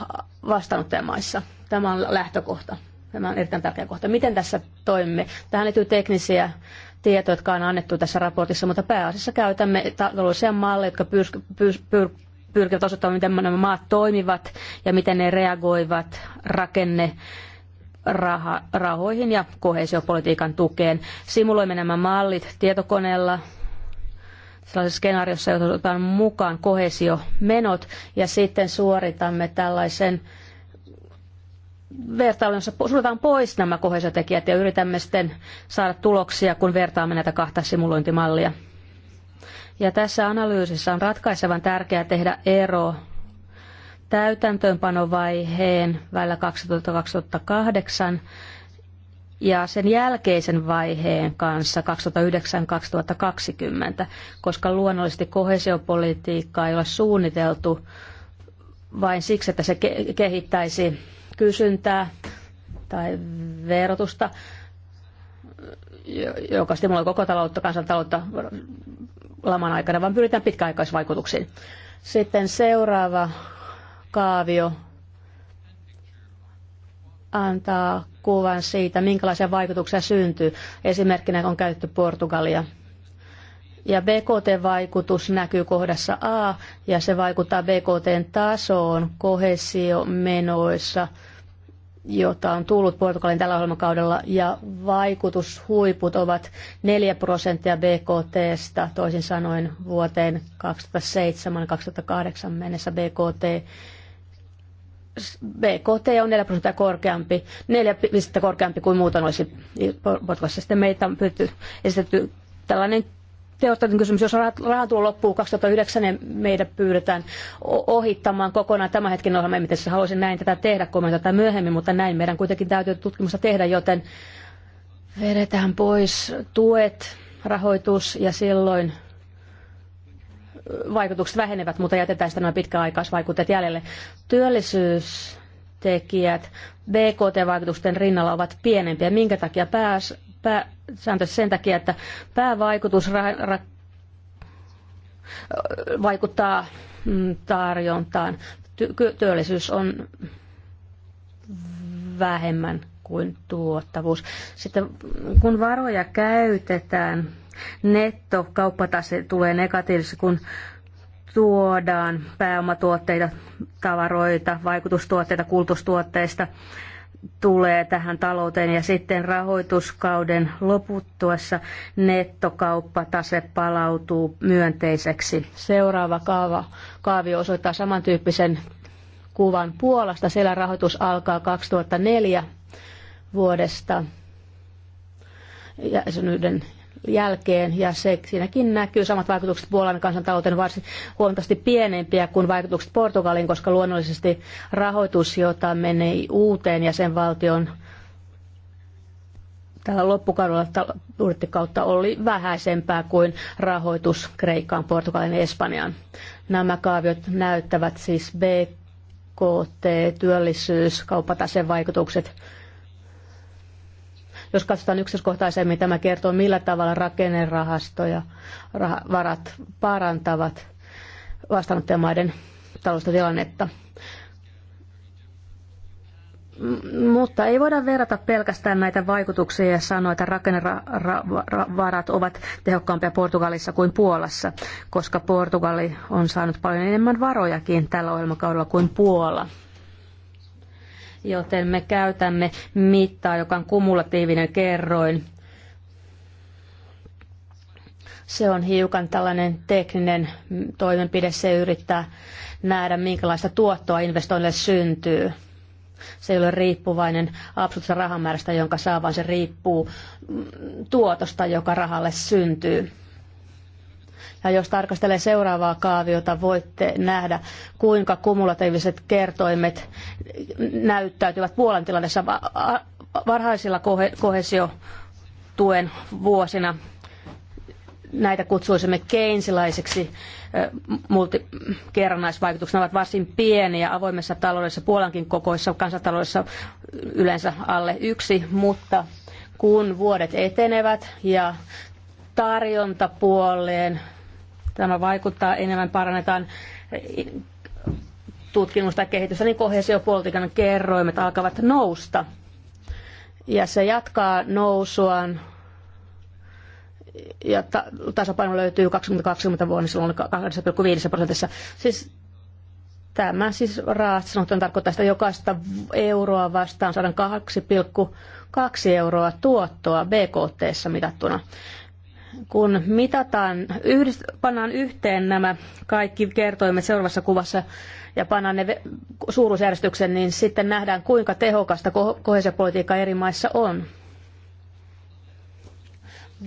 vastaanottajamaissa. Tämä on lähtökohta. Tämä on erittäin tärkeä kohta. Miten tässä toimimme? Tähän liittyy teknisiä tietoja, jotka on annettu tässä raportissa, mutta pääasiassa käytämme taloudellisia malleja, jotka pyrkivät osoittamaan, miten nämä maat toimivat ja miten ne reagoivat rakenne raha, rahoihin ja kohesiopolitiikan tukeen. Simuloimme nämä mallit tietokoneella sellaisessa skenaariossa, jota otetaan mukaan kohesiomenot ja sitten suoritamme tällaisen vertailun, jossa suljetaan pois nämä kohesiotekijät ja yritämme sitten saada tuloksia, kun vertaamme näitä kahta simulointimallia. Ja tässä analyysissä on ratkaisevan tärkeää tehdä ero täytäntöönpanovaiheen välillä 2008 ja sen jälkeisen vaiheen kanssa 2009-2020, koska luonnollisesti kohesiopolitiikkaa ei ole suunniteltu vain siksi, että se kehittäisi kysyntää tai verotusta, joka stimuloi koko taloutta, kansantaloutta laman aikana, vaan pyritään pitkäaikaisvaikutuksiin. Sitten seuraava kaavio antaa kuvan siitä, minkälaisia vaikutuksia syntyy. Esimerkkinä on käytetty Portugalia. Ja BKT-vaikutus näkyy kohdassa A, ja se vaikuttaa BKTn tasoon kohesiomenoissa, jota on tullut Portugalin tällä ohjelmakaudella, ja vaikutushuiput ovat 4 prosenttia BKTstä, toisin sanoen vuoteen 2007-2008 mennessä BKT BKT on 4 prosenttia korkeampi, 4 prosenttia korkeampi kuin muuten olisi Portugalissa. Sitten meitä on pyritty esitetty tällainen teoreettinen kysymys, jos rahantulo loppuu 2009, niin meidän pyydetään ohittamaan kokonaan tämän hetken ohjelma. Miten se haluaisin näin tätä tehdä, kommentoida tätä myöhemmin, mutta näin meidän kuitenkin täytyy tutkimusta tehdä, joten vedetään pois tuet, rahoitus ja silloin vaikutukset vähenevät, mutta jätetään sitten nämä pitkäaikaisvaikutteet jäljelle. Työllisyystekijät BKT-vaikutusten rinnalla ovat pienempiä. Minkä takia pääs, pää, sääntö sen takia, että päävaikutus ra, ra, vaikuttaa mm, tarjontaan. Ty- työllisyys on vähemmän kuin tuottavuus. Sitten mm, kun varoja käytetään nettokauppatase tulee negatiiviseksi, kun tuodaan pääomatuotteita, tavaroita, vaikutustuotteita, kulutustuotteista tulee tähän talouteen ja sitten rahoituskauden loputtuessa nettokauppatase palautuu myönteiseksi. Seuraava kaava, kaavio osoittaa samantyyppisen kuvan Puolasta. Siellä rahoitus alkaa 2004 vuodesta jäsenyyden jälkeen, ja se, siinäkin näkyy samat vaikutukset Puolan kansantalouteen varsin huomattavasti pienempiä kuin vaikutukset Portugaliin, koska luonnollisesti rahoitus, jota menee uuteen jäsenvaltioon tällä loppukaudella budjettikautta oli vähäisempää kuin rahoitus Kreikkaan, Portugalin ja Espanjaan. Nämä kaaviot näyttävät siis BKT, työllisyys, kauppatasen vaikutukset jos katsotaan yksityiskohtaisemmin, tämä kertoo, millä tavalla rakennerahastoja varat parantavat vastaanottajamaiden taloudellista tilannetta. Mutta ei voida verrata pelkästään näitä vaikutuksia ja sanoa, että rakennerarat ovat tehokkaampia Portugalissa kuin Puolassa, koska Portugali on saanut paljon enemmän varojakin tällä ohjelmakaudella kuin Puola joten me käytämme mittaa, joka on kumulatiivinen kerroin. Se on hiukan tällainen tekninen toimenpide, se yrittää nähdä, minkälaista tuottoa investoinnille syntyy. Se ei ole riippuvainen absoluuttisesta rahamäärästä, jonka saa, vaan se riippuu tuotosta, joka rahalle syntyy. Ja jos tarkastelee seuraavaa kaaviota, voitte nähdä, kuinka kumulatiiviset kertoimet näyttäytyvät Puolan tilanteessa varhaisilla kohesiotuen vuosina. Näitä kutsuisimme keinsilaisiksi multi- ovat varsin pieniä avoimessa taloudessa, Puolankin kokoissa kansantaloudessa yleensä alle yksi, mutta kun vuodet etenevät ja tarjontapuoleen tämä vaikuttaa, enemmän parannetaan tutkimusta ja kehitystä, niin kohesiopolitiikan kerroimet alkavat nousta. Ja se jatkaa nousuaan ja ta- tasapaino löytyy 2020 vuonna silloin 2,5 prosentissa. Siis tämä siis raasti sanottuna tarkoittaa sitä jokaista euroa vastaan saadaan 2,2 euroa tuottoa BKT mitattuna kun mitataan, yhdist, pannaan yhteen nämä kaikki kertoimet seuraavassa kuvassa ja pannaan ne suuruusjärjestyksen, niin sitten nähdään, kuinka tehokasta kohesiopolitiikka eri maissa on.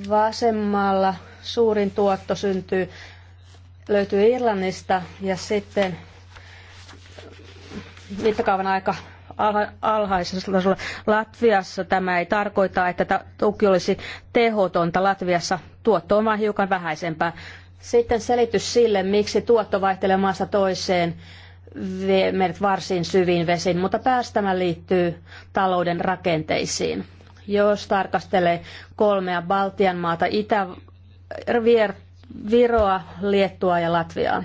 Vasemmalla suurin tuotto syntyy, löytyy Irlannista ja sitten mittakaavan aika alhaisella tasolla. Latviassa tämä ei tarkoita, että tuki olisi tehotonta. Latviassa tuotto on vain hiukan vähäisempää. Sitten selitys sille, miksi tuotto vaihtelee maasta toiseen meidät varsin syviin vesiin, mutta päästämä liittyy talouden rakenteisiin. Jos tarkastelee kolmea Baltian maata, Itä, Viroa, Liettua ja Latviaa,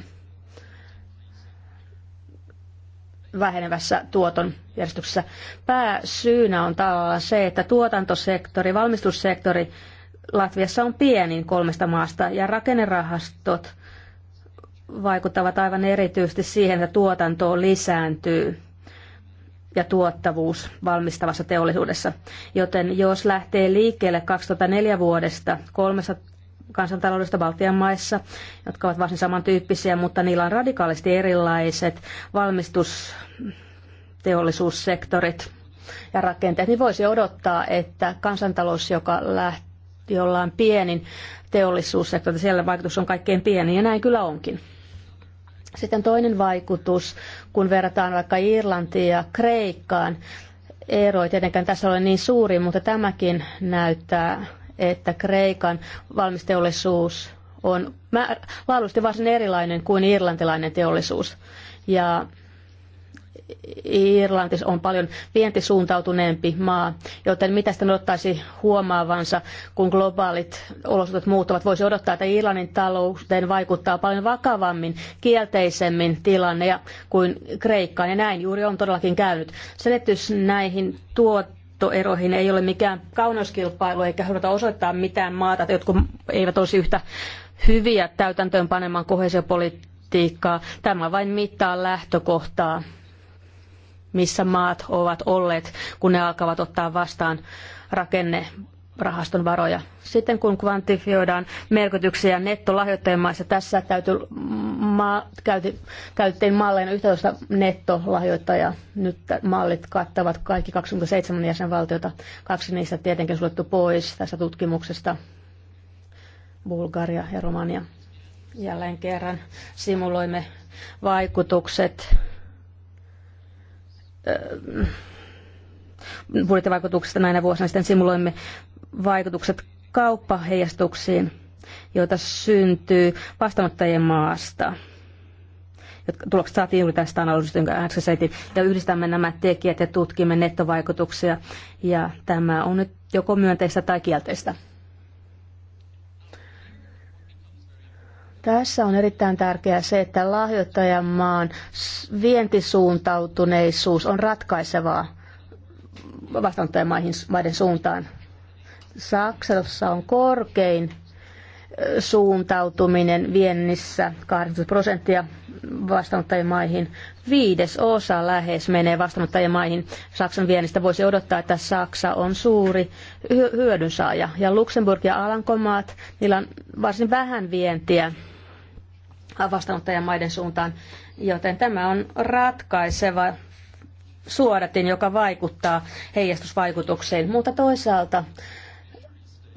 vähenevässä tuoton järjestyksessä. Pääsyynä on tavallaan se, että tuotantosektori, valmistussektori Latviassa on pienin kolmesta maasta ja rakennerahastot vaikuttavat aivan erityisesti siihen, että tuotanto lisääntyy ja tuottavuus valmistavassa teollisuudessa. Joten jos lähtee liikkeelle 2004 vuodesta kansantaloudesta Baltian maissa, jotka ovat varsin samantyyppisiä, mutta niillä on radikaalisti erilaiset valmistusteollisuussektorit ja rakenteet, niin voisi odottaa, että kansantalous, joka lähti jolla on pienin teollisuussektori, siellä vaikutus on kaikkein pienin, ja näin kyllä onkin. Sitten toinen vaikutus, kun verrataan vaikka Irlantiin ja Kreikkaan, ero ei tietenkään tässä ole niin suuri, mutta tämäkin näyttää että Kreikan valmisteollisuus on laadullisesti varsin erilainen kuin irlantilainen teollisuus. Ja Irlanti on paljon vientisuuntautuneempi maa, joten mitä sitten odottaisi huomaavansa, kun globaalit olosuhteet muuttuvat? Voisi odottaa, että Irlannin talouteen vaikuttaa paljon vakavammin, kielteisemmin tilanne kuin Kreikkaan, ja näin juuri on todellakin käynyt. Selitys näihin tuotteisiin nettoeroihin ei ole mikään kauneuskilpailu eikä haluta osoittaa mitään maata, jotka eivät olisi yhtä hyviä täytäntöön panemaan kohesiopolitiikkaa. Tämä vain mittaa lähtökohtaa, missä maat ovat olleet, kun ne alkavat ottaa vastaan rakenne rahaston varoja. Sitten kun kvantifioidaan merkityksiä nettolahjoittajien maissa, tässä täytyy ma- käyty, käytettiin malleina 11 nettolahjoittajaa. Nyt mallit kattavat kaikki 27 jäsenvaltiota. Kaksi niistä tietenkin suljettu pois tässä tutkimuksesta. Bulgaria ja Romania. Jälleen kerran simuloimme vaikutukset. Öö, budjettivaikutuksista näinä vuosina sitten simuloimme vaikutukset kauppaheijastuksiin, joita syntyy vastaanottajien maasta. Jotka tulokset saatiin juuri tästä analyysistä, jonka äsken ja yhdistämme nämä tekijät ja tutkimme nettovaikutuksia, ja tämä on nyt joko myönteistä tai kielteistä. Tässä on erittäin tärkeää se, että maan vientisuuntautuneisuus on ratkaisevaa vastaanottajamaiden suuntaan. Saksassa on korkein suuntautuminen viennissä 80 prosenttia vastaanottajien maihin. Viides osa lähes menee vastaanottajien maihin. Saksan viennistä voisi odottaa, että Saksa on suuri hyödynsaaja. Ja Luxemburg ja Alankomaat, niillä on varsin vähän vientiä vastaanottajien maiden suuntaan. Joten tämä on ratkaiseva suodatin, joka vaikuttaa heijastusvaikutukseen. Mutta toisaalta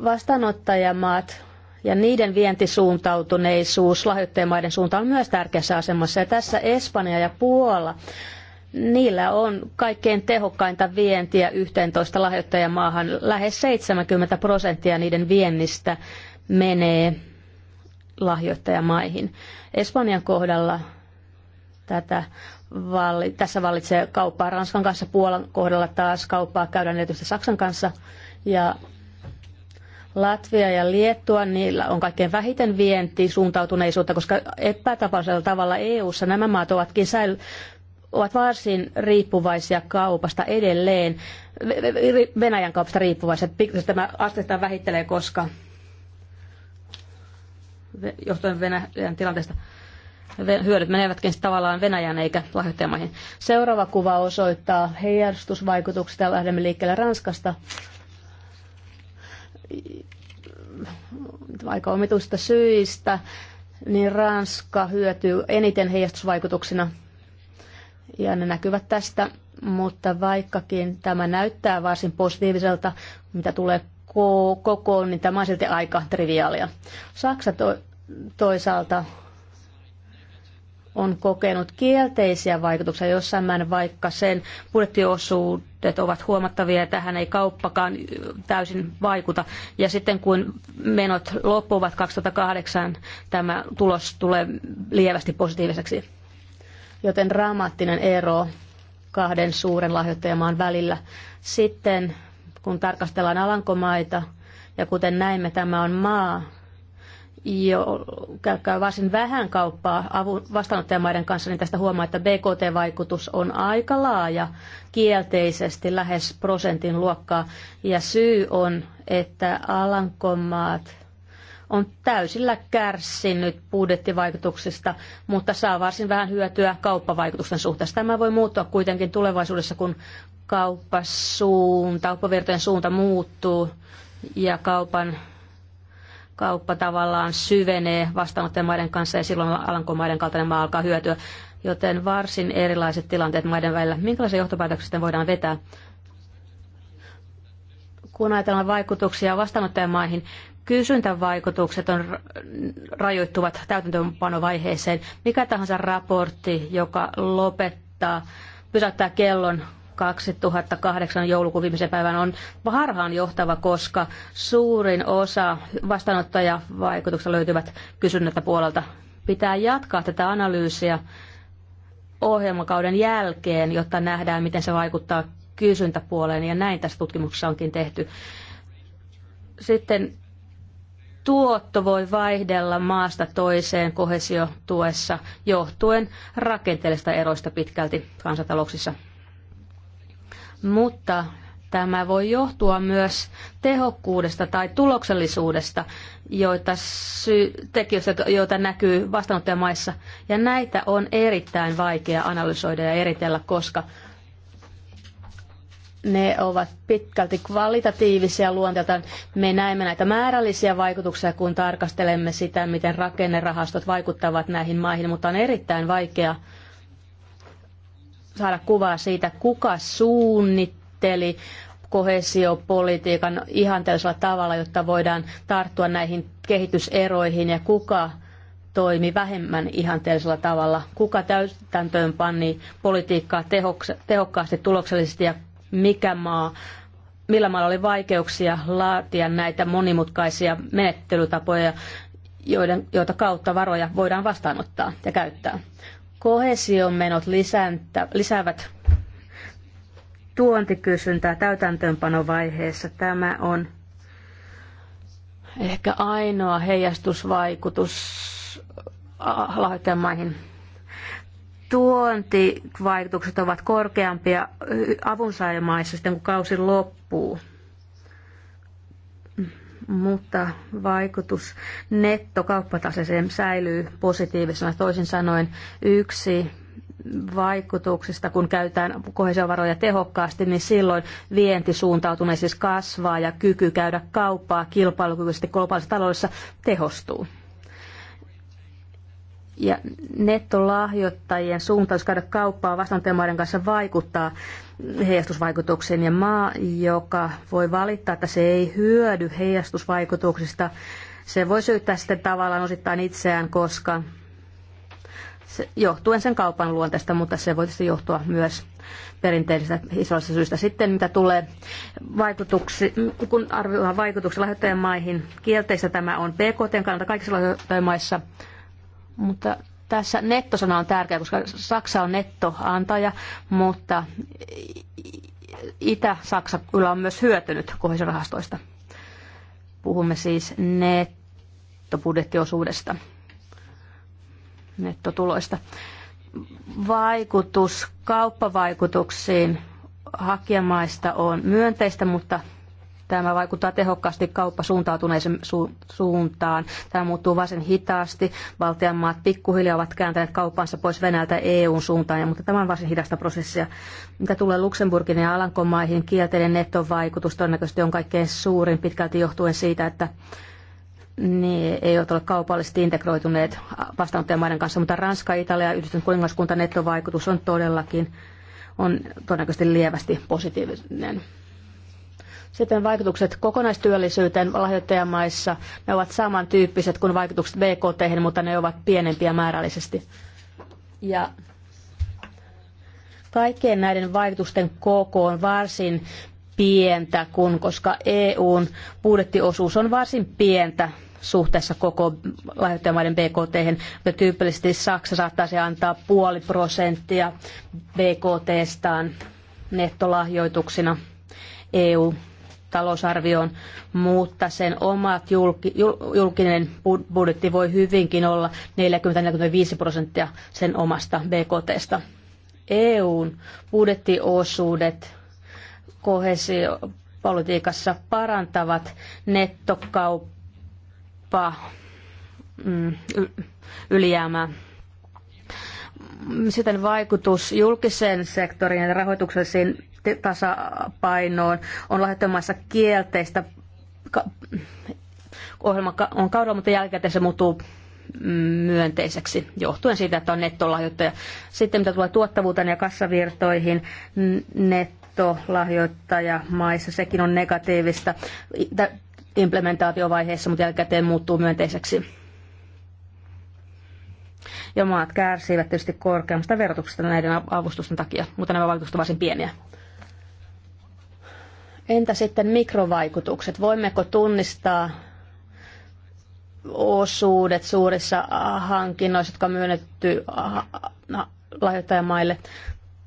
Vastaanottajamaat ja niiden vientisuuntautuneisuus lahjoittajamaiden suuntaan on myös tärkeässä asemassa. Ja tässä Espanja ja Puola, niillä on kaikkein tehokkainta vientiä 11 lahjoittajamaahan. Lähes 70 prosenttia niiden viennistä menee lahjoittajamaihin. Espanjan kohdalla tätä valli, tässä vallitsee kauppaa Ranskan kanssa, Puolan kohdalla taas kauppaa käydään erityisesti Saksan kanssa. Ja Latvia ja Liettua, niillä on kaikkein vähiten vienti suuntautuneisuutta, koska epätapaisella tavalla EU-ssa nämä maat ovatkin säily, ovat varsin riippuvaisia kaupasta edelleen, Venäjän kaupasta riippuvaisia. Pikkuisesti tämä asteittain vähittelee, koska johtuen Venäjän tilanteesta hyödyt menevätkin tavallaan Venäjän eikä lahjoittajamaihin. Seuraava kuva osoittaa heijastusvaikutukset lähdemme liikkeelle Ranskasta. Vaikka omituista syistä, niin Ranska hyötyy eniten heijastusvaikutuksina. Ja ne näkyvät tästä, mutta vaikkakin tämä näyttää varsin positiiviselta, mitä tulee kokoon, niin tämä on silti aika triviaalia. Saksa to- toisaalta on kokenut kielteisiä vaikutuksia jossain määrin, vaikka sen budjettiosuudet ovat huomattavia ja tähän ei kauppakaan täysin vaikuta. Ja sitten kun menot loppuvat 2008, tämä tulos tulee lievästi positiiviseksi. Joten dramaattinen ero kahden suuren lahjoittajamaan välillä. Sitten kun tarkastellaan Alankomaita, ja kuten näimme, tämä on maa, jo käy varsin vähän kauppaa avun vastaanottajamaiden kanssa, niin tästä huomaa, että BKT-vaikutus on aika laaja, kielteisesti lähes prosentin luokkaa. Ja syy on, että Alankomaat on täysillä kärsinyt budjettivaikutuksista, mutta saa varsin vähän hyötyä kauppavaikutusten suhteessa. Tämä voi muuttua kuitenkin tulevaisuudessa, kun kauppasuunta, kauppavirtojen suunta muuttuu ja kaupan kauppa tavallaan syvenee maiden kanssa ja silloin Alankomaiden kaltainen maa alkaa hyötyä. Joten varsin erilaiset tilanteet maiden välillä. Minkälaisia johtopäätöksiä voidaan vetää? Kun ajatellaan vaikutuksia maihin, kysyntävaikutukset on rajoittuvat täytäntöönpanovaiheeseen. Mikä tahansa raportti, joka lopettaa, pysäyttää kellon 2008 joulukuun viimeisen päivän on harhaan johtava, koska suurin osa vastaanottajavaikutuksista löytyvät kysynnältä puolelta. Pitää jatkaa tätä analyysiä ohjelmakauden jälkeen, jotta nähdään, miten se vaikuttaa kysyntäpuoleen, ja näin tässä tutkimuksessa onkin tehty. Sitten tuotto voi vaihdella maasta toiseen kohesiotuessa johtuen rakenteellisista eroista pitkälti kansantalouksissa mutta tämä voi johtua myös tehokkuudesta tai tuloksellisuudesta, joita sy- tekijöistä, joita näkyy vastaanottajamaissa. Ja näitä on erittäin vaikea analysoida ja eritellä, koska ne ovat pitkälti kvalitatiivisia luonteeltaan. Me näemme näitä määrällisiä vaikutuksia, kun tarkastelemme sitä, miten rakennerahastot vaikuttavat näihin maihin, mutta on erittäin vaikea saada kuvaa siitä, kuka suunnitteli kohesiopolitiikan ihanteellisella tavalla, jotta voidaan tarttua näihin kehityseroihin ja kuka toimi vähemmän ihanteellisella tavalla, kuka täytäntöön panni politiikkaa tehokkaasti, tuloksellisesti ja mikä maa, millä maalla oli vaikeuksia laatia näitä monimutkaisia menettelytapoja, joiden, joita kautta varoja voidaan vastaanottaa ja käyttää. Kohesiomenot lisääntä, lisäävät tuontikysyntää täytäntöönpanovaiheessa. Tämä on ehkä ainoa heijastusvaikutus lahjoittajamaihin. Tuontivaikutukset ovat korkeampia avunsaajamaissa sitten, kun kausi loppuu mutta vaikutus nettokauppataseeseen säilyy positiivisena. Toisin sanoen yksi vaikutuksista, kun käytetään kohesiovaroja tehokkaasti, niin silloin vienti suuntautuminen siis kasvaa ja kyky käydä kauppaa kilpailukykyisesti globaalissa taloudessa tehostuu. Ja nettolahjoittajien suuntaus käydä kauppaa vastaanottajamaiden kanssa vaikuttaa heijastusvaikutuksen Ja maa, joka voi valittaa, että se ei hyödy heijastusvaikutuksista, se voi syyttää sitten tavallaan osittain itseään, koska se, johtuen sen kaupan luonteesta, mutta se voi johtua myös perinteisistä isoista syistä. Sitten mitä tulee vaikutuksi, kun arvioidaan vaikutuksia maihin, kielteistä tämä on PKT kannalta kaikissa maissa, mutta tässä nettosana on tärkeä, koska Saksa on nettoantaja, mutta Itä-Saksa kyllä on myös hyötynyt kohdisrahastoista. Puhumme siis nettobudjettiosuudesta, nettotuloista. Vaikutus kauppavaikutuksiin hakijamaista on myönteistä, mutta Tämä vaikuttaa tehokkaasti kauppasuuntautuneeseen su- suuntaan. Tämä muuttuu varsin hitaasti. Valtian maat pikkuhiljaa ovat kääntäneet kauppansa pois Venäjältä EUn suuntaan, ja mutta tämä on varsin hidasta prosessia. Mitä tulee Luxemburgin ja Alankomaihin, kielteinen nettovaikutus todennäköisesti on kaikkein suurin pitkälti johtuen siitä, että niin, ei ole kaupallisesti integroituneet vastaanottajamaiden kanssa, mutta Ranska, Italia ja yhdistynyt kuningaskunta nettovaikutus on todellakin on todennäköisesti lievästi positiivinen. Sitten vaikutukset kokonaistyöllisyyteen lahjoittajamaissa, ne ovat samantyyppiset kuin vaikutukset BKT, mutta ne ovat pienempiä määrällisesti. Ja kaikkien näiden vaikutusten koko on varsin pientä, kun, koska EUn budjettiosuus on varsin pientä suhteessa koko lahjoittajamaiden BKT, mutta tyypillisesti Saksa saattaisi antaa puoli prosenttia BKTstaan nettolahjoituksina EU talousarvioon, mutta sen omat julki, julkinen budjetti voi hyvinkin olla 40-45 prosenttia sen omasta BKTstä. EUn budjettiosuudet kohesiopolitiikassa parantavat nettokauppa mm, ylijäämää sitten vaikutus julkiseen sektorin ja rahoituksellisiin tasapainoon. On lahjoittamassa kielteistä ohjelma on kaudella, mutta jälkikäteen se muuttuu myönteiseksi johtuen siitä, että on nettolahjoittaja. Sitten mitä tulee tuottavuuteen ja kassavirtoihin, nettolahjoittaja maissa, sekin on negatiivista implementaatiovaiheessa, mutta jälkikäteen muuttuu myönteiseksi. Ja maat kärsivät tietysti korkeammasta verotuksesta näiden avustusten takia, mutta nämä vaikutukset ovat varsin pieniä. Entä sitten mikrovaikutukset? Voimmeko tunnistaa osuudet suurissa hankinnoissa, jotka on myönnetty lahjoittajamaille?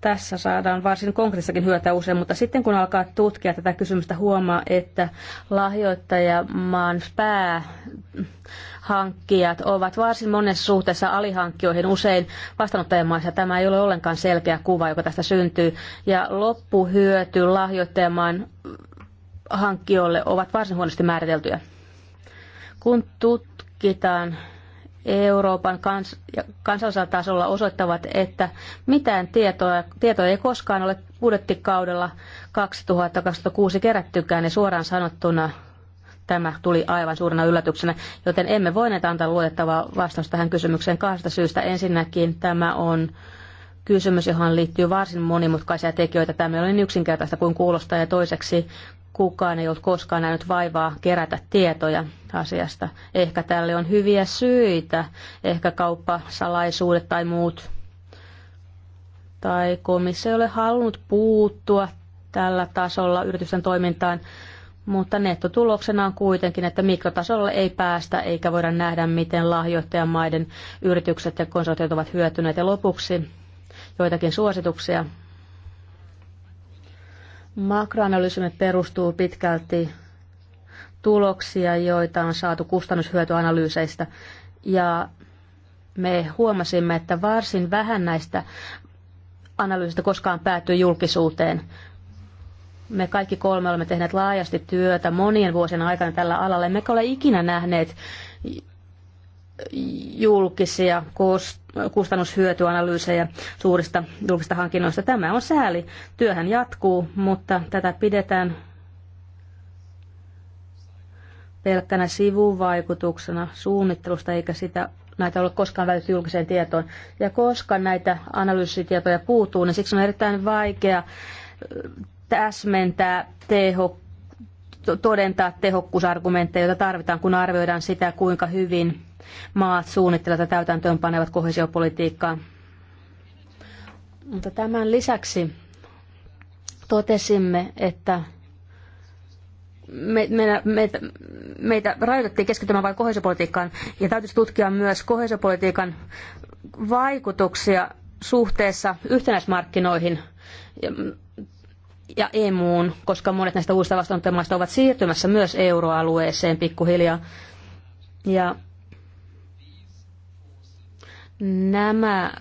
tässä saadaan varsin konkreettisakin hyötyä usein, mutta sitten kun alkaa tutkia tätä kysymystä, huomaa, että lahjoittajamaan päähankkijat ovat varsin monessa suhteessa alihankkijoihin usein vastaanottajamaissa. Tämä ei ole ollenkaan selkeä kuva, joka tästä syntyy. Ja loppuhyöty lahjoittajamaan hankkijoille ovat varsin huonosti määriteltyjä. Kun tutkitaan Euroopan kans- ja kansallisella tasolla osoittavat, että mitään tietoa, tietoa ei koskaan ole budjettikaudella 2006 kerättykään ja suoraan sanottuna tämä tuli aivan suurena yllätyksenä, joten emme voineet antaa luotettavaa vastausta tähän kysymykseen kahdesta syystä. Ensinnäkin tämä on kysymys, johon liittyy varsin monimutkaisia tekijöitä. Tämä ei ole niin yksinkertaista kuin kuulostaa ja toiseksi kukaan ei ollut koskaan nähnyt vaivaa kerätä tietoja asiasta. Ehkä tälle on hyviä syitä, ehkä kauppasalaisuudet tai muut. Tai komissio ei ole halunnut puuttua tällä tasolla yritysten toimintaan, mutta nettotuloksena on kuitenkin, että mikrotasolla ei päästä eikä voida nähdä, miten lahjoittajamaiden yritykset ja konsortiot ovat hyötyneet. Ja lopuksi joitakin suosituksia. Makroanalyysimme perustuu pitkälti tuloksia, joita on saatu kustannushyötyanalyyseistä. Ja me huomasimme, että varsin vähän näistä analyysistä koskaan päätyy julkisuuteen. Me kaikki kolme olemme tehneet laajasti työtä monien vuosien aikana tällä alalla, emmekä ole ikinä nähneet julkisia kustannushyötyanalyysejä suurista julkista hankinnoista. Tämä on sääli. Työhän jatkuu, mutta tätä pidetään pelkkänä sivuvaikutuksena suunnittelusta, eikä sitä näitä ole koskaan välitetty julkiseen tietoon. Ja koska näitä analyysitietoja puutuu, niin siksi on erittäin vaikea täsmentää tehokkaasti todentaa tehokkuusargumentteja, joita tarvitaan, kun arvioidaan sitä, kuinka hyvin maat suunnittelevat ja täytäntöönpanevat kohesiopolitiikkaa. Mutta tämän lisäksi totesimme, että me, me, meitä, meitä rajoitettiin keskittymään vain kohesiopolitiikkaan ja täytyisi tutkia myös kohesiopolitiikan vaikutuksia suhteessa yhtenäismarkkinoihin ja EMUun, koska monet näistä uusista vastaanottomaista ovat siirtymässä myös euroalueeseen pikkuhiljaa. Ja nämä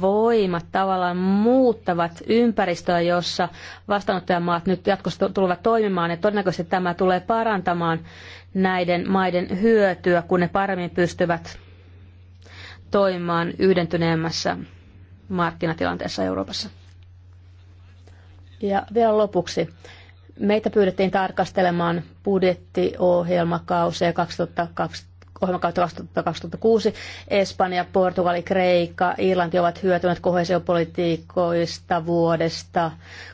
voimat tavallaan muuttavat ympäristöä, jossa vastaanottajamaat nyt jatkossa tulevat toimimaan, ja todennäköisesti tämä tulee parantamaan näiden maiden hyötyä, kun ne paremmin pystyvät toimimaan yhdentyneemmässä markkinatilanteessa Euroopassa. Ja vielä lopuksi. Meitä pyydettiin tarkastelemaan budjettiohjelmakausia 2020 ohjelmakautta 2006. Espanja, Portugali, Kreikka, Irlanti ovat hyötyneet kohesiopolitiikoista vuodesta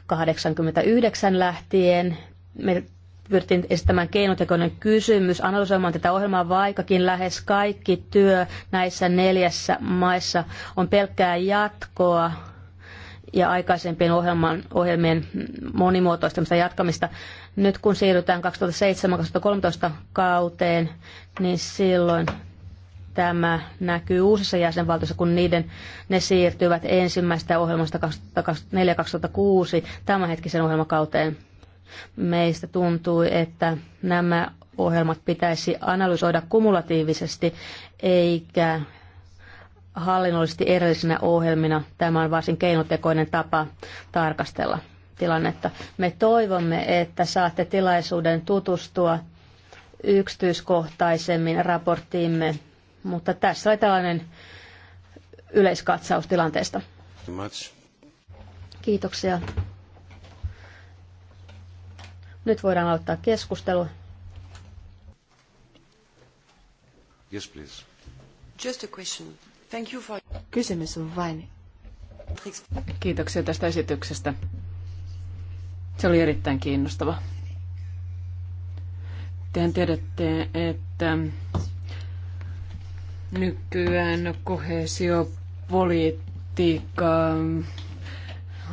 1989 lähtien. Me pyrittiin esittämään keinotekoinen kysymys, analysoimaan tätä ohjelmaa, vaikkakin lähes kaikki työ näissä neljässä maissa on pelkkää jatkoa ja aikaisempien ohjelman, ohjelmien monimuotoistamista jatkamista. Nyt kun siirrytään 2007-2013 kauteen, niin silloin tämä näkyy uusissa jäsenvaltioissa, kun niiden, ne siirtyvät ensimmäistä ohjelmasta 2004-2006 tämänhetkisen ohjelmakauteen. Meistä tuntui, että nämä ohjelmat pitäisi analysoida kumulatiivisesti, eikä hallinnollisesti erillisinä ohjelmina. Tämä on varsin keinotekoinen tapa tarkastella tilannetta. Me toivomme, että saatte tilaisuuden tutustua yksityiskohtaisemmin raporttiimme, mutta tässä oli tällainen yleiskatsaus tilanteesta. Kiitoksia. Nyt voidaan aloittaa keskustelu. Yes, please. Just a question. Thank you for... Kysymys on vain. Kiitoksia tästä esityksestä. Se oli erittäin kiinnostava. Tehän tiedätte, että nykyään kohesiopolitiikka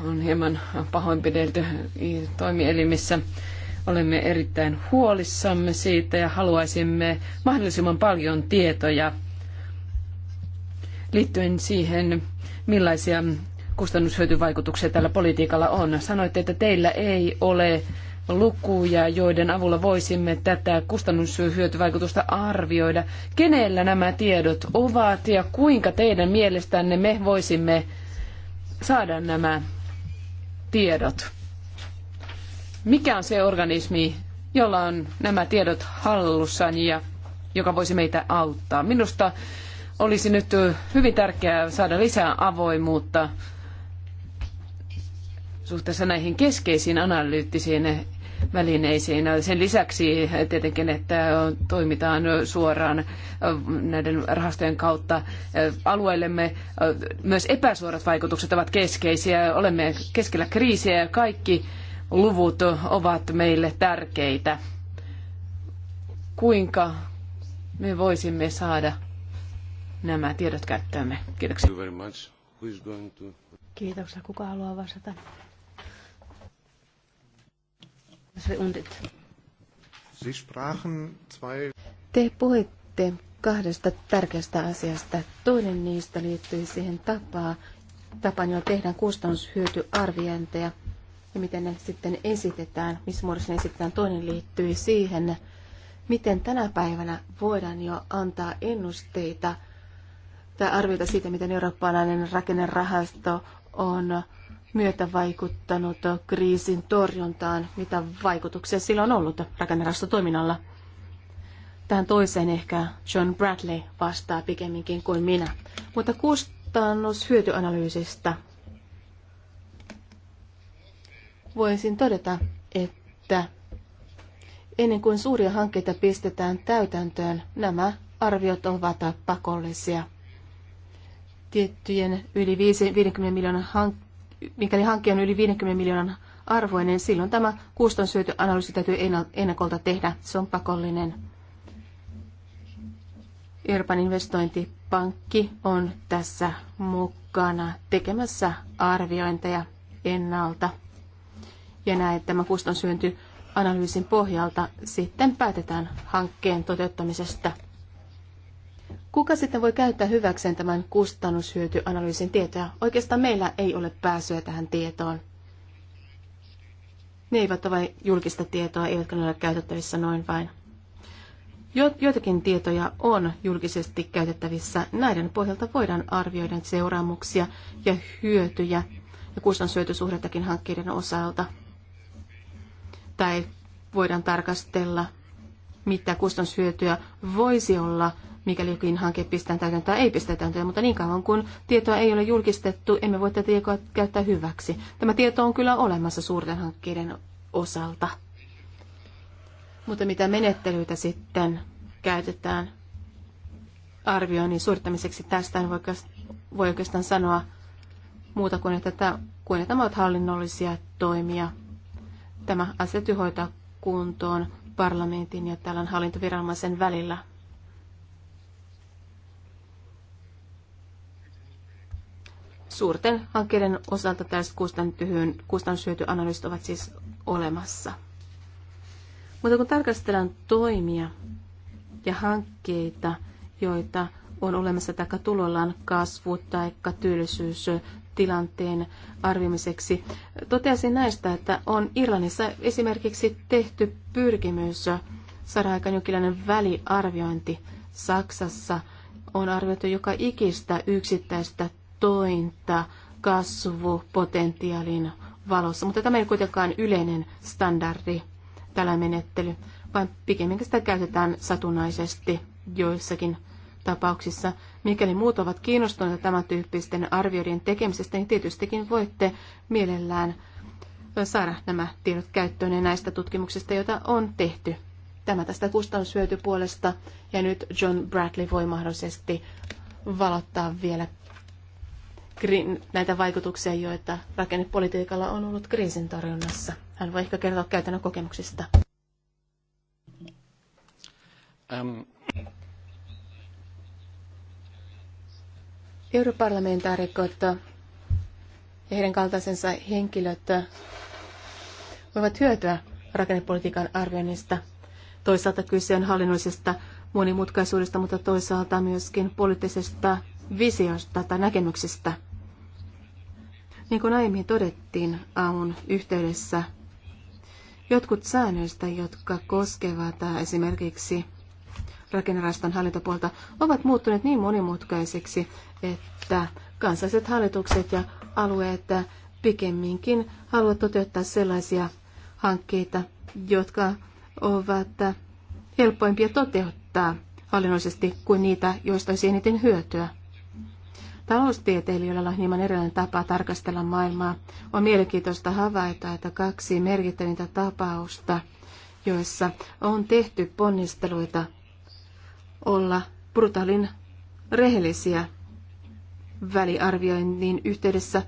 on hieman pahoinpidelty toimielimissä. Olemme erittäin huolissamme siitä ja haluaisimme mahdollisimman paljon tietoja liittyen siihen, millaisia kustannushyötyvaikutuksia tällä politiikalla on. Sanoitte, että teillä ei ole lukuja, joiden avulla voisimme tätä kustannushyötyvaikutusta arvioida. Kenellä nämä tiedot ovat ja kuinka teidän mielestänne me voisimme saada nämä tiedot? Mikä on se organismi, jolla on nämä tiedot hallussaan ja joka voisi meitä auttaa? Minusta olisi nyt hyvin tärkeää saada lisää avoimuutta suhteessa näihin keskeisiin analyyttisiin välineisiin. Sen lisäksi tietenkin, että toimitaan suoraan näiden rahastojen kautta alueellemme. Myös epäsuorat vaikutukset ovat keskeisiä. Olemme keskellä kriisiä ja kaikki luvut ovat meille tärkeitä. Kuinka me voisimme saada nämä tiedot käyttöömme. Kiitoksia. Kiitoksia. Kuka haluaa vastata? Te puhuitte kahdesta tärkeästä asiasta. Toinen niistä liittyy siihen tapaa, tapaan, jolla tehdään kustannushyötyarviointeja ja miten ne sitten esitetään, missä muodossa ne esitetään. Toinen liittyy siihen, miten tänä päivänä voidaan jo antaa ennusteita – tai arvioita siitä, miten eurooppalainen rakennerahasto on myötä vaikuttanut kriisin torjuntaan, mitä vaikutuksia sillä on ollut rakennerahastotoiminnalla. Tähän toiseen ehkä John Bradley vastaa pikemminkin kuin minä. Mutta kustannushyötyanalyysistä voisin todeta, että ennen kuin suuria hankkeita pistetään täytäntöön, nämä arviot ovat pakollisia – tiettyjen yli 50 miljoonan hank- mikäli hanke on yli 50 miljoonan arvoinen, silloin tämä kustannushyötyanalyysi täytyy ennakolta tehdä. Se on pakollinen. Euroopan investointipankki on tässä mukana tekemässä arviointeja ennalta. Ja näin tämä kustannushyötyanalyysin pohjalta sitten päätetään hankkeen toteuttamisesta. Kuka sitten voi käyttää hyväkseen tämän kustannushyötyanalyysin tietoja? Oikeastaan meillä ei ole pääsyä tähän tietoon. Ne eivät ole julkista tietoa, eivätkä ne ole käytettävissä noin vain. Jo, joitakin tietoja on julkisesti käytettävissä. Näiden pohjalta voidaan arvioida seuraamuksia ja hyötyjä ja kustannushyötysuhdettakin hankkeiden osalta. Tai voidaan tarkastella, mitä kustannushyötyä voisi olla – mikäli jokin hanke pistetään täytäntöön ei pistetä täytäntöön, mutta niin kauan kun tietoa ei ole julkistettu, emme voi tätä tietoa käyttää hyväksi. Tämä tieto on kyllä olemassa suurten hankkeiden osalta. Mutta mitä menettelyitä sitten käytetään arvioinnin suorittamiseksi, tästä en voi, voi oikeastaan sanoa muuta kuin, että, tämä, kuin että nämä ovat hallinnollisia toimia. Tämä asia hoitaa kuntoon parlamentin ja tällän hallintoviranomaisen välillä. suurten hankkeiden osalta tällaiset kustannushyötyanalyysit ovat siis olemassa. Mutta kun tarkastellaan toimia ja hankkeita, joita on olemassa taikka tulollaan kasvu- tai työllisyystilanteen arvimiseksi. Toteasin näistä, että on Irlannissa esimerkiksi tehty pyrkimys saada aikaan jonkinlainen väliarviointi. Saksassa on arvioitu joka ikistä yksittäistä tointa kasvupotentiaalin valossa. Mutta tämä ei kuitenkaan yleinen standardi, tällä menettely, vaan pikemminkin sitä käytetään satunnaisesti joissakin tapauksissa. Mikäli muut ovat kiinnostuneita tämän tyyppisten arvioiden tekemisestä, niin tietystikin voitte mielellään saada nämä tiedot käyttöön näistä tutkimuksista, joita on tehty. Tämä tästä kustannushyötypuolesta ja nyt John Bradley voi mahdollisesti valottaa vielä näitä vaikutuksia, joita rakennepolitiikalla on ollut kriisin torjunnassa. Hän voi ehkä kertoa käytännön kokemuksista. Um. Europarlamentaarikot ja heidän kaltaisensa henkilöt voivat hyötyä rakennepolitiikan arvioinnista. Toisaalta kyse on hallinnollisesta monimutkaisuudesta, mutta toisaalta myöskin poliittisesta visiosta tai näkemyksestä – niin kuin aiemmin todettiin aamun yhteydessä, jotkut säännöistä, jotka koskevat äh, esimerkiksi rakennerastan hallintopuolta, ovat muuttuneet niin monimutkaiseksi, että kansalliset hallitukset ja alueet äh, pikemminkin haluavat toteuttaa sellaisia hankkeita, jotka ovat äh, helpoimpia toteuttaa hallinnollisesti kuin niitä, joista olisi eniten hyötyä. Taloustieteilijöillä on hieman erilainen tapa tarkastella maailmaa. On mielenkiintoista havaita, että kaksi merkittävintä tapausta, joissa on tehty ponnisteluita olla brutaalin rehellisiä väliarvioinnin yhteydessä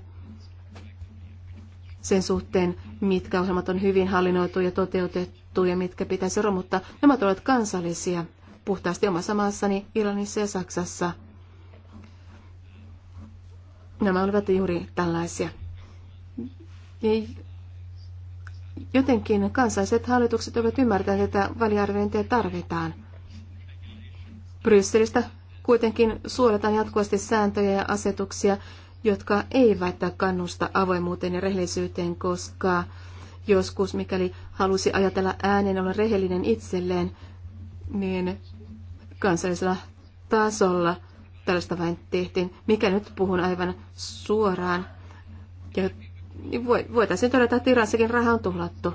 sen suhteen, mitkä ohjelmat on hyvin hallinnoitu ja toteutettu ja mitkä pitäisi romuttaa. Nämä ovat kansallisia puhtaasti omassa maassani, Irlannissa ja Saksassa – Nämä olivat juuri tällaisia. Jotenkin kansalliset hallitukset ovat ymmärtäneet, että väliarviointia tarvitaan. Brysselistä kuitenkin suoletaan jatkuvasti sääntöjä ja asetuksia, jotka eivät kannusta avoimuuteen ja rehellisyyteen, koska joskus, mikäli halusi ajatella ääneen olla rehellinen itselleen, niin kansallisella tasolla – tällaista vain tehtiin. Mikä nyt puhun aivan suoraan. Ja voitaisiin todeta, että iransakin raha on tuhlattu.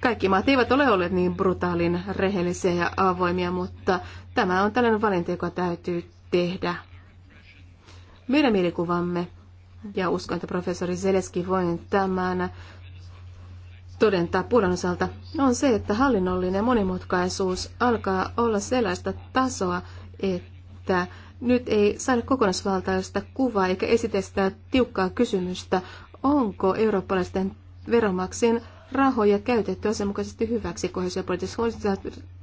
Kaikki maat eivät ole olleet niin brutaalin rehellisiä ja avoimia, mutta tämä on tällainen valinta, joka täytyy tehdä. Meidän mielikuvamme, ja uskon, että professori Zeleski voi tämän todentaa puolen osalta, on se, että hallinnollinen monimutkaisuus alkaa olla sellaista tasoa, että nyt ei saada kokonaisvaltaista kuvaa eikä esitä sitä tiukkaa kysymystä, onko eurooppalaisten veronmaksajien rahoja käytetty asianmukaisesti hyväksi kohesiopolitiikassa?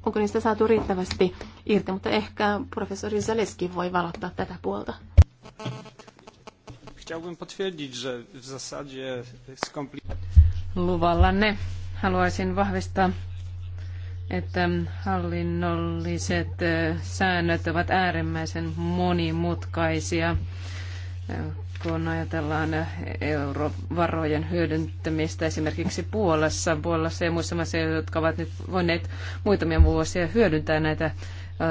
Onko niistä saatu riittävästi irti? Mutta ehkä professori Zaleski voi valottaa tätä puolta. Luvallanne haluaisin vahvistaa, että hallinnolliset säännöt ovat äärimmäisen monimutkaisia, kun ajatellaan eurovarojen hyödyntämistä esimerkiksi Puolassa, Puolassa ja muissa maissa, jotka ovat nyt voineet muutamia vuosia hyödyntää näitä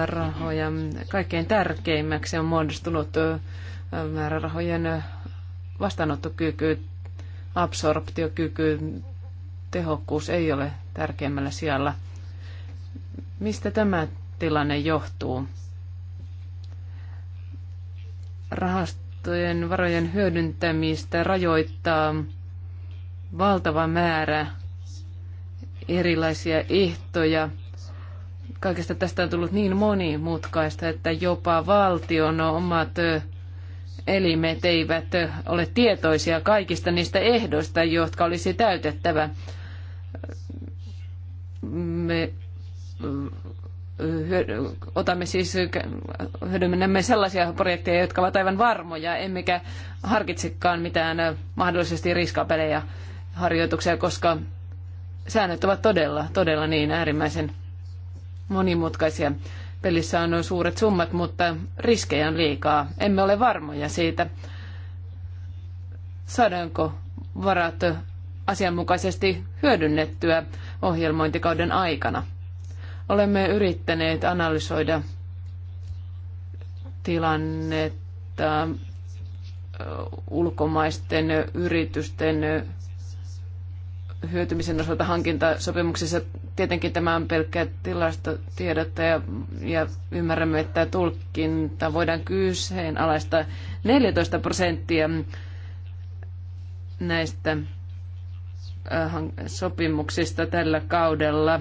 rahoja. Kaikkein tärkeimmäksi on muodostunut määrärahojen vastaanottokyky, absorptiokyky, tehokkuus ei ole tärkeimmällä sijalla – Mistä tämä tilanne johtuu? Rahastojen varojen hyödyntämistä rajoittaa valtava määrä erilaisia ehtoja. Kaikesta tästä on tullut niin monimutkaista, että jopa valtion omat elimet eivät ole tietoisia kaikista niistä ehdoista, jotka olisi täytettävä. Me otamme siis, hyödynnämme sellaisia projekteja, jotka ovat aivan varmoja, emmekä harkitsekaan mitään mahdollisesti riskapelejä harjoituksia, koska säännöt ovat todella, todella niin äärimmäisen monimutkaisia. Pelissä on suuret summat, mutta riskejä on liikaa. Emme ole varmoja siitä, saadaanko varat asianmukaisesti hyödynnettyä ohjelmointikauden aikana. Olemme yrittäneet analysoida tilannetta ulkomaisten yritysten hyötymisen osalta hankintasopimuksissa. Tietenkin tämä on pelkkää tilastotiedotta ja, ja ymmärrämme, että tulkinta voidaan kyseenalaista 14 prosenttia näistä sopimuksista tällä kaudella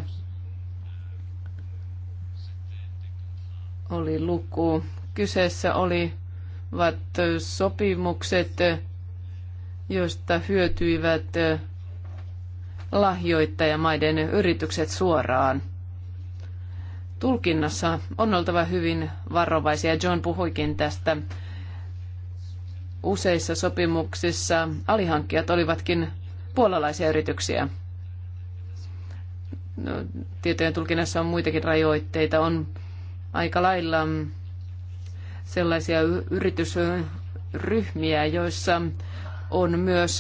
oli luku. Kyseessä olivat sopimukset, joista hyötyivät lahjoittajamaiden yritykset suoraan. Tulkinnassa on oltava hyvin varovaisia. John puhuikin tästä. Useissa sopimuksissa alihankkijat olivatkin puolalaisia yrityksiä. No, tietojen tulkinnassa on muitakin rajoitteita. On aika lailla sellaisia yritysryhmiä, joissa on myös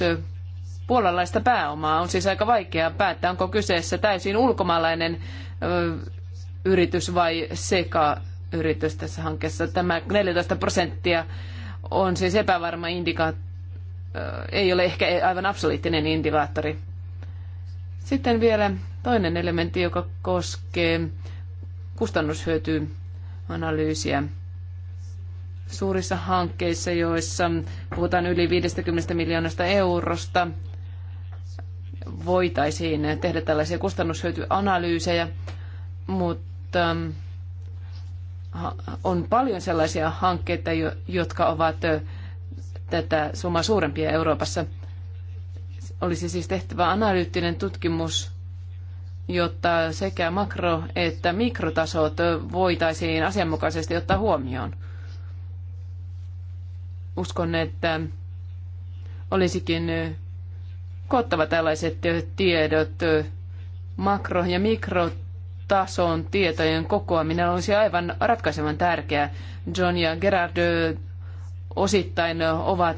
puolalaista pääomaa. On siis aika vaikea päättää, onko kyseessä täysin ulkomaalainen yritys vai seka-yritys tässä hankkeessa. Tämä 14 prosenttia on siis epävarma indikaattori, ei ole ehkä aivan absoluuttinen indikaattori. Sitten vielä toinen elementti, joka koskee kustannushyötyä analyysiä suurissa hankkeissa, joissa puhutaan yli 50 miljoonasta eurosta, voitaisiin tehdä tällaisia kustannushyötyanalyysejä, mutta ähm, on paljon sellaisia hankkeita, jotka ovat äh, tätä summaa suurempia Euroopassa. Olisi siis tehtävä analyyttinen tutkimus jotta sekä makro- että mikrotasot voitaisiin asianmukaisesti ottaa huomioon. Uskon, että olisikin koottava tällaiset tiedot makro- ja mikrotason tietojen kokoaminen olisi aivan ratkaisevan tärkeää. John ja Gerard osittain ovat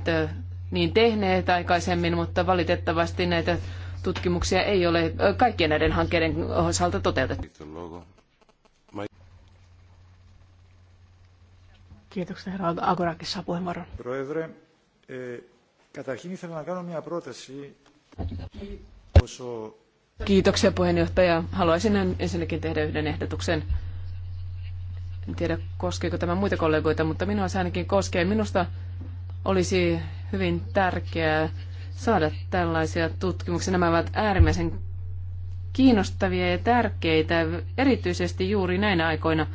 niin tehneet aikaisemmin, mutta valitettavasti näitä tutkimuksia ei ole kaikkien näiden hankkeiden osalta toteutettu. Kiitoksia herra Agorakis saa puheenvuoron. Eh, Kiitoksia puheenjohtaja. Haluaisin ensinnäkin tehdä yhden ehdotuksen. En tiedä koskeeko tämä muita kollegoita, mutta minua se ainakin koskee. Minusta olisi hyvin tärkeää saada tällaisia tutkimuksia. Nämä ovat äärimmäisen kiinnostavia ja tärkeitä, erityisesti juuri näinä aikoina.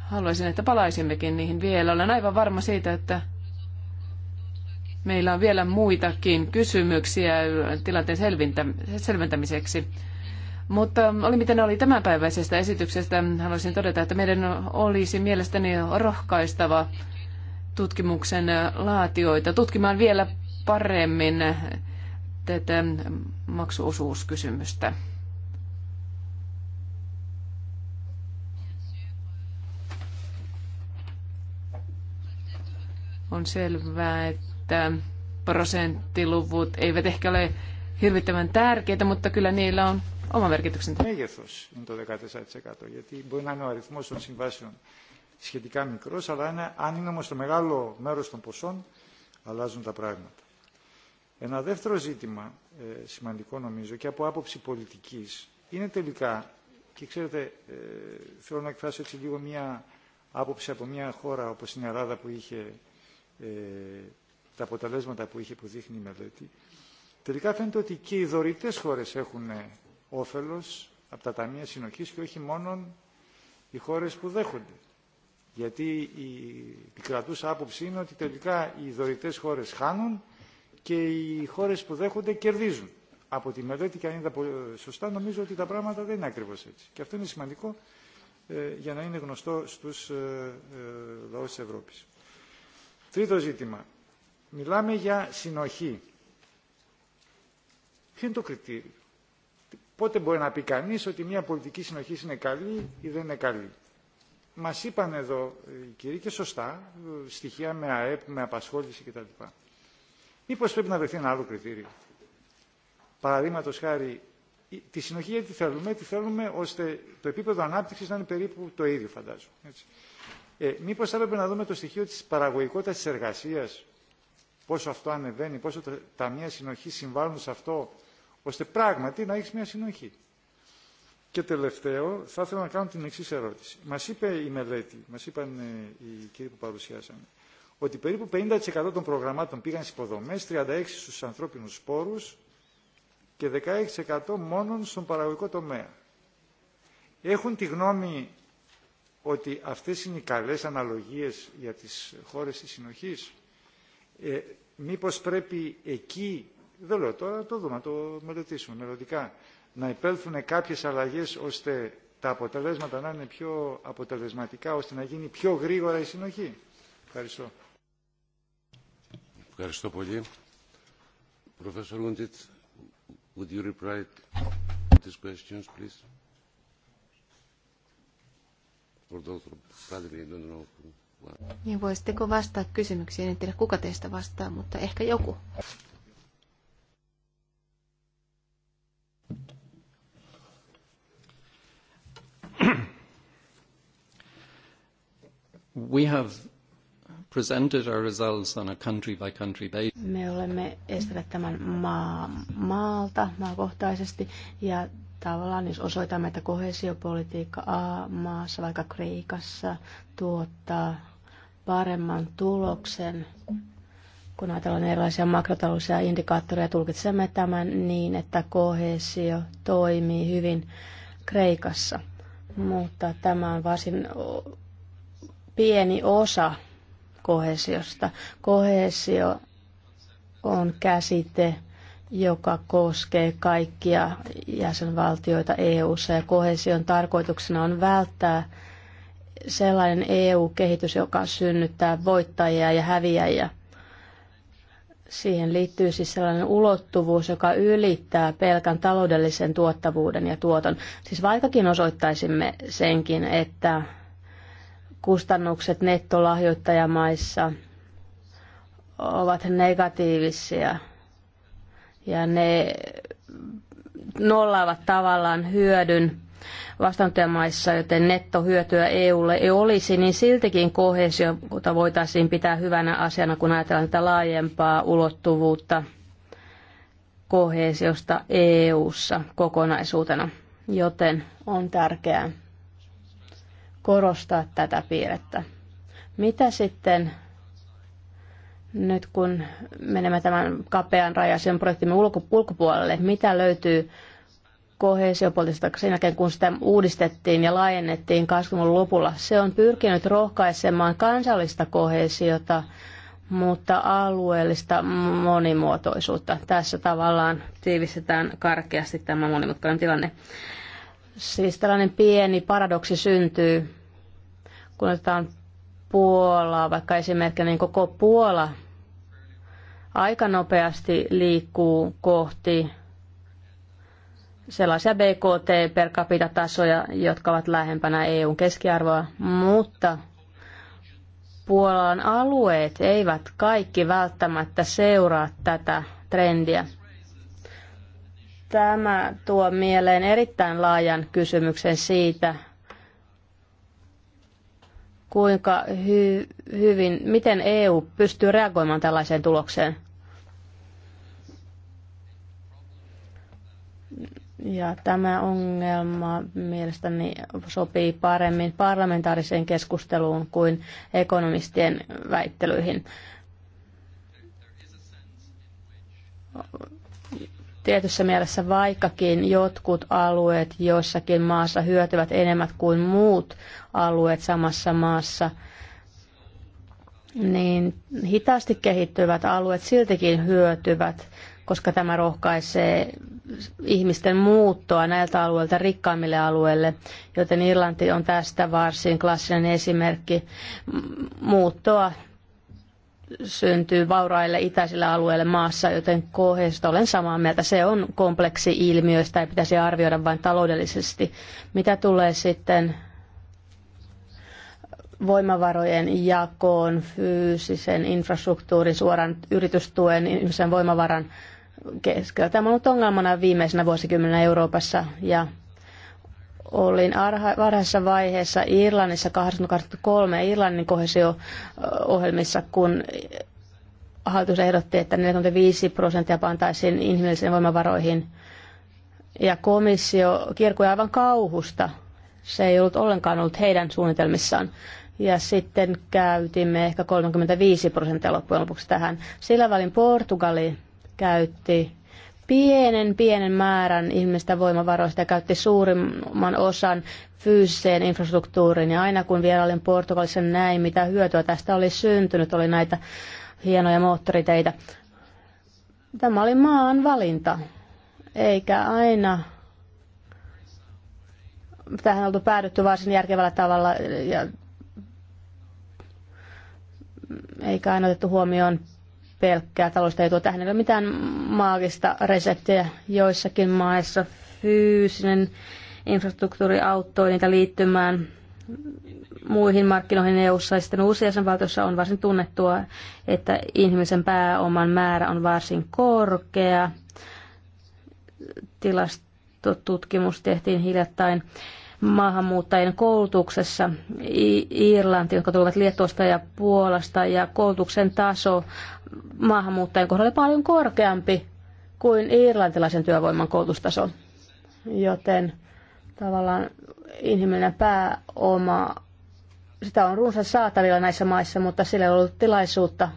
Haluaisin, että palaisimmekin niihin vielä. Olen aivan varma siitä, että meillä on vielä muitakin kysymyksiä tilanteen selventämiseksi. Mutta oli miten oli tämänpäiväisestä esityksestä, haluaisin todeta, että meidän olisi mielestäni rohkaistava tutkimuksen äh, laatioita tutkimaan vielä paremmin tätä maksuosuuskysymystä. On selvää, että prosenttiluvut eivät ehkä ole hirvittävän tärkeitä, mutta kyllä niillä on oma merkityksensä σχετικά μικρός, αλλά είναι, αν είναι όμως το μεγάλο μέρος των ποσών, αλλάζουν τα πράγματα. Ένα δεύτερο ζήτημα ε, σημαντικό νομίζω και από άποψη πολιτικής είναι τελικά, και ξέρετε ε, θέλω να εκφράσω έτσι λίγο μία άποψη από μία χώρα όπως είναι η Ελλάδα που είχε ε, τα αποτελέσματα που είχε που δείχνει η μελέτη, τελικά φαίνεται ότι και οι δωρητές χώρες έχουν όφελος από τα ταμεία συνοχής και όχι μόνο οι χώρες που δέχονται. Γιατί η επικρατούσα άποψη είναι ότι τελικά οι δωρητές χώρες χάνουν και οι χώρες που δέχονται κερδίζουν. Από τη μελέτη και αν είδα σωστά νομίζω ότι τα πράγματα δεν είναι ακριβώς έτσι. Και αυτό είναι σημαντικό ε, για να είναι γνωστό στους ε, ε, λαούς της Ευρώπης. Τρίτο ζήτημα. Μιλάμε για συνοχή. Ποιο είναι το κριτήριο. Πότε μπορεί να πει κανείς ότι μια πολιτική συνοχή είναι καλή ή δεν είναι καλή. Μα είπαν εδώ οι κύριοι και σωστά στοιχεία με ΑΕΠ, με απασχόληση κτλ. Μήπω πρέπει να βρεθεί ένα άλλο κριτήριο. Παραδείγματο χάρη, τη συνοχή γιατί θέλουμε, τη θέλουμε ώστε το επίπεδο ανάπτυξη να είναι περίπου το ίδιο φαντάζομαι. Έτσι. Ε, μήπως θα έπρεπε να δούμε το στοιχείο της παραγωγικότητας της εργασίας, πόσο αυτό ανεβαίνει, πόσο τα μία συνοχή συμβάλλουν σε αυτό, ώστε πράγματι να έχεις μια συνοχή. Και τελευταίο, θα ήθελα να κάνω την εξή ερώτηση. Μα είπε η μελέτη, μα είπαν οι κύριοι που παρουσιάσαν, ότι περίπου 50% των προγραμμάτων πήγαν στι υποδομέ, 36% στου ανθρώπινου σπόρου και 16% μόνο στον παραγωγικό τομέα. Έχουν τη γνώμη ότι αυτές είναι οι καλές αναλογίες για τις χώρες της συνοχής. Ε, μήπως πρέπει εκεί, δεν λέω τώρα, το δούμε, το μελετήσουμε μελλοντικά, να υπέλθουν κάποιες αλλαγές ώστε τα αποτελέσματα να είναι πιο αποτελεσματικά, ώστε να γίνει πιο γρήγορα η συνοχή. Ευχαριστώ. Ευχαριστώ πολύ. Professor Undit, would you reply to these questions, please? For those who probably don't know who. Niin voisitteko vastata kysymyksiin? En tiedä kuka teistä vastaa, mutta ehkä joku. We have presented our results on a country by country basis. Me olemme esitelleet tämän maa, maalta, maakohtaisesti, ja tavallaan jos osoitamme, että kohesiopolitiikka A-maassa, vaikka Kreikassa, tuottaa paremman tuloksen, kun ajatellaan erilaisia makrotaloudellisia indikaattoreja, tulkitsemme tämän niin, että kohesio toimii hyvin Kreikassa. Mutta tämä on varsin pieni osa kohesiosta. Kohesio on käsite, joka koskee kaikkia jäsenvaltioita EU:ssa ja kohesion tarkoituksena on välttää sellainen EU-kehitys, joka synnyttää voittajia ja häviäjiä. Siihen liittyy siis sellainen ulottuvuus, joka ylittää pelkän taloudellisen tuottavuuden ja tuoton. Siis vaikkakin osoittaisimme senkin, että kustannukset nettolahjoittajamaissa ovat negatiivisia ja ne nollaavat tavallaan hyödyn vastaanottajamaissa, joten nettohyötyä EUlle ei olisi, niin siltikin kohesiota voitaisiin pitää hyvänä asiana, kun ajatellaan tätä laajempaa ulottuvuutta kohesiosta EUssa kokonaisuutena. Joten on tärkeää korostaa tätä piirrettä. Mitä sitten nyt kun menemme tämän kapean rajaisen projektimme ulkopuolelle, mitä löytyy kohesiopolitiikasta sen jälkeen, kun sitä uudistettiin ja laajennettiin 20 lopulla. Se on pyrkinyt rohkaisemaan kansallista kohesiota, mutta alueellista monimuotoisuutta. Tässä tavallaan tiivistetään karkeasti tämä monimutkainen tilanne. Siis tällainen pieni paradoksi syntyy, kun otetaan Puolaa, vaikka esimerkiksi niin koko Puola aika nopeasti liikkuu kohti sellaisia BKT per capita tasoja, jotka ovat lähempänä EUn keskiarvoa, mutta Puolan alueet eivät kaikki välttämättä seuraa tätä trendiä. Tämä tuo mieleen erittäin laajan kysymyksen siitä, kuinka hy- hyvin, miten EU pystyy reagoimaan tällaiseen tulokseen. Ja tämä ongelma mielestäni sopii paremmin parlamentaariseen keskusteluun kuin ekonomistien väittelyihin. Tietyssä mielessä vaikkakin jotkut alueet joissakin maassa hyötyvät enemmän kuin muut alueet samassa maassa, niin hitaasti kehittyvät alueet siltikin hyötyvät, koska tämä rohkaisee ihmisten muuttoa näiltä alueilta rikkaammille alueille, joten Irlanti on tästä varsin klassinen esimerkki muuttoa syntyy vauraille itäisille alueille maassa, joten kohdista olen samaa mieltä. Se on kompleksi ilmiö, sitä ei pitäisi arvioida vain taloudellisesti. Mitä tulee sitten voimavarojen jakoon, fyysisen infrastruktuurin, suoran yritystuen, ihmisen voimavaran keskellä. Tämä on ollut ongelmana viimeisenä vuosikymmenenä Euroopassa ja olin varhaisessa vaiheessa Irlannissa 83 Irlannin kohesio-ohjelmissa, kun hallitus ehdotti, että 45 prosenttia pantaisiin inhimillisiin voimavaroihin. Ja komissio kirkui aivan kauhusta. Se ei ollut ollenkaan ollut heidän suunnitelmissaan. Ja sitten käytimme ehkä 35 prosenttia loppujen lopuksi tähän. Sillä välin Portugali käytti pienen pienen määrän ihmistä voimavaroista ja käytti suurimman osan fyysiseen infrastruktuuriin. Ja aina kun vielä olin Portugalissa, niin näin mitä hyötyä tästä oli syntynyt, oli näitä hienoja moottoriteitä. Tämä oli maan valinta, eikä aina tähän oltu päädytty varsin järkevällä tavalla ja eikä aina otettu huomioon pelkkää taloudellista etua. Tähän ei ole mitään maagista reseptiä joissakin maissa. Fyysinen infrastruktuuri auttoi niitä liittymään muihin markkinoihin EU-ssa. Sitten uusien on varsin tunnettua, että ihmisen pääoman määrä on varsin korkea. Tilastotutkimus tehtiin hiljattain maahanmuuttajien koulutuksessa Irlanti, jotka tulevat Liettuosta ja Puolasta, ja koulutuksen taso maahanmuuttajien kohdalla oli paljon korkeampi kuin irlantilaisen työvoiman koulutustaso. Joten tavallaan inhimillinen pääoma, sitä on runsa saatavilla näissä maissa, mutta sillä ei ollut tilaisuutta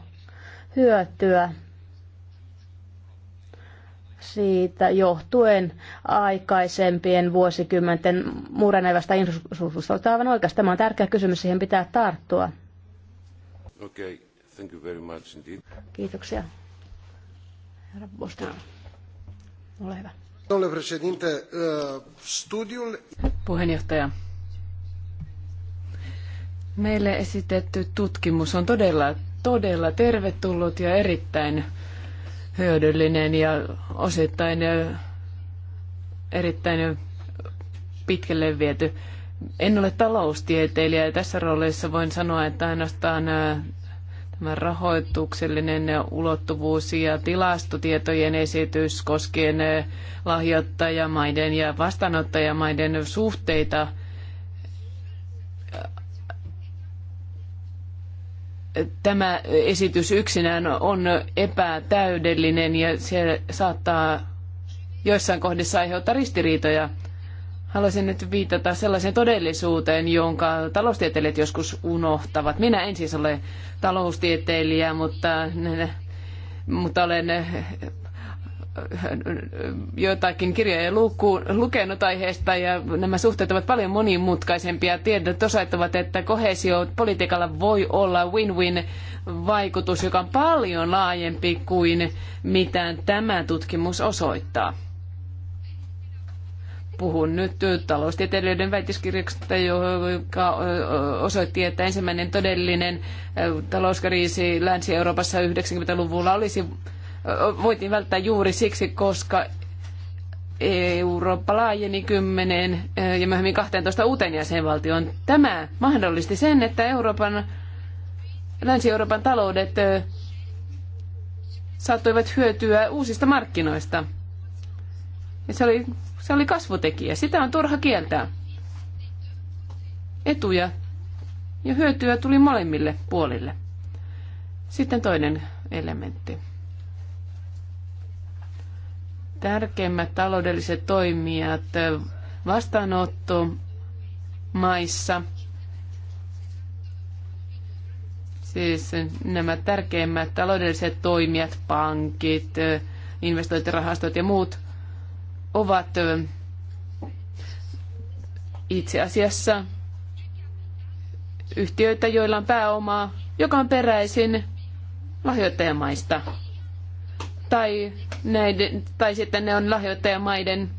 hyötyä siitä johtuen aikaisempien vuosikymmenten murenevasta infrastruktuurista. Aivan oikeasti tämä on tärkeä kysymys, siihen pitää tarttua. Okay. Thank you very much indeed. Kiitoksia. Herra Bostan, ole hyvä. studiul... Puheenjohtaja, meille esitetty tutkimus on todella, todella tervetullut ja erittäin hyödyllinen ja osittain erittäin pitkälle viety. En ole taloustieteilijä ja tässä roolissa voin sanoa, että ainoastaan tämä rahoituksellinen ulottuvuus ja tilastotietojen esitys koskien lahjoittajamaiden ja vastaanottajamaiden suhteita tämä esitys yksinään on epätäydellinen ja se saattaa joissain kohdissa aiheuttaa ristiriitoja. Haluaisin nyt viitata sellaiseen todellisuuteen, jonka taloustieteilijät joskus unohtavat. Minä en siis ole taloustieteilijä, mutta, mutta olen Joitakin kirjoja luku, lukenut aiheesta ja nämä suhteet ovat paljon monimutkaisempia. Tiedot osoittavat, että kohesiopolitiikalla voi olla win-win vaikutus, joka on paljon laajempi kuin mitä tämä tutkimus osoittaa. Puhun nyt taloustieteilijöiden väitöskirjasta, joka osoitti, että ensimmäinen todellinen talouskriisi Länsi-Euroopassa 90-luvulla olisi voitiin välttää juuri siksi, koska Eurooppa laajeni 10 ja myöhemmin 12 uuteen jäsenvaltioon. Tämä mahdollisti sen, että Euroopan, Länsi-Euroopan taloudet saattoivat hyötyä uusista markkinoista. Ja se, oli, se oli kasvutekijä. Sitä on turha kieltää. Etuja ja hyötyä tuli molemmille puolille. Sitten toinen elementti tärkeimmät taloudelliset toimijat vastaanotto maissa, siis nämä tärkeimmät taloudelliset toimijat, pankit, investointirahastot ja muut ovat itse asiassa yhtiöitä, joilla on pääomaa, joka on peräisin lahjoittajamaista tai, näiden, tai sitten ne on lahjoittajamaiden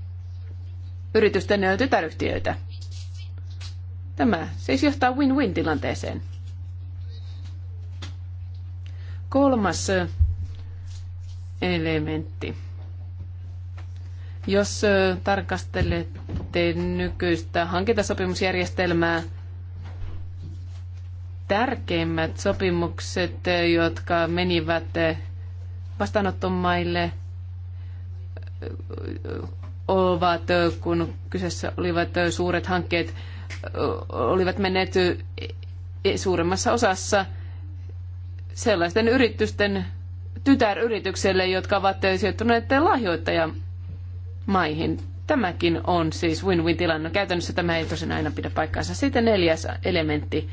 yritysten ja tytäryhtiöitä. Tämä siis johtaa win-win tilanteeseen. Kolmas elementti. Jos tarkastelette nykyistä hankintasopimusjärjestelmää, tärkeimmät sopimukset, jotka menivät vastaanottomaille ovat, kun kyseessä olivat suuret hankkeet, olivat menneet e, suuremmassa osassa sellaisten yritysten tytäryritykselle, jotka ovat sijoittuneet lahjoittajamaihin. Tämäkin on siis win-win tilanne. Käytännössä tämä ei tosin aina pidä paikkaansa. Sitten neljäs elementti.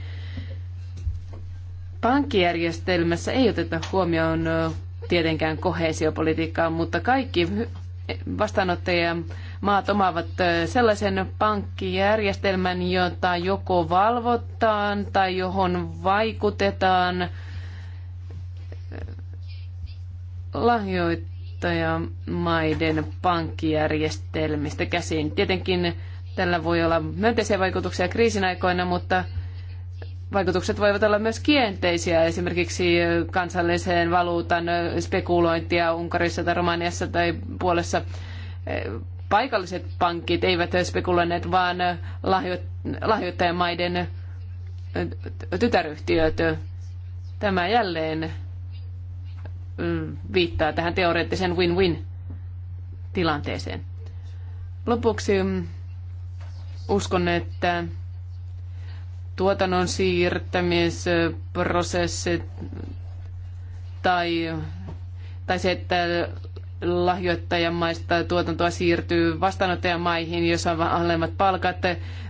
Pankkijärjestelmässä ei oteta huomioon tietenkään kohesiopolitiikkaan, mutta kaikki vastaanottajien maat omaavat sellaisen pankkijärjestelmän, jota joko valvotaan tai johon vaikutetaan lahjoittajamaiden pankkijärjestelmistä käsin. Tietenkin tällä voi olla myönteisiä vaikutuksia kriisin aikoina, mutta vaikutukset voivat olla myös kielteisiä, esimerkiksi kansalliseen valuutan spekulointia Unkarissa tai Romaniassa tai Puolessa. Paikalliset pankit eivät spekuloineet, vaan lahjoittajamaiden tytäryhtiöt. Tämä jälleen mm, viittaa tähän teoreettiseen win-win tilanteeseen. Lopuksi mm, uskon, että tuotannon siirtämisprosessit tai, tai se, että lahjoittajamaista tuotantoa siirtyy vastaanottajamaihin, jossa on alemmat palkat,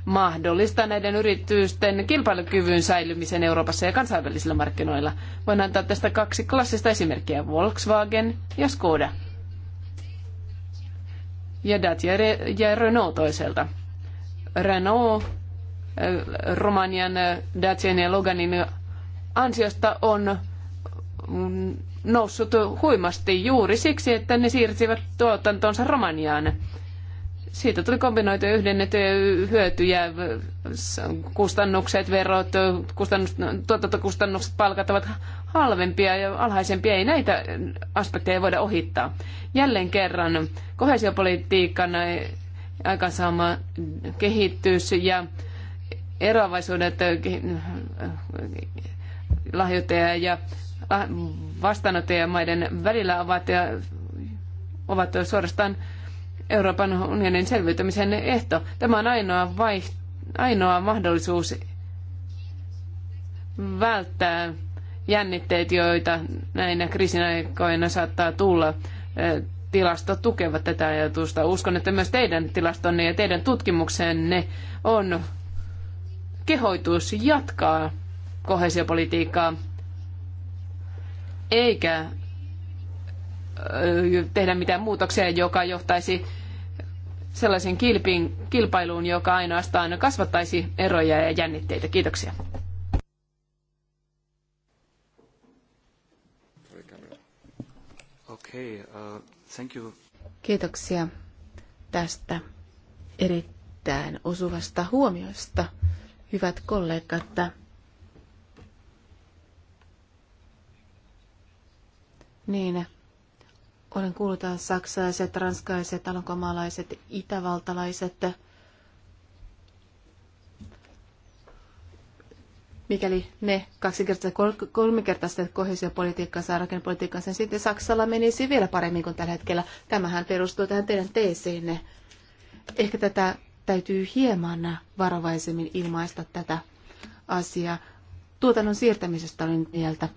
mahdollistaa näiden yritysten kilpailukyvyn säilymisen Euroopassa ja kansainvälisillä markkinoilla. Voin antaa tästä kaksi klassista esimerkkiä, Volkswagen ja Skoda. Ja Dacia ja Renault toiselta. Renault Romanian Dacian ja Loganin ansiosta on noussut huimasti juuri siksi, että ne siirsivät tuotantonsa Romaniaan. Siitä tuli kombinoitu yhdennettyjä hyötyjä, kustannukset, verot, kustannus, tuotantokustannukset, palkat ovat halvempia ja alhaisempia. Ei näitä aspekteja voida ohittaa. Jälleen kerran kohesiopolitiikan aikaansaama kehitys ja eroavaisuudet lahjoittajia ja vastaanottajamaiden välillä ovat, ja, ovat suorastaan Euroopan unionin selviytymisen ehto. Tämä on ainoa, vai ainoa mahdollisuus välttää jännitteet, joita näinä kriisin aikoina saattaa tulla. Tilastot tukevat tätä ajatusta. Uskon, että myös teidän tilastonne ja teidän tutkimuksenne on kehoitus jatkaa kohesiopolitiikkaa eikä tehdä mitään muutoksia, joka johtaisi sellaisen kilpin, kilpailuun, joka ainoastaan kasvattaisi eroja ja jännitteitä. Kiitoksia. Okay, uh, thank you. Kiitoksia tästä erittäin osuvasta huomiosta Hyvät kollegat, niin olen kuullut saksalaiset, ranskalaiset, alankomalaiset, itävaltalaiset. Mikäli ne kaksi kertaa kolmikertaiset kohesiopolitiikkansa ja rakennepolitiikkansa, niin sitten Saksalla menisi vielä paremmin kuin tällä hetkellä. Tämähän perustuu tähän teidän teeseenne. Ehkä tätä täytyy hieman varovaisemmin ilmaista tätä asiaa. Tuotannon siirtämisestä olin mieltä.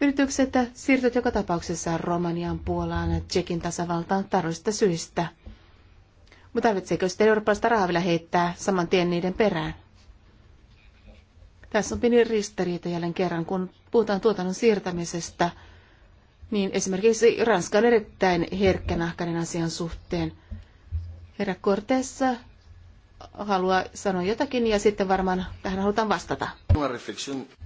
Yritykset siirtyvät joka tapauksessa Romaniaan, Puolaan ja Tsekin tasavaltaan taloudellisista syistä. Mutta tarvitseeko sitten eurooppalaista rahaa vielä heittää saman tien niiden perään? Tässä on pieni ristiriita jälleen kerran, kun puhutaan tuotannon siirtämisestä, niin esimerkiksi Ranska on erittäin herkkänahkainen asian suhteen. Herra Cortes haluaa sanoa jotakin ja sitten varmaan tähän halutaan vastata.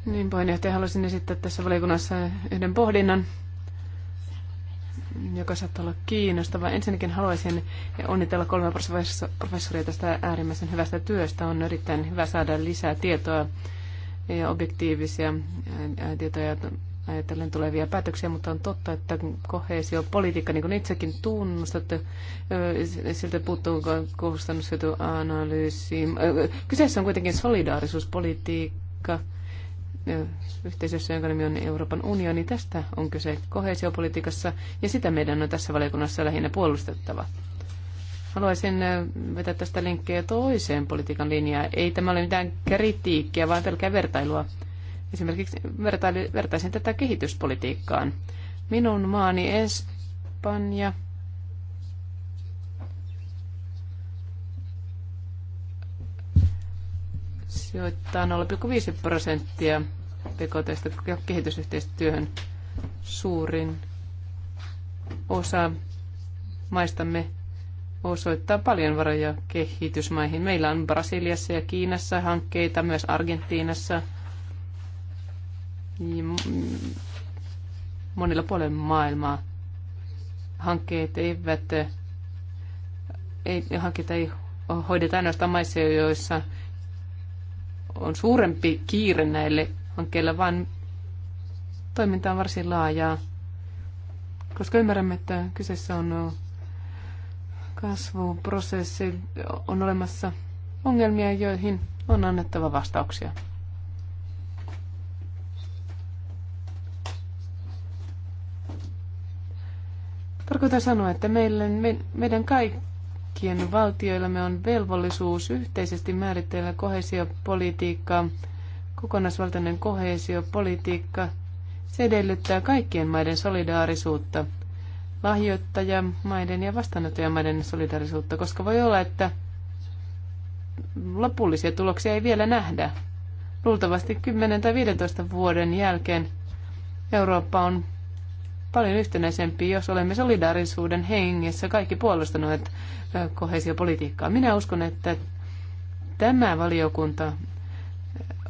Niin puheenjohtaja, haluaisin esittää tässä valiokunnassa yhden pohdinnan joka saattaa olla kiinnostava. Ensinnäkin haluaisin onnitella kolme professoria tästä äärimmäisen hyvästä työstä. On erittäin hyvä saada lisää tietoa ja objektiivisia tietoja ajatellen tulevia päätöksiä, mutta on totta, että koheesiopolitiikka, niin kuin itsekin tunnustat, siltä puuttuu analyysi. Kyseessä on kuitenkin solidaarisuuspolitiikka yhteisössä, jonka nimi on Euroopan unioni. Tästä on kyse koheesiopolitiikassa ja sitä meidän on tässä valiokunnassa lähinnä puolustettava. Haluaisin vetää tästä linkkejä toiseen politiikan linjaan. Ei tämä ole mitään kritiikkiä, vaan pelkää vertailua Esimerkiksi vertaili, vertaisin tätä kehityspolitiikkaan. Minun maani Espanja sijoittaa 0,5 prosenttia PKTstä kehitysyhteistyöhön suurin osa maistamme osoittaa paljon varoja kehitysmaihin. Meillä on Brasiliassa ja Kiinassa hankkeita, myös Argentiinassa – niin, mm, monilla puolilla maailmaa hankkeet eivät, ei, hankkeet ei hoideta ainoastaan maissa, joissa on suurempi kiire näille hankkeille, vaan toiminta on varsin laajaa, koska ymmärrämme, että kyseessä on kasvuprosessi, on olemassa ongelmia, joihin on annettava vastauksia. Tarkoitan sanoa, että meille, me, meidän kaikkien valtioillamme on velvollisuus yhteisesti määritellä kohesiopolitiikkaa, kokonaisvaltainen kohesiopolitiikka. Se edellyttää kaikkien maiden solidaarisuutta, lahjoittajamaiden ja vastaanottajamaiden solidaarisuutta, koska voi olla, että lopullisia tuloksia ei vielä nähdä. Luultavasti 10 tai 15 vuoden jälkeen Eurooppa on paljon yhtenäisempi, jos olemme solidaarisuuden hengessä kaikki puolustaneet kohesiopolitiikkaa. Minä uskon, että tämä valiokunta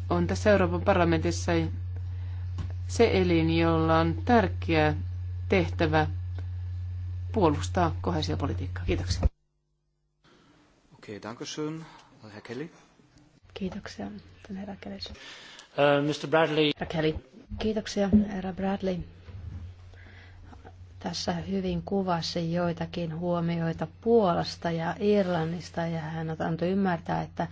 on tässä Euroopan parlamentissa se elin, jolla on tärkeä tehtävä puolustaa kohesiopolitiikkaa. Kiitoksia. Okei, okay, Herr Kelly. Kiitoksia, herra Kelly. Uh, äh, Mr. Bradley. Herra Kelly. Kiitoksia, herra Bradley tässä hyvin kuvasi joitakin huomioita Puolasta ja Irlannista ja hän antoi ymmärtää, että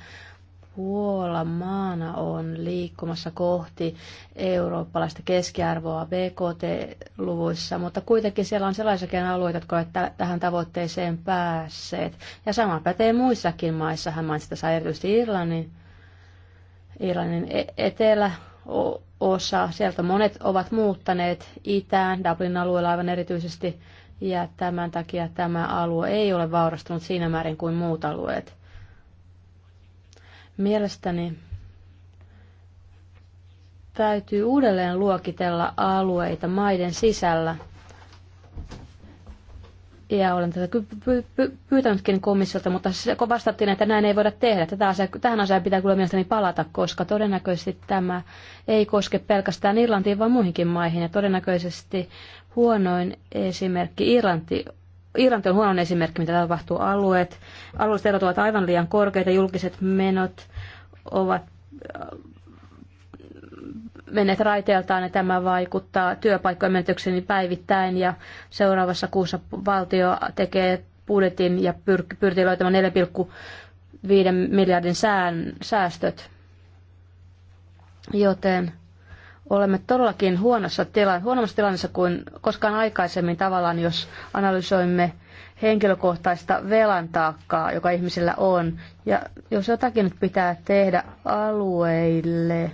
Puola maana on liikkumassa kohti eurooppalaista keskiarvoa BKT-luvuissa, mutta kuitenkin siellä on sellaisiakin alueita, jotka ovat tähän tavoitteeseen päässeet. Ja sama pätee muissakin maissa. Hän mainitsi tässä erityisesti Irlannin, Irlannin e- etelä osa. Sieltä monet ovat muuttaneet itään, Dublin alueella aivan erityisesti, ja tämän takia tämä alue ei ole vaurastunut siinä määrin kuin muut alueet. Mielestäni täytyy uudelleen luokitella alueita maiden sisällä – ja olen tätä pyytänytkin komissiolta, mutta vastattiin, että näin ei voida tehdä. Tätä asia, tähän asiaan pitää kyllä mielestäni palata, koska todennäköisesti tämä ei koske pelkästään Irlantiin, vaan muihinkin maihin. Ja todennäköisesti huonoin esimerkki Irlanti Irlanti on huono esimerkki, mitä tapahtuu alueet. Alueet erot ovat aivan liian korkeita, julkiset menot ovat menet raiteeltaan ja tämä vaikuttaa työpaikkojen menetykseni päivittäin ja seuraavassa kuussa valtio tekee budjetin ja pyr- pyrkii löytämään 4,5 miljardin sään, säästöt. Joten olemme todellakin huonossa tila- huonommassa tilannessa kuin koskaan aikaisemmin tavallaan, jos analysoimme henkilökohtaista velan taakkaa, joka ihmisillä on. Ja jos jotakin nyt pitää tehdä alueille,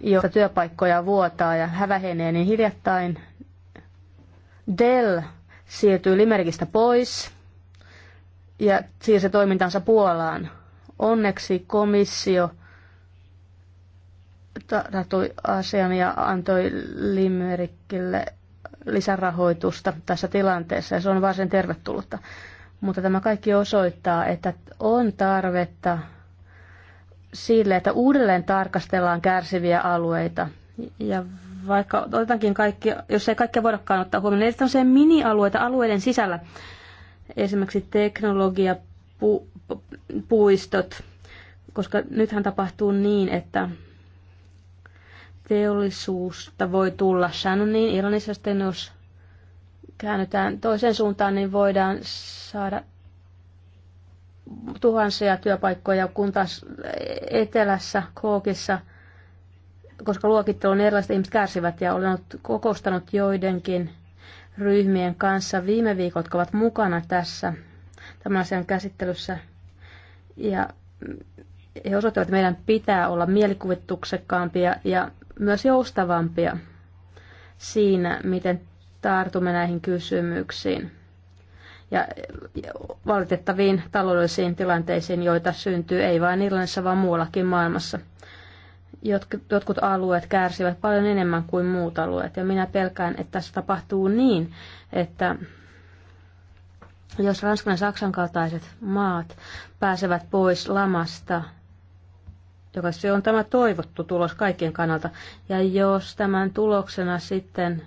jossa työpaikkoja vuotaa ja hävähenee, niin hiljattain Dell siirtyy Limerikistä pois ja siirsi toimintansa Puolaan. Onneksi komissio tarttui asian ja antoi Limerikille lisärahoitusta tässä tilanteessa ja se on varsin tervetullutta. Mutta tämä kaikki osoittaa, että on tarvetta sille, että uudelleen tarkastellaan kärsiviä alueita. Ja vaikka otetaankin kaikki, jos ei kaikkea voidakaan ottaa huomioon, niin se mini-alueita alueiden sisällä, esimerkiksi teknologia, pu, puistot, koska nythän tapahtuu niin, että teollisuusta voi tulla Shannonin Irlannissa, jos käännytään toiseen suuntaan, niin voidaan saada tuhansia työpaikkoja, kun taas etelässä, Kookissa, koska luokittelu on erilaiset, ihmiset kärsivät ja olen kokostanut joidenkin ryhmien kanssa viime viikot, jotka ovat mukana tässä tämän asian käsittelyssä. Ja he osoittavat, että meidän pitää olla mielikuvituksekkaampia ja myös joustavampia siinä, miten tartumme näihin kysymyksiin ja valitettaviin taloudellisiin tilanteisiin, joita syntyy ei vain Irlannissa, vaan muuallakin maailmassa. Jotkut alueet kärsivät paljon enemmän kuin muut alueet, ja minä pelkään, että tässä tapahtuu niin, että jos Ranskan ja Saksan kaltaiset maat pääsevät pois lamasta, joka se on tämä toivottu tulos kaikkien kannalta, ja jos tämän tuloksena sitten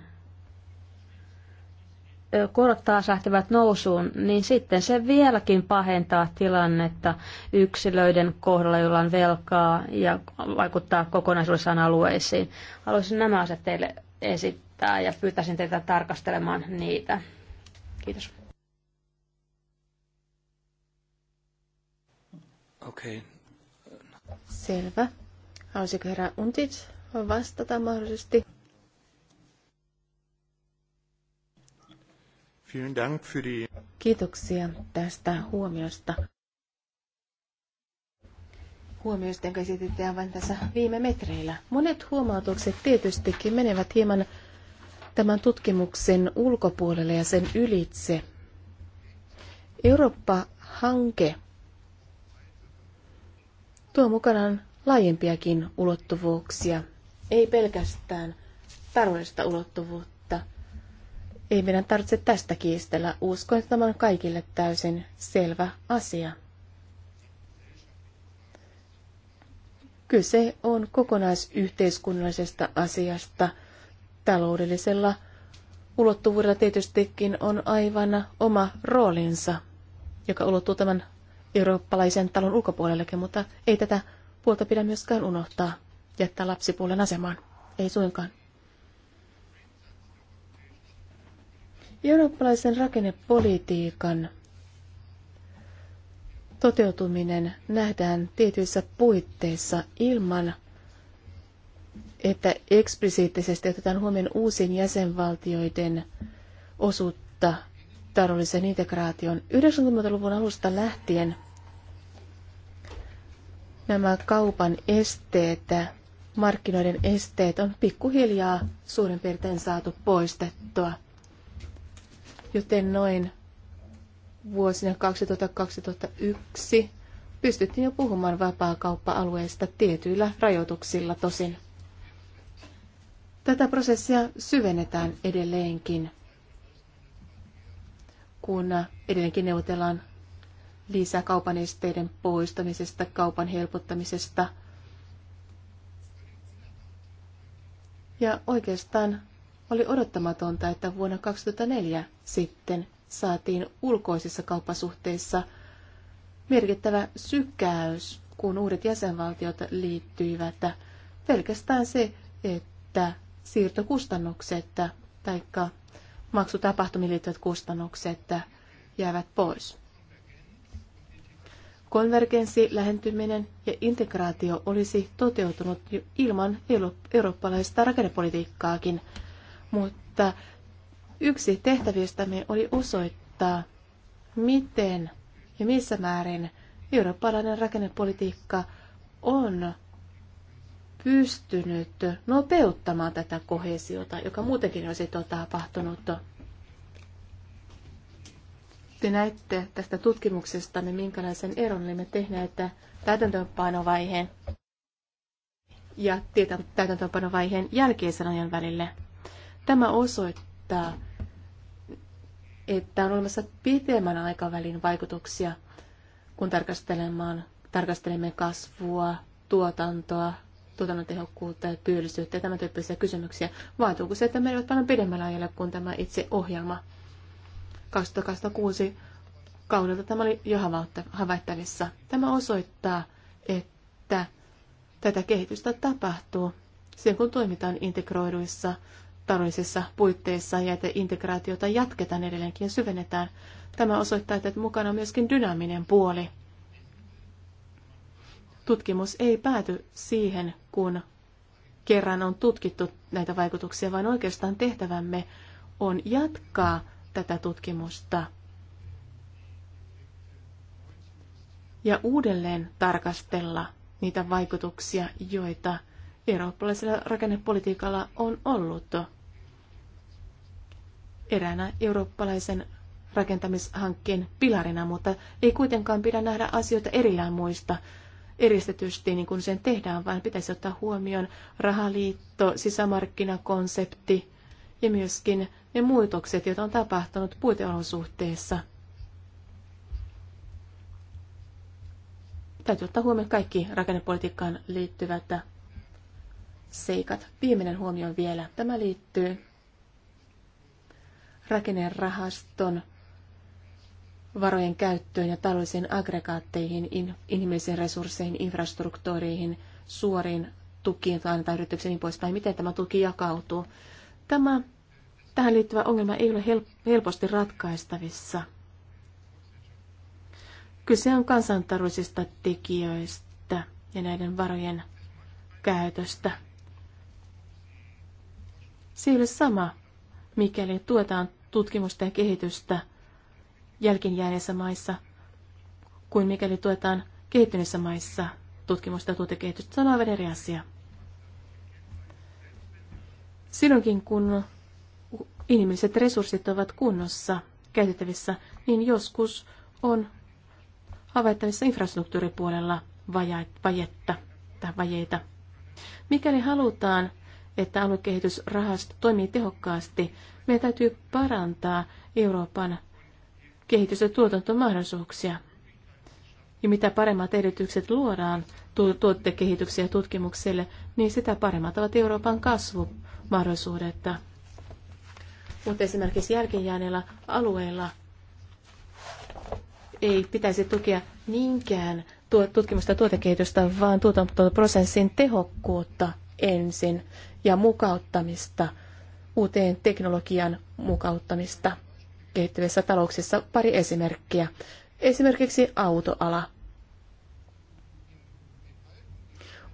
korot taas lähtevät nousuun, niin sitten se vieläkin pahentaa tilannetta yksilöiden kohdalla, joilla on velkaa ja vaikuttaa kokonaisuudessaan alueisiin. Haluaisin nämä asiat teille esittää ja pyytäisin teitä tarkastelemaan niitä. Kiitos. Okei. Okay. Selvä. Haluaisiko herra Untit vastata mahdollisesti? Kiitoksia tästä huomiosta. Huomioista, jonka esitetään vain tässä viime metreillä. Monet huomautukset tietystikin menevät hieman tämän tutkimuksen ulkopuolelle ja sen ylitse. Eurooppa-hanke tuo mukanaan laajempiakin ulottuvuuksia, ei pelkästään taloudellista ulottuvuutta ei meidän tarvitse tästä kiistellä. Uskon, että tämä on kaikille täysin selvä asia. Kyse on kokonaisyhteiskunnallisesta asiasta. Taloudellisella ulottuvuudella tietystikin on aivan oma roolinsa, joka ulottuu tämän eurooppalaisen talon ulkopuolellekin, mutta ei tätä puolta pidä myöskään unohtaa jättää lapsipuolen asemaan. Ei suinkaan. Eurooppalaisen rakennepolitiikan toteutuminen nähdään tietyissä puitteissa ilman, että eksplisiittisesti otetaan huomioon uusien jäsenvaltioiden osuutta taloudellisen integraation. 90-luvun alusta lähtien nämä kaupan esteet, markkinoiden esteet on pikkuhiljaa suurin piirtein saatu poistettua joten noin vuosina 2000-2001 pystyttiin jo puhumaan vapaakauppa-alueesta tietyillä rajoituksilla tosin. Tätä prosessia syvennetään edelleenkin, kun edelleenkin neuvotellaan lisää kaupan esteiden poistamisesta, kaupan helpottamisesta. Ja oikeastaan oli odottamatonta, että vuonna 2004 sitten saatiin ulkoisissa kauppasuhteissa merkittävä sykäys, kun uudet jäsenvaltiot liittyivät. Pelkästään se, että siirtokustannukset tai maksutapahtumiin liittyvät kustannukset jäävät pois. Konvergenssi, lähentyminen ja integraatio olisi toteutunut jo ilman eurooppalaista rakennepolitiikkaakin – mutta yksi tehtävistämme oli osoittaa, miten ja missä määrin eurooppalainen rakennepolitiikka on pystynyt nopeuttamaan tätä kohesiota, joka muutenkin olisi tapahtunut. Te näitte tästä tutkimuksesta, niin minkälaisen eron olimme tehneet täytäntöönpanovaiheen ja täytäntöönpanovaiheen jälkeisen ajan välille. Tämä osoittaa, että on olemassa pitemmän aikavälin vaikutuksia, kun tarkastelemme kasvua, tuotantoa, tuotannon tehokkuutta ja työllisyyttä ja tämän tyyppisiä kysymyksiä. Vaatuuko se, että menevät paljon pidemmällä ajalla kuin tämä itse ohjelma? 2026 kaudelta tämä oli jo havaittavissa. Tämä osoittaa, että tätä kehitystä tapahtuu sen, kun toimitaan integroiduissa taloudellisissa puitteissa ja että integraatiota jatketaan edelleenkin ja syvennetään. Tämä osoittaa, että mukana on myöskin dynaaminen puoli. Tutkimus ei pääty siihen, kun kerran on tutkittu näitä vaikutuksia, vaan oikeastaan tehtävämme on jatkaa tätä tutkimusta ja uudelleen tarkastella niitä vaikutuksia, joita eurooppalaisella rakennepolitiikalla on ollut eräänä eurooppalaisen rakentamishankkeen pilarina, mutta ei kuitenkaan pidä nähdä asioita erillään muista eristetysti, niin kuin sen tehdään, vaan pitäisi ottaa huomioon rahaliitto, sisämarkkinakonsepti ja myöskin ne muutokset, joita on tapahtunut puiteolosuhteissa. Täytyy ottaa huomioon kaikki rakennepolitiikkaan liittyvät seikat. Viimeinen huomio vielä. Tämä liittyy rakennerahaston varojen käyttöön ja taloudellisiin aggregaatteihin, in, inhimillisiin resursseihin, infrastruktuuriin, suoriin tukiin tai annetaan yrityksiin niin poispäin. Miten tämä tuki jakautuu? Tämä tähän liittyvä ongelma ei ole helposti ratkaistavissa. Kyse on kansantaloudellisista tekijöistä ja näiden varojen käytöstä. Se ei ole sama, mikäli tuetaan tutkimusta ja kehitystä jälkinjääneissä maissa kuin mikäli tuetaan kehittyneissä maissa tutkimusta ja tuotekehitystä. Se on aivan eri asia. Silloinkin kun inhimilliset resurssit ovat kunnossa käytettävissä, niin joskus on havaittavissa infrastruktuuripuolella vajetta tai vajeita. Mikäli halutaan että aluekehitysrahasto toimii tehokkaasti, meidän täytyy parantaa Euroopan kehitys- ja tuotantomahdollisuuksia. Ja mitä paremmat edellytykset luodaan tuottekehitykseen ja tutkimukselle, niin sitä paremmat ovat Euroopan kasvumahdollisuudet. Mutta esimerkiksi jälkeenjääneillä alueilla ei pitäisi tukea niinkään tutkimusta ja tuotekehitystä, vaan tuotantoprosessin tehokkuutta – ensin ja mukauttamista, uuteen teknologian mukauttamista kehittyvissä talouksissa. Pari esimerkkiä. Esimerkiksi autoala.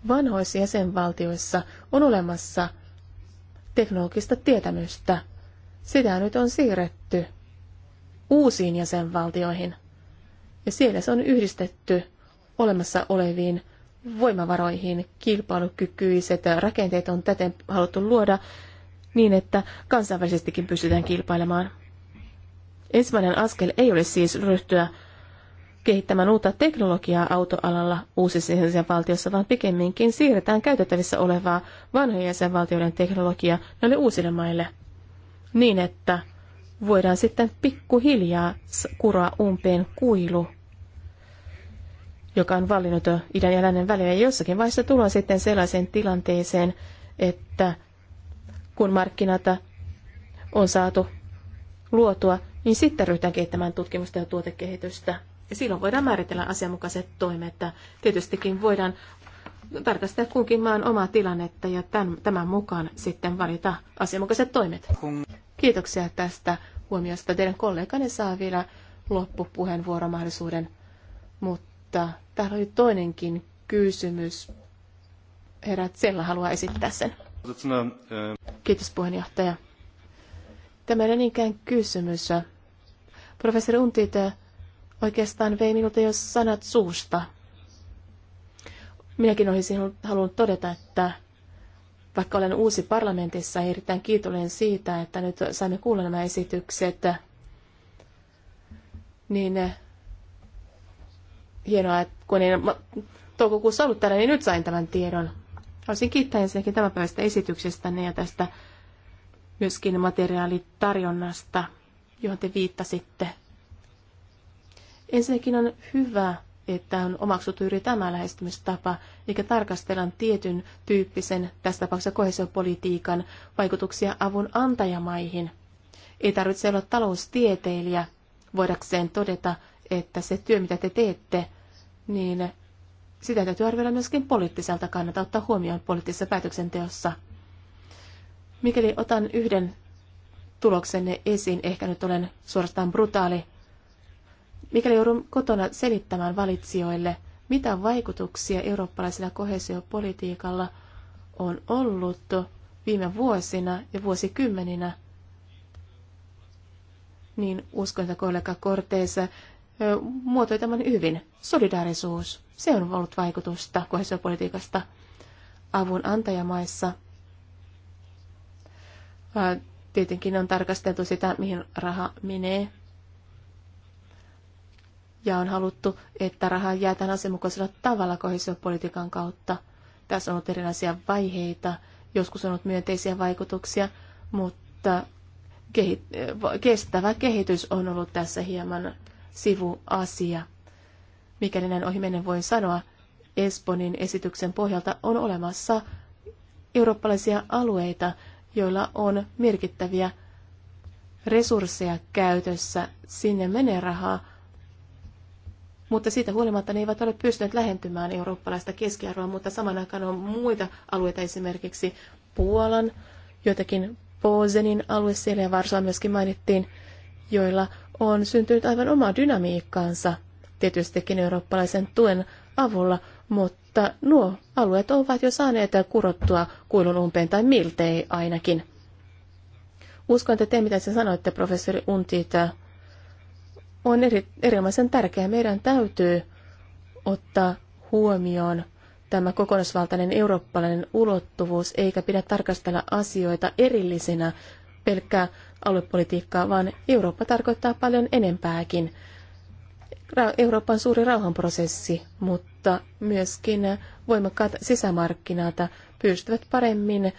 Vanhoissa jäsenvaltioissa on olemassa teknologista tietämystä. Sitä nyt on siirretty uusiin jäsenvaltioihin. Ja siellä se on yhdistetty olemassa oleviin voimavaroihin. Kilpailukykyiset rakenteet on täten haluttu luoda niin, että kansainvälisestikin pystytään kilpailemaan. Ensimmäinen askel ei ole siis ryhtyä kehittämään uutta teknologiaa autoalalla uusissa jäsenvaltiossa, vaan pikemminkin siirretään käytettävissä olevaa vanhojen jäsenvaltioiden teknologiaa näille uusille maille niin, että voidaan sitten pikkuhiljaa kuroa umpeen kuilu joka on vallinnut idän ja lännen välillä. Ja jossakin vaiheessa tullaan sitten sellaiseen tilanteeseen, että kun markkinata on saatu luotua, niin sitten ryhdytään kehittämään tutkimusta ja tuotekehitystä. Ja silloin voidaan määritellä asianmukaiset toimet. Tietystikin voidaan tarkastella kunkin maan omaa tilannetta ja tämän, tämän mukaan sitten valita asianmukaiset toimet. Kiitoksia tästä huomiosta. Teidän kolleganne saa vielä loppupuheenvuoromahdollisuuden, mutta mutta täällä oli toinenkin kysymys. Herra Tsella haluaa esittää sen. Kiitos puheenjohtaja. Tämä ei niinkään kysymys. Professori Untite oikeastaan vei minulta jo sanat suusta. Minäkin olisin halunnut todeta, että vaikka olen uusi parlamentissa, erittäin kiitollinen siitä, että nyt saimme kuulla nämä esitykset, niin hienoa, että kun en toukokuussa ollut täällä, niin nyt sain tämän tiedon. Haluaisin kiittää ensinnäkin tämän päivästä esityksestänne ja tästä myöskin materiaalitarjonnasta, johon te viittasitte. Ensinnäkin on hyvä, että on omaksuttu juuri tämä lähestymistapa, eikä tarkastellaan tietyn tyyppisen, tässä tapauksessa kohesiopolitiikan, vaikutuksia avun antajamaihin. Ei tarvitse olla taloustieteilijä voidakseen todeta, että se työ, mitä te teette, niin sitä täytyy arvioida myöskin poliittiselta kannalta, ottaa huomioon poliittisessa päätöksenteossa. Mikäli otan yhden tuloksenne esiin, ehkä nyt olen suorastaan brutaali, mikäli joudun kotona selittämään valitsijoille, mitä vaikutuksia eurooppalaisella kohesiopolitiikalla on ollut viime vuosina ja vuosikymmeninä, niin uskon, että kollega Korteissa muotoi tämän hyvin. Solidaarisuus, se on ollut vaikutusta kohesiopolitiikasta avun antajamaissa. Tietenkin on tarkasteltu sitä, mihin raha menee. Ja on haluttu, että raha jaetaan asianmukaisella tavalla kohesiopolitiikan kautta. Tässä on ollut erilaisia vaiheita. Joskus on ollut myönteisiä vaikutuksia, mutta kehi- kestävä kehitys on ollut tässä hieman sivuasia. Mikäli näin ohimennen voi sanoa, Espoonin esityksen pohjalta on olemassa eurooppalaisia alueita, joilla on merkittäviä resursseja käytössä. Sinne menee rahaa, mutta siitä huolimatta ne eivät ole pystyneet lähentymään eurooppalaista keskiarvoa, mutta saman aikaan on muita alueita, esimerkiksi Puolan, joitakin Pozenin alue siellä ja Varsoa myöskin mainittiin, joilla on syntynyt aivan oma dynamiikkaansa, tietystikin eurooppalaisen tuen avulla, mutta nuo alueet ovat jo saaneet kurottua kuilun umpeen tai miltei ainakin. Uskon, että te mitä sanoitte, professori Untita, on eri, erilaisen tärkeää. Meidän täytyy ottaa huomioon tämä kokonaisvaltainen eurooppalainen ulottuvuus, eikä pidä tarkastella asioita erillisinä pelkkää aluepolitiikkaa, vaan Eurooppa tarkoittaa paljon enempääkin. Euroopan suuri rauhanprosessi, mutta myöskin voimakkaat sisämarkkinat pystyvät paremmin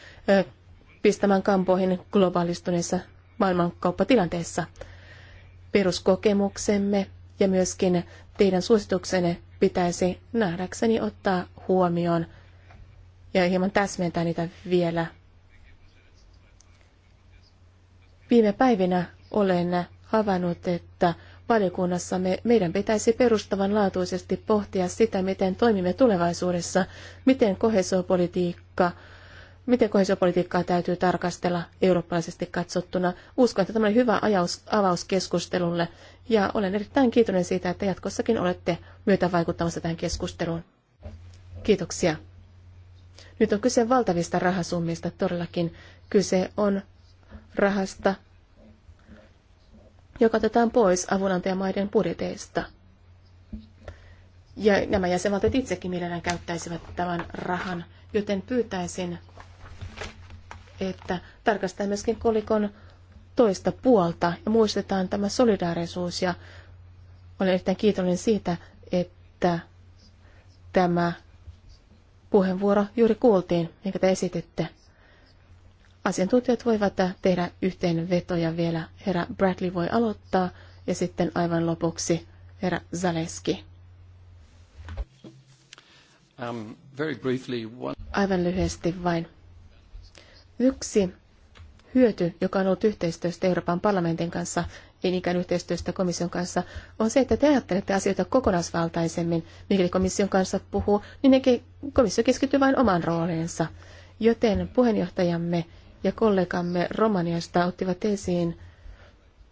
pistämään kampoihin globaalistuneessa maailmankauppatilanteessa. Peruskokemuksemme ja myöskin teidän suosituksenne pitäisi nähdäkseni ottaa huomioon ja hieman täsmentää niitä vielä Viime päivinä olen havainnut, että valiokunnassamme meidän pitäisi perustavanlaatuisesti pohtia sitä, miten toimimme tulevaisuudessa, miten kohesiopolitiikka miten kohesiopolitiikkaa täytyy tarkastella eurooppalaisesti katsottuna. Uskon, että tämä oli hyvä ajaus, avaus keskustelulle ja olen erittäin kiitollinen siitä, että jatkossakin olette myötä vaikuttamassa tähän keskusteluun. Kiitoksia. Nyt on kyse valtavista rahasummista todellakin. Kyse on rahasta, joka otetaan pois avunantajamaiden budjeteista. Ja nämä jäsenvaltiot itsekin mielellään käyttäisivät tämän rahan, joten pyytäisin, että tarkastetaan myöskin kolikon toista puolta ja muistetaan tämä solidaarisuus. Ja olen erittäin kiitollinen siitä, että tämä puheenvuoro juuri kuultiin, minkä te esititte. Asiantuntijat voivat tehdä yhteenvetoja vielä. Herra Bradley voi aloittaa ja sitten aivan lopuksi herra Zaleski. Um, very briefly, one... Aivan lyhyesti vain. Yksi hyöty, joka on ollut yhteistyöstä Euroopan parlamentin kanssa, ei niinkään yhteistyöstä komission kanssa, on se, että te ajattelette asioita kokonaisvaltaisemmin. Mikäli komission kanssa puhuu, niin komissio keskittyy vain oman rooliinsa. Joten puheenjohtajamme ja kollegamme Romaniasta ottivat esiin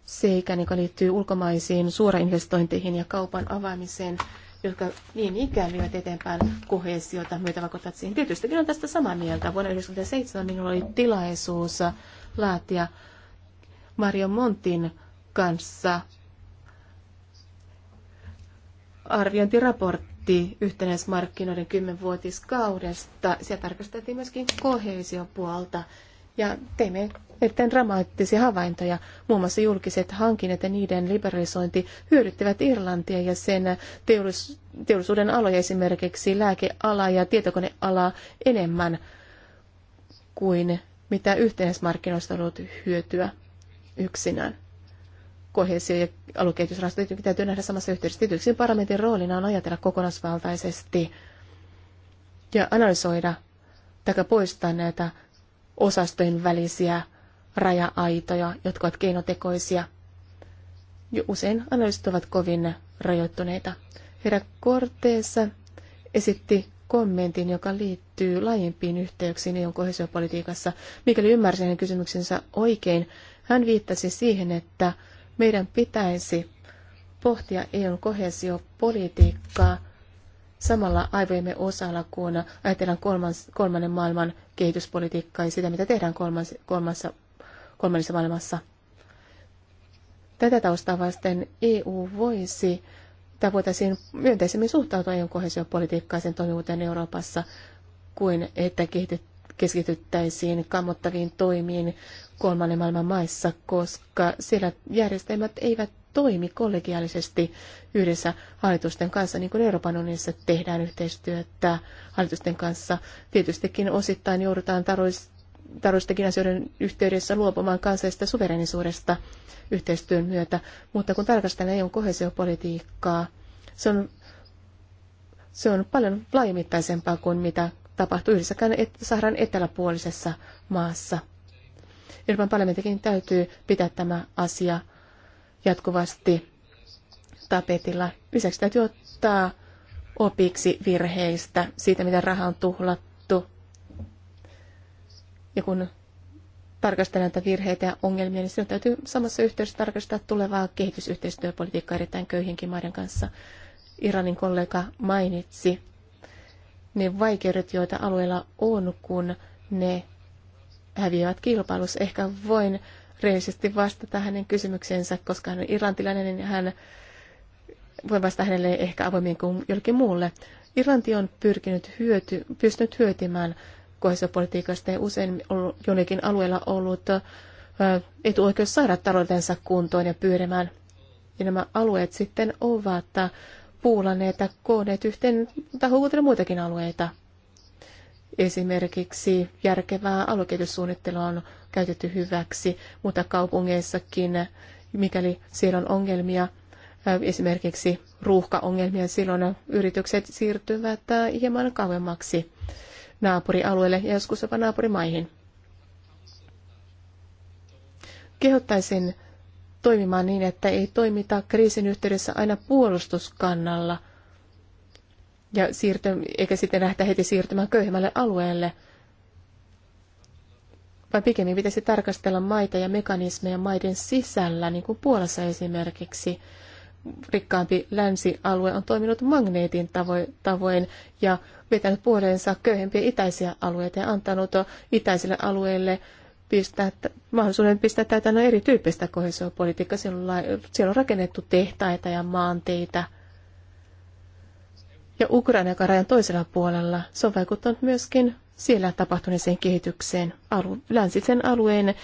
seikän, joka liittyy ulkomaisiin suorainvestointeihin ja kaupan avaamiseen, jotka niin ikään vievät eteenpäin kohesiota myötä vakuuttavat siihen. Tietysti on tästä samaa mieltä. Vuonna 1997 minulla oli tilaisuus laatia Mario Montin kanssa arviointiraportti yhtenäismarkkinoiden kymmenvuotiskaudesta. Siellä tarkasteltiin myöskin kohesiopuolta ja teimme erittäin dramaattisia havaintoja. Muun muassa julkiset hankinnat ja niiden liberalisointi hyödyttivät Irlantia ja sen teollis- teollisuuden aloja, esimerkiksi lääkeala ja tietokoneala enemmän kuin mitä yhteismarkkinoista on ollut hyötyä yksinään. Kohesio- ja aluekehitysrahasto täytyy nähdä samassa yhteydessä. Tietysti parlamentin roolina on ajatella kokonaisvaltaisesti ja analysoida tai poistaa näitä osastojen välisiä raja-aitoja, jotka ovat keinotekoisia. Jo usein analyysit ovat kovin rajoittuneita. Herra Korteessa esitti kommentin, joka liittyy laajempiin yhteyksiin eu kohesiopolitiikassa. Mikäli ymmärsin hänen kysymyksensä oikein, hän viittasi siihen, että meidän pitäisi pohtia eu kohesiopolitiikkaa samalla aivojemme osalla, kun ajatellaan kolmans, kolmannen maailman kehityspolitiikkaa ja sitä, mitä tehdään kolmas, kolmassa, kolmannessa maailmassa. Tätä taustaa vasten EU voisi tai voitaisiin myönteisemmin suhtautua EUn kohesiopolitiikkaan sen toimivuuteen Euroopassa kuin että keskityttäisiin kammottaviin toimiin kolmannen maailman maissa, koska siellä järjestelmät eivät toimi kollegiaalisesti yhdessä hallitusten kanssa, niin kuin Euroopan unionissa tehdään yhteistyötä hallitusten kanssa. Tietystikin osittain joudutaan taloudellistakin asioiden yhteydessä luopumaan kansallisesta suverenisuudesta yhteistyön myötä, mutta kun tarkastellaan EUn kohesiopolitiikkaa, se on, se on paljon laajamittaisempaa kuin mitä tapahtuu yhdessäkään et, Saharan eteläpuolisessa maassa. Euroopan parlamenttikin täytyy pitää tämä asia jatkuvasti tapetilla. Lisäksi täytyy ottaa opiksi virheistä, siitä mitä raha on tuhlattu. Ja kun tarkastellaan näitä virheitä ja ongelmia, niin silloin täytyy samassa yhteydessä tarkastaa tulevaa kehitysyhteistyöpolitiikkaa erittäin köyhienkin maiden kanssa. Iranin kollega mainitsi ne vaikeudet, joita alueella on, kun ne häviävät kilpailussa. Ehkä voin rehellisesti vastata hänen kysymykseensä, koska hän on irlantilainen niin hän voi vastata hänelle ehkä avoimien kuin jollekin muulle. Irlanti on pyrkinyt hyöty, pystynyt hyötymään kohesiopolitiikasta ja usein ollut, jonnekin alueella ollut etuoikeus saada taloutensa kuntoon ja pyörimään. Ja nämä alueet sitten ovat puulaneet ja kooneet yhteen tai muitakin alueita Esimerkiksi järkevää aluekehityssuunnittelua on käytetty hyväksi, mutta kaupungeissakin, mikäli siellä on ongelmia, äh, esimerkiksi ruuhkaongelmia, silloin yritykset siirtyvät äh, hieman kauemmaksi naapurialueelle ja joskus jopa naapurimaihin. Kehottaisin toimimaan niin, että ei toimita kriisin yhteydessä aina puolustuskannalla – ja siirty, eikä sitten lähteä heti siirtymään köyhemmälle alueelle, vaan pikemmin pitäisi tarkastella maita ja mekanismeja maiden sisällä, niin kuin Puolassa esimerkiksi. Rikkaampi länsialue on toiminut magneetin tavoin ja vetänyt puoleensa köyhempiä itäisiä alueita ja antanut itäisille alueille pistää, mahdollisuuden pistää täytäntöön erityyppistä kohesiopolitiikkaa. Siellä on, siellä rakennettu tehtaita ja maanteitä – ja Ukrainan joka rajan toisella puolella, se on vaikuttanut myöskin siellä tapahtuneeseen kehitykseen. Alu, länsisen alueen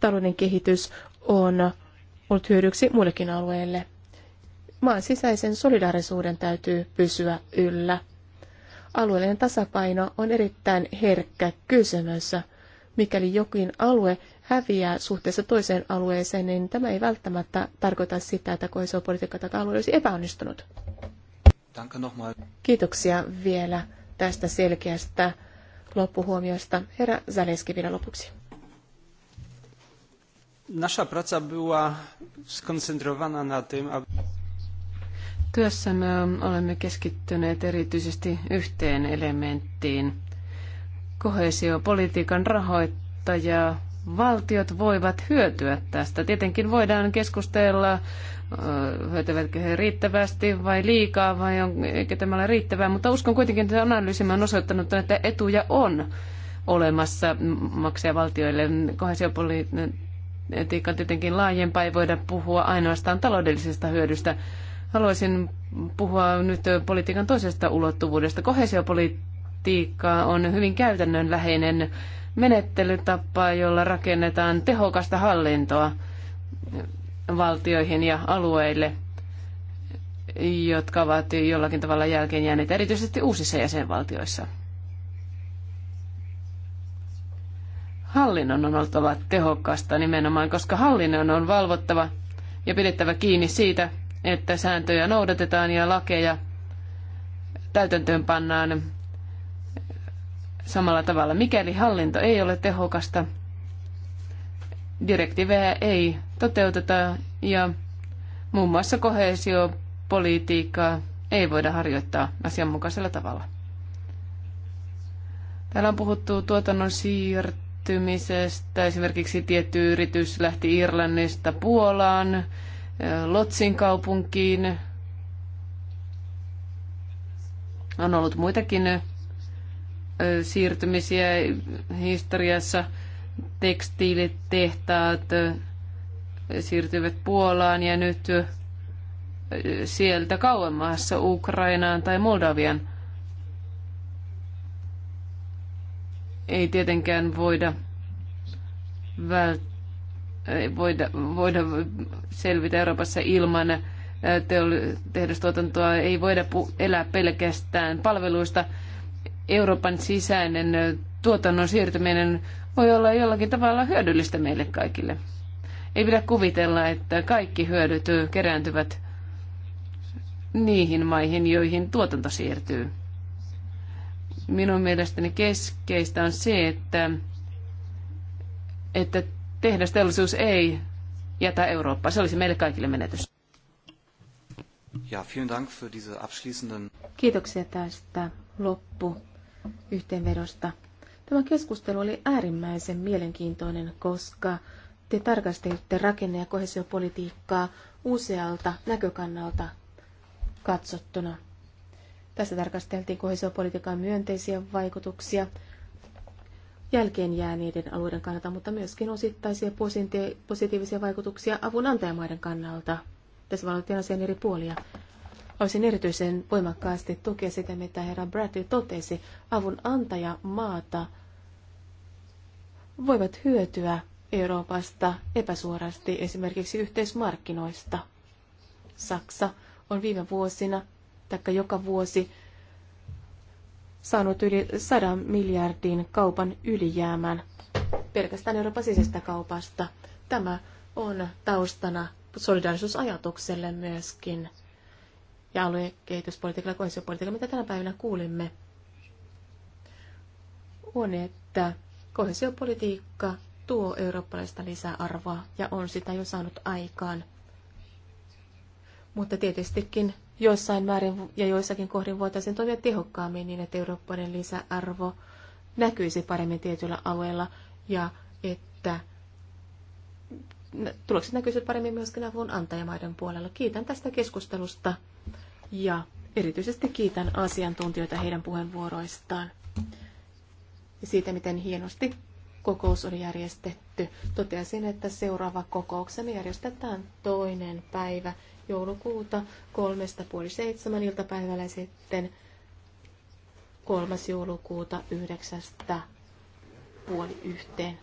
talouden kehitys on ollut hyödyksi muillekin alueille. Maan sisäisen solidaarisuuden täytyy pysyä yllä. Alueellinen tasapaino on erittäin herkkä kysymys. Mikäli jokin alue häviää suhteessa toiseen alueeseen, niin tämä ei välttämättä tarkoita sitä, että kohesiopolitiikka tätä alue olisi epäonnistunut. Kiitoksia vielä tästä selkeästä loppuhuomiosta. Herra Zaleski vielä lopuksi. Nasza praca była skoncentrowana na tym, aby... Työssämme olemme keskittyneet erityisesti yhteen elementtiin. Kohesiopolitiikan rahoittaja valtiot voivat hyötyä tästä. Tietenkin voidaan keskustella, hyötyvätkö he riittävästi vai liikaa vai on, eikä tämä ole riittävää, mutta uskon kuitenkin, että analyysimme on osoittanut, että etuja on olemassa maksajavaltioille. Kohesiopolitiikka on tietenkin laajempaa, ei voida puhua ainoastaan taloudellisesta hyödystä. Haluaisin puhua nyt politiikan toisesta ulottuvuudesta. Kohesiopolitiikka on hyvin käytännönläheinen menettelytapaa, jolla rakennetaan tehokasta hallintoa valtioihin ja alueille, jotka ovat jollakin tavalla jälkeen jääneet, erityisesti uusissa jäsenvaltioissa. Hallinnon on oltava tehokasta nimenomaan, koska hallinnon on valvottava ja pidettävä kiinni siitä, että sääntöjä noudatetaan ja lakeja täytäntöön pannaan samalla tavalla. Mikäli hallinto ei ole tehokasta, direktiivejä ei toteuteta ja muun muassa koheesiopolitiikkaa ei voida harjoittaa asianmukaisella tavalla. Täällä on puhuttu tuotannon siirtymisestä. Esimerkiksi tietty yritys lähti Irlannista Puolaan, eh, Lotsin kaupunkiin. On ollut muitakin siirtymisiä historiassa. Tekstiilitehtaat siirtyivät Puolaan ja nyt sieltä kauemmassa Ukrainaan tai Moldavian. Ei tietenkään voida, vält- voida, voida selvitä Euroopassa ilman teol- tehdastuotantoa. Ei voida elää pelkästään palveluista Euroopan sisäinen tuotannon siirtyminen voi olla jollakin tavalla hyödyllistä meille kaikille. Ei pidä kuvitella, että kaikki hyödyt kerääntyvät niihin maihin, joihin tuotanto siirtyy. Minun mielestäni keskeistä on se, että, että tehdasteollisuus ei jätä Eurooppaa. Se olisi meille kaikille menetys. Ja, Dank für diese abschließenden... Kiitoksia tästä loppu yhteenvedosta. Tämä keskustelu oli äärimmäisen mielenkiintoinen, koska te tarkastelitte rakenne- ja kohesiopolitiikkaa usealta näkökannalta katsottuna. Tässä tarkasteltiin kohesiopolitiikan myönteisiä vaikutuksia jälkeen jääneiden alueiden kannalta, mutta myöskin osittaisia positiivisia vaikutuksia avunantajamaiden kannalta. Tässä valottiin asian eri puolia. Haluaisin erityisen voimakkaasti tukea sitä, mitä herra Bradley totesi. Avun antaja maata voivat hyötyä Euroopasta epäsuorasti esimerkiksi yhteismarkkinoista. Saksa on viime vuosina, taikka joka vuosi, saanut yli 100 miljardin kaupan ylijäämän pelkästään Euroopan sisäisestä kaupasta. Tämä on taustana solidaarisuusajatukselle myöskin – ja aluekehityspolitiikalla ja kohesiopolitiikalla, mitä tänä päivänä kuulimme, on, että kohesiopolitiikka tuo eurooppalaista lisäarvoa ja on sitä jo saanut aikaan. Mutta tietystikin joissain määrin ja joissakin kohdin voitaisiin toimia tehokkaammin niin, että eurooppalainen lisäarvo näkyisi paremmin tietyillä alueilla ja että tulokset näkyisivät paremmin myöskin avun antajamaiden puolella. Kiitän tästä keskustelusta ja erityisesti kiitän asiantuntijoita heidän puheenvuoroistaan ja siitä, miten hienosti kokous oli järjestetty. Totesin, että seuraava kokouksen järjestetään toinen päivä joulukuuta kolmesta puoli seitsemän iltapäivällä sitten kolmas joulukuuta yhdeksästä puoli yhteen.